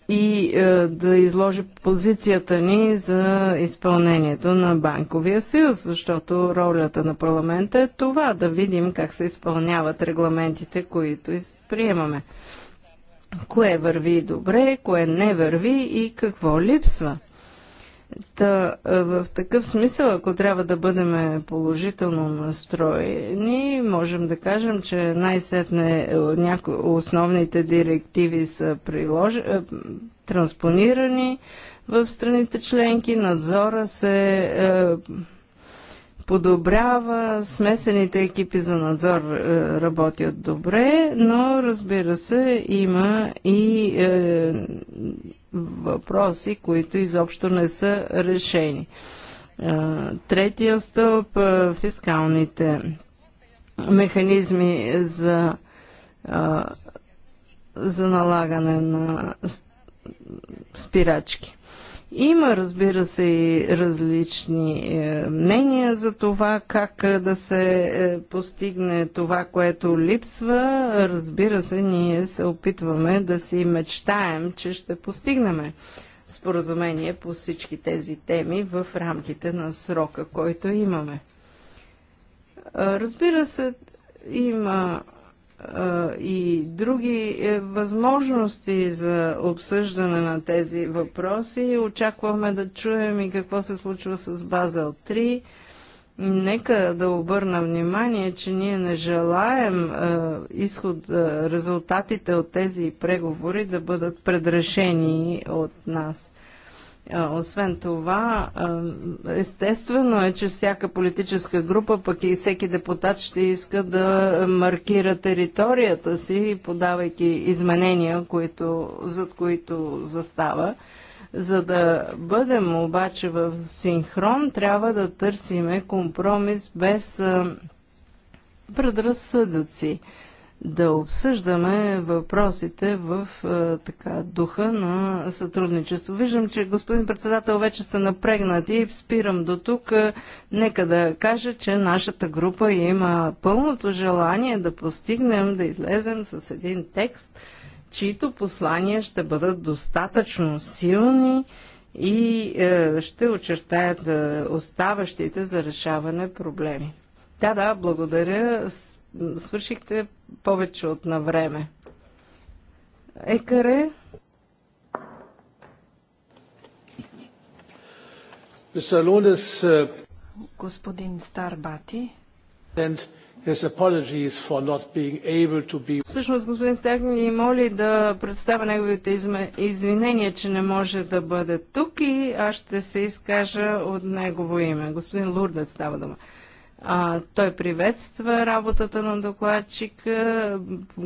и е, да изложи позицията ни за изпълнението на Банковия съюз, защото ролята на парламента е това да видим как се изпълняват регламентите, които приемаме. Кое върви добре, кое не върви и какво липсва. Та, е, в такъв смисъл, ако трябва да бъдем положително настроени, можем да кажем, че най-сетне е, няко... основните директиви са прилож... Е, транспонирани в страните членки, надзора се е, подобрява, смесените екипи за надзор е, работят добре, но разбира се има и е, въпроси, които изобщо не са решени. Третия стълб – фискалните механизми за, за налагане на спирачки. Има, разбира се, и различни е, мнения за това как е, да се е, постигне това, което липсва. Разбира се, ние се опитваме да си мечтаем, че ще постигнем споразумение по всички тези теми в рамките на срока, който имаме. Разбира се, има и други е, възможности за обсъждане на тези въпроси. Очакваме да чуем и какво се случва с Базел 3. Нека да обърна внимание, че ние не желаем е, изход, е, резултатите от тези преговори да бъдат предрешени от нас. Освен това, естествено е, че всяка политическа група, пък и всеки депутат ще иска да маркира територията си, подавайки изменения, които, зад които застава. За да бъдем обаче в синхрон, трябва да търсиме компромис без предразсъдъци да обсъждаме въпросите в е, така духа на сътрудничество. Виждам, че господин председател вече сте напрегнати и спирам до тук. Е, нека да кажа, че нашата група има пълното желание да постигнем, да излезем с един текст, чието послания ще бъдат достатъчно силни и е, ще очертаят е, оставащите за решаване проблеми. Да, да, благодаря. Свършихте повече от навреме. Екаре? Е, господин Старбати. Всъщност господин Стях ми моли да представя неговите извинения, че не може да бъде тук и аз ще се изкажа от негово име. Господин Лурдът става дума. Да а, той приветства работата на докладчика.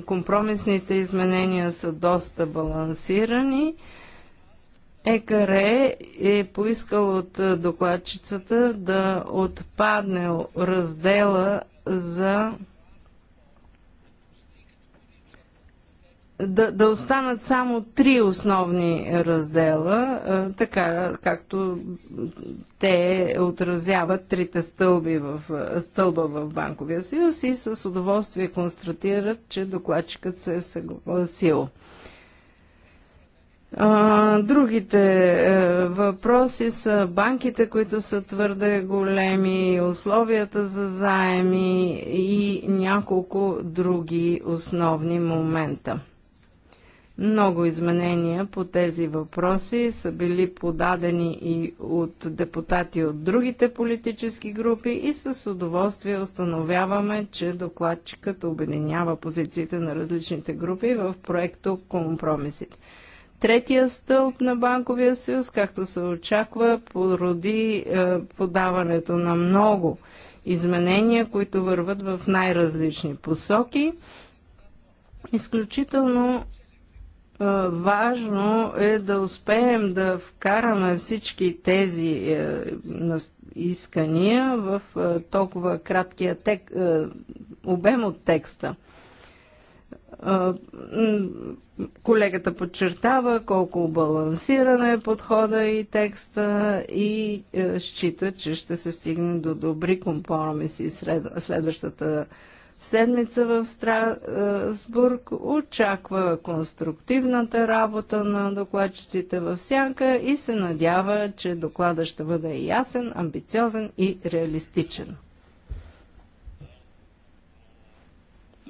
Компромисните изменения са доста балансирани. ЕКРЕ е поискал от докладчицата да отпадне раздела за да, да останат само три основни раздела, така както те отразяват трите стълби в, стълба в Банковия съюз и с удоволствие констатират, че докладчикът се е съгласил. другите е, въпроси са банките, които са твърде големи, условията за заеми и няколко други основни момента. Много изменения по тези въпроси са били подадени и от депутати от другите политически групи и с удоволствие установяваме, че докладчикът обединява позициите на различните групи в проекто Компромисите. Третия стълб на Банковия съюз, както се очаква, породи е, подаването на много изменения, които върват в най-различни посоки. Изключително Важно е да успеем да вкараме всички тези е, искания в е, толкова краткия тек, е, обем от текста. Колегата подчертава колко балансиране е подхода и текста и счита, че ще се стигне до добри компромиси следващата седмица в Страсбург. Е, очаква конструктивната работа на докладчиците в Сянка и се надява, че докладът ще бъде ясен, амбициозен и реалистичен.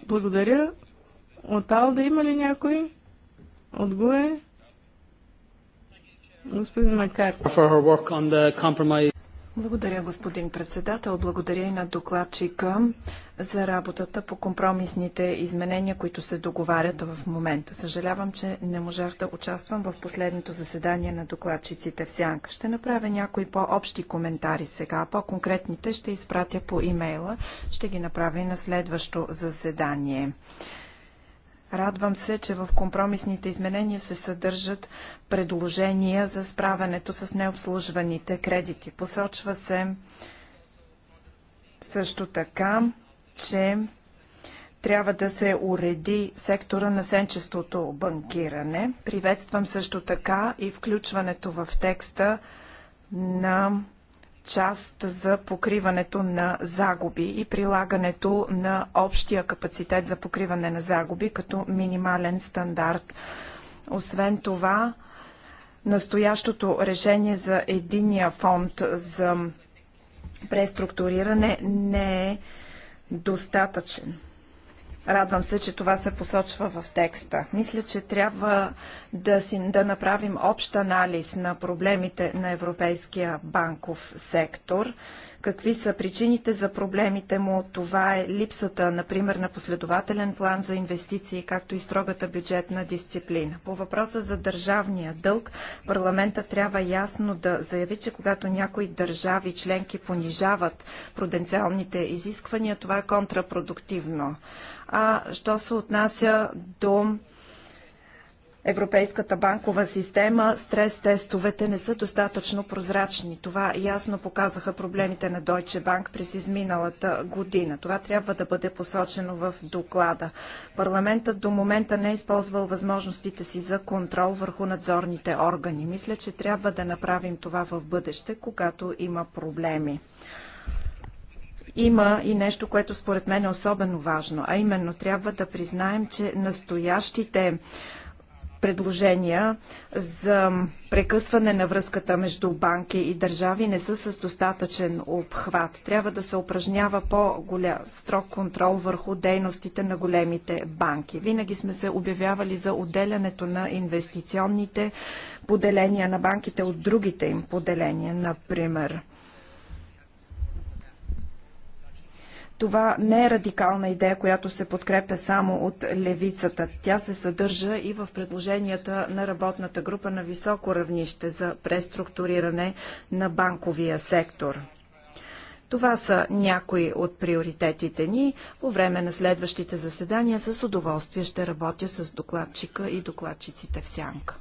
Благодаря. От Алда има ли някой? От Гуе? Господин Макар. Благодаря, господин председател. Благодаря и на докладчика за работата по компромисните изменения, които се договарят в момента. Съжалявам, че не можах да участвам в последното заседание на докладчиците в Сянка. Ще направя някои по-общи коментари сега. По-конкретните ще изпратя по имейла. Ще ги направя и на следващо заседание. Радвам се, че в компромисните изменения се съдържат предложения за справянето с необслужваните кредити. Посочва се също така, че трябва да се уреди сектора на сенчестото банкиране. Приветствам също така и включването в текста на част за покриването на загуби и прилагането на общия капацитет за покриване на загуби като минимален стандарт. Освен това, настоящото решение за единия фонд за преструктуриране не е достатъчен. Радвам се, че това се посочва в текста. Мисля, че трябва да, си, да направим общ анализ на проблемите на Европейския банков сектор какви са причините за проблемите му. Това е липсата, например, на последователен план за инвестиции, както и строгата бюджетна дисциплина. По въпроса за държавния дълг, парламента трябва ясно да заяви, че когато някои държави членки понижават пруденциалните изисквания, това е контрапродуктивно. А що се отнася до Европейската банкова система, стрес-тестовете не са достатъчно прозрачни. Това ясно показаха проблемите на Deutsche Bank през изминалата година. Това трябва да бъде посочено в доклада. Парламентът до момента не е използвал възможностите си за контрол върху надзорните органи. Мисля, че трябва да направим това в бъдеще, когато има проблеми има и нещо, което според мен е особено важно, а именно трябва да признаем, че настоящите предложения за прекъсване на връзката между банки и държави не са с достатъчен обхват. Трябва да се упражнява по-голям строг контрол върху дейностите на големите банки. Винаги сме се обявявали за отделянето на инвестиционните поделения на банките от другите им поделения, например. Това не е радикална идея, която се подкрепя само от левицата. Тя се съдържа и в предложенията на работната група на високо равнище за преструктуриране на банковия сектор. Това са някои от приоритетите ни. По време на следващите заседания с удоволствие ще работя с докладчика и докладчиците в сянка.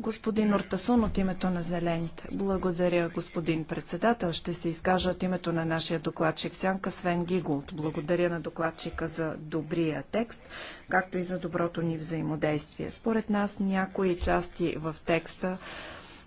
Господин Ортасун от името на Зелените. Благодаря, господин председател. Ще се изкажа от името на нашия докладчик Сянка Свен Гигулт. Благодаря на докладчика за добрия текст, както и за доброто ни взаимодействие. Според нас някои части в текста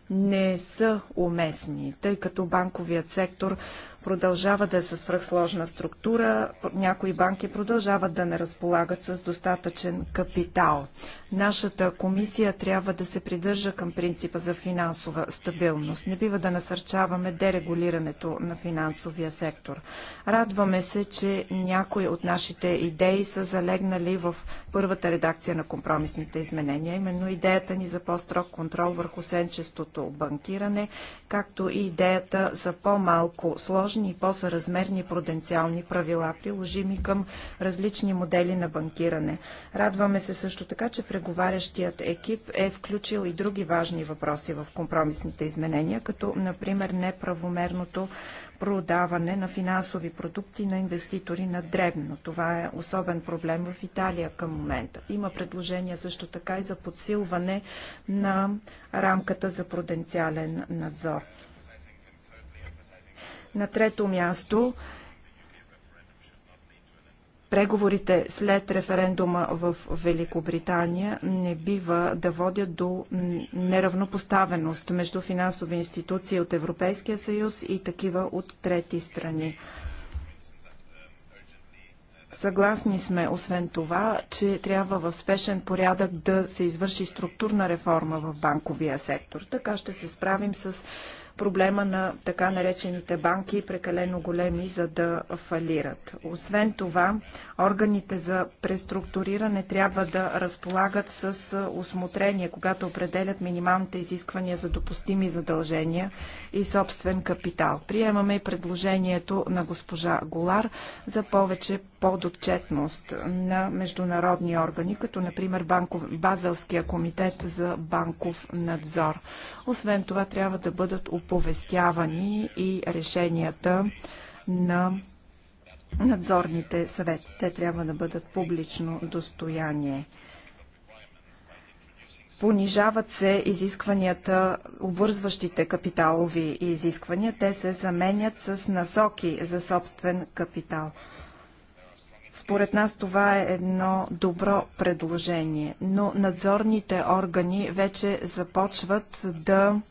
не са уместни, тъй като банковият сектор продължава да е със свръхсложна структура, някои банки продължават да не разполагат с достатъчен капитал. Нашата комисия трябва да се придържа към принципа за финансова стабилност. Не бива да насърчаваме дерегулирането на финансовия сектор. Радваме се, че някои от нашите идеи са залегнали в първата редакция на компромисните изменения, именно идеята ни за по-строг контрол върху сенчестото банкиране, както и идеята за по-малко сложност възможни и по-съразмерни пруденциални правила, приложими към различни модели на банкиране. Радваме се също така, че преговарящият екип е включил и други важни въпроси в компромисните изменения, като например неправомерното продаване на финансови продукти на инвеститори на дребно. Това е особен проблем в Италия към момента. Има предложения също така и за подсилване на рамката за пруденциален надзор. На трето място, преговорите след референдума в Великобритания не бива да водят до неравнопоставеност между финансови институции от Европейския съюз и такива от трети страни. Съгласни сме, освен това, че трябва в спешен порядък да се извърши структурна реформа в банковия сектор. Така ще се справим с проблема на така наречените банки, прекалено големи, за да фалират. Освен това, органите за преструктуриране трябва да разполагат с осмотрение, когато определят минималните изисквания за допустими задължения и собствен капитал. Приемаме и предложението на госпожа Голар за повече подотчетност на международни органи, като например банков, Базелския комитет за банков надзор. Освен това трябва да бъдат оповестявани и решенията на надзорните съвети. Те трябва да бъдат публично достояние. Понижават се изискванията, обвързващите капиталови изисквания. Те се заменят с насоки за собствен капитал. Според нас това е едно добро предложение, но надзорните органи вече започват да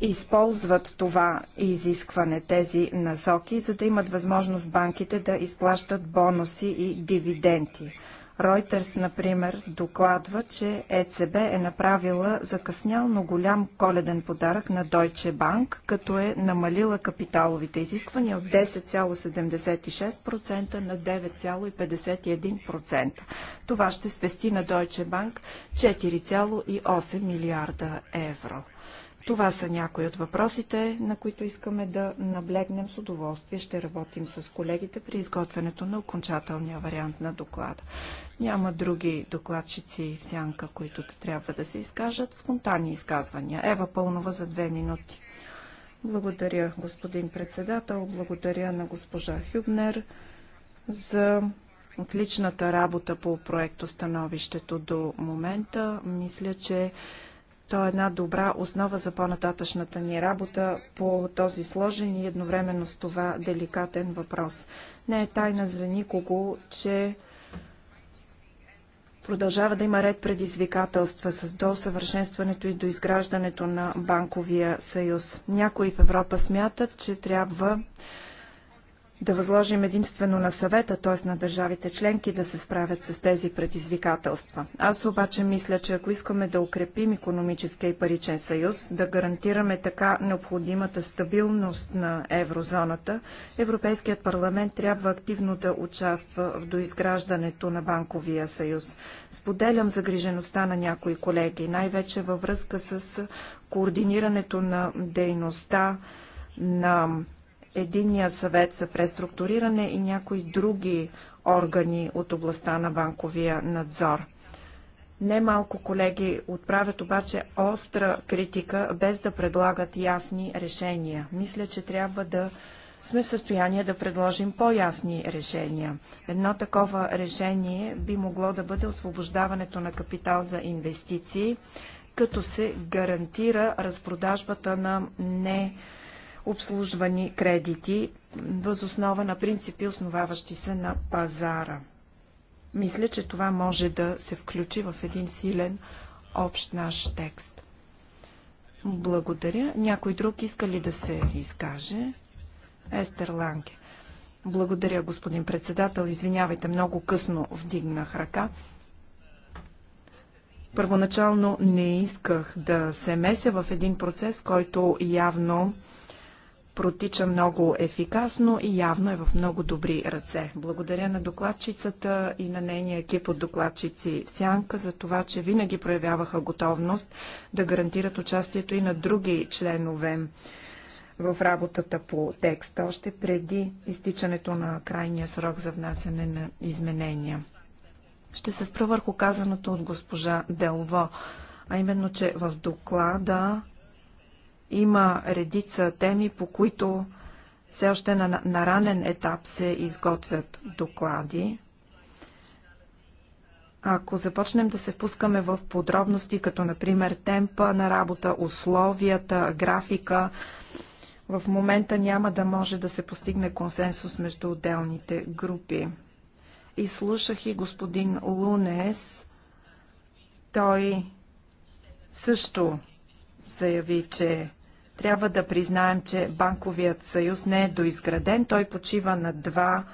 използват това изискване, тези насоки, за да имат възможност банките да изплащат бонуси и дивиденти. Reuters, например, докладва, че ЕЦБ е направила закъснял, но голям коледен подарък на Deutsche Bank, като е намалила капиталовите изисквания от 10,76% на 9,51%. Това ще спести на Deutsche Bank 4,8 милиарда евро. Това са някои от въпросите, на които искаме да наблегнем с удоволствие. Ще работим с колегите при изготвянето на окончателния вариант на доклада. Няма други докладчици в сянка, които трябва да се изкажат. Спонтанни изказвания. Ева Пълнова за две минути. Благодаря, господин председател. Благодаря на госпожа Хюбнер за отличната работа по проекто становището до момента. Мисля, че то е една добра основа за по-нататъчната ни работа по този сложен и едновременно с това деликатен въпрос. Не е тайна за никого, че продължава да има ред предизвикателства с доусъвършенстването и до изграждането на банковия съюз. Някои в Европа смятат, че трябва да възложим единствено на съвета, т.е. на държавите членки да се справят с тези предизвикателства. Аз обаче мисля, че ако искаме да укрепим економическия и паричен съюз, да гарантираме така необходимата стабилност на еврозоната, Европейският парламент трябва активно да участва в доизграждането на банковия съюз. Споделям загрижеността на някои колеги, най-вече във връзка с координирането на дейността на Единния съвет за преструктуриране и някои други органи от областта на банковия надзор. Немалко колеги отправят обаче остра критика, без да предлагат ясни решения. Мисля, че трябва да сме в състояние да предложим по-ясни решения. Едно такова решение би могло да бъде освобождаването на капитал за инвестиции, като се гарантира разпродажбата на не обслужвани кредити възоснова на принципи, основаващи се на пазара. Мисля, че това може да се включи в един силен общ наш текст. Благодаря. Някой друг иска ли да се изкаже? Естер Ланге. Благодаря, господин председател. Извинявайте, много късно вдигнах ръка. Първоначално не исках да се меся в един процес, който явно протича много ефикасно и явно е в много добри ръце. Благодаря на докладчицата и на нейния екип от докладчици в Сянка за това, че винаги проявяваха готовност да гарантират участието и на други членове в работата по текста, още преди изтичането на крайния срок за внасяне на изменения. Ще се спра върху казаното от госпожа Делво, а именно, че в доклада има редица теми, по които все още на, на ранен етап се изготвят доклади. Ако започнем да се впускаме в подробности, като например темпа на работа, условията, графика, в момента няма да може да се постигне консенсус между отделните групи. И слушах и господин Лунес. Той също заяви, че трябва да признаем, че банковият съюз не е доизграден. Той почива на два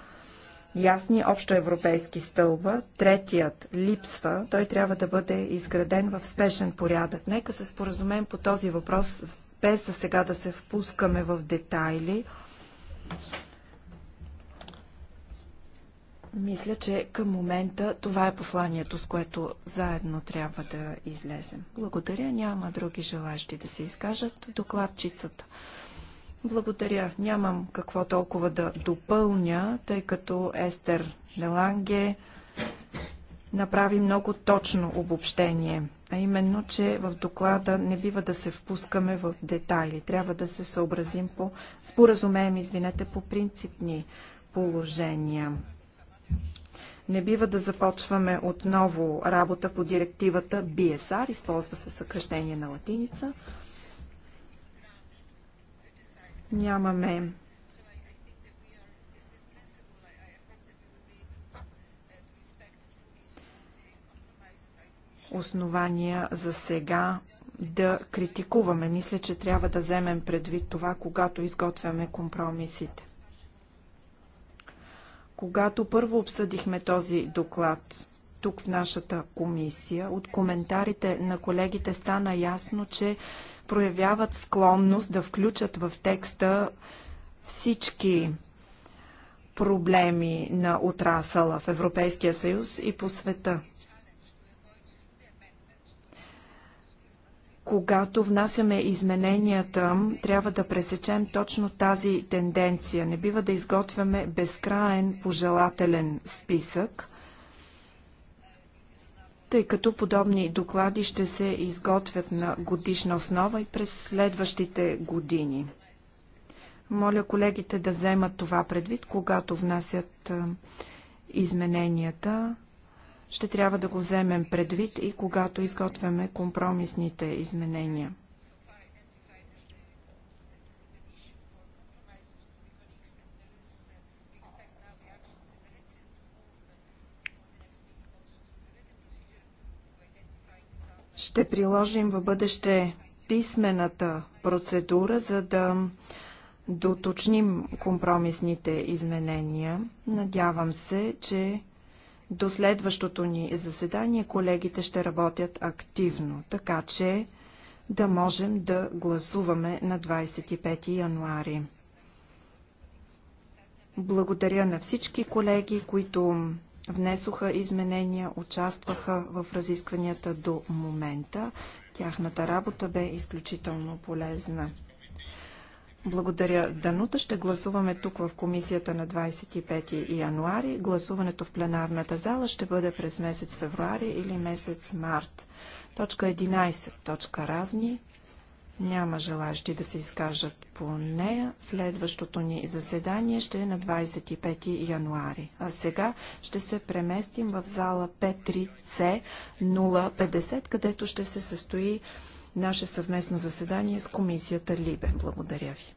ясни общоевропейски стълба. Третият липсва. Той трябва да бъде изграден в спешен порядък. Нека се споразумеем по този въпрос, без сега да се впускаме в детайли. Мисля, че към момента това е посланието, с което заедно трябва да излезем. Благодаря. Няма други желащи да се изкажат. Докладчицата. Благодаря. Нямам какво толкова да допълня, тъй като Естер Деланге направи много точно обобщение, а именно, че в доклада не бива да се впускаме в детайли. Трябва да се съобразим по, споразумеем, извинете, по принципни положения. Не бива да започваме отново работа по директивата BSR, използва се съкръщение на латиница. Нямаме основания за сега да критикуваме. Мисля, че трябва да вземем предвид това, когато изготвяме компромисите. Когато първо обсъдихме този доклад тук в нашата комисия, от коментарите на колегите стана ясно, че проявяват склонност да включат в текста всички проблеми на отрасъла в Европейския съюз и по света. когато внасяме измененията, трябва да пресечем точно тази тенденция. Не бива да изготвяме безкраен пожелателен списък, тъй като подобни доклади ще се изготвят на годишна основа и през следващите години. Моля колегите да вземат това предвид, когато внасят измененията ще трябва да го вземем предвид и когато изготвяме компромисните изменения. Ще приложим в бъдеще писмената процедура, за да доточним компромисните изменения. Надявам се, че до следващото ни заседание колегите ще работят активно, така че да можем да гласуваме на 25 януари. Благодаря на всички колеги, които внесоха изменения, участваха в разискванията до момента. Тяхната работа бе изключително полезна. Благодаря, Данута. Ще гласуваме тук в комисията на 25 януари. Гласуването в пленарната зала ще бъде през месец февруари или месец март. Точка 11. Точка разни. Няма желащи да се изкажат по нея. Следващото ни заседание ще е на 25 януари. А сега ще се преместим в зала P3C 050, където ще се състои наше съвместно заседание с комисията Либе. Благодаря ви.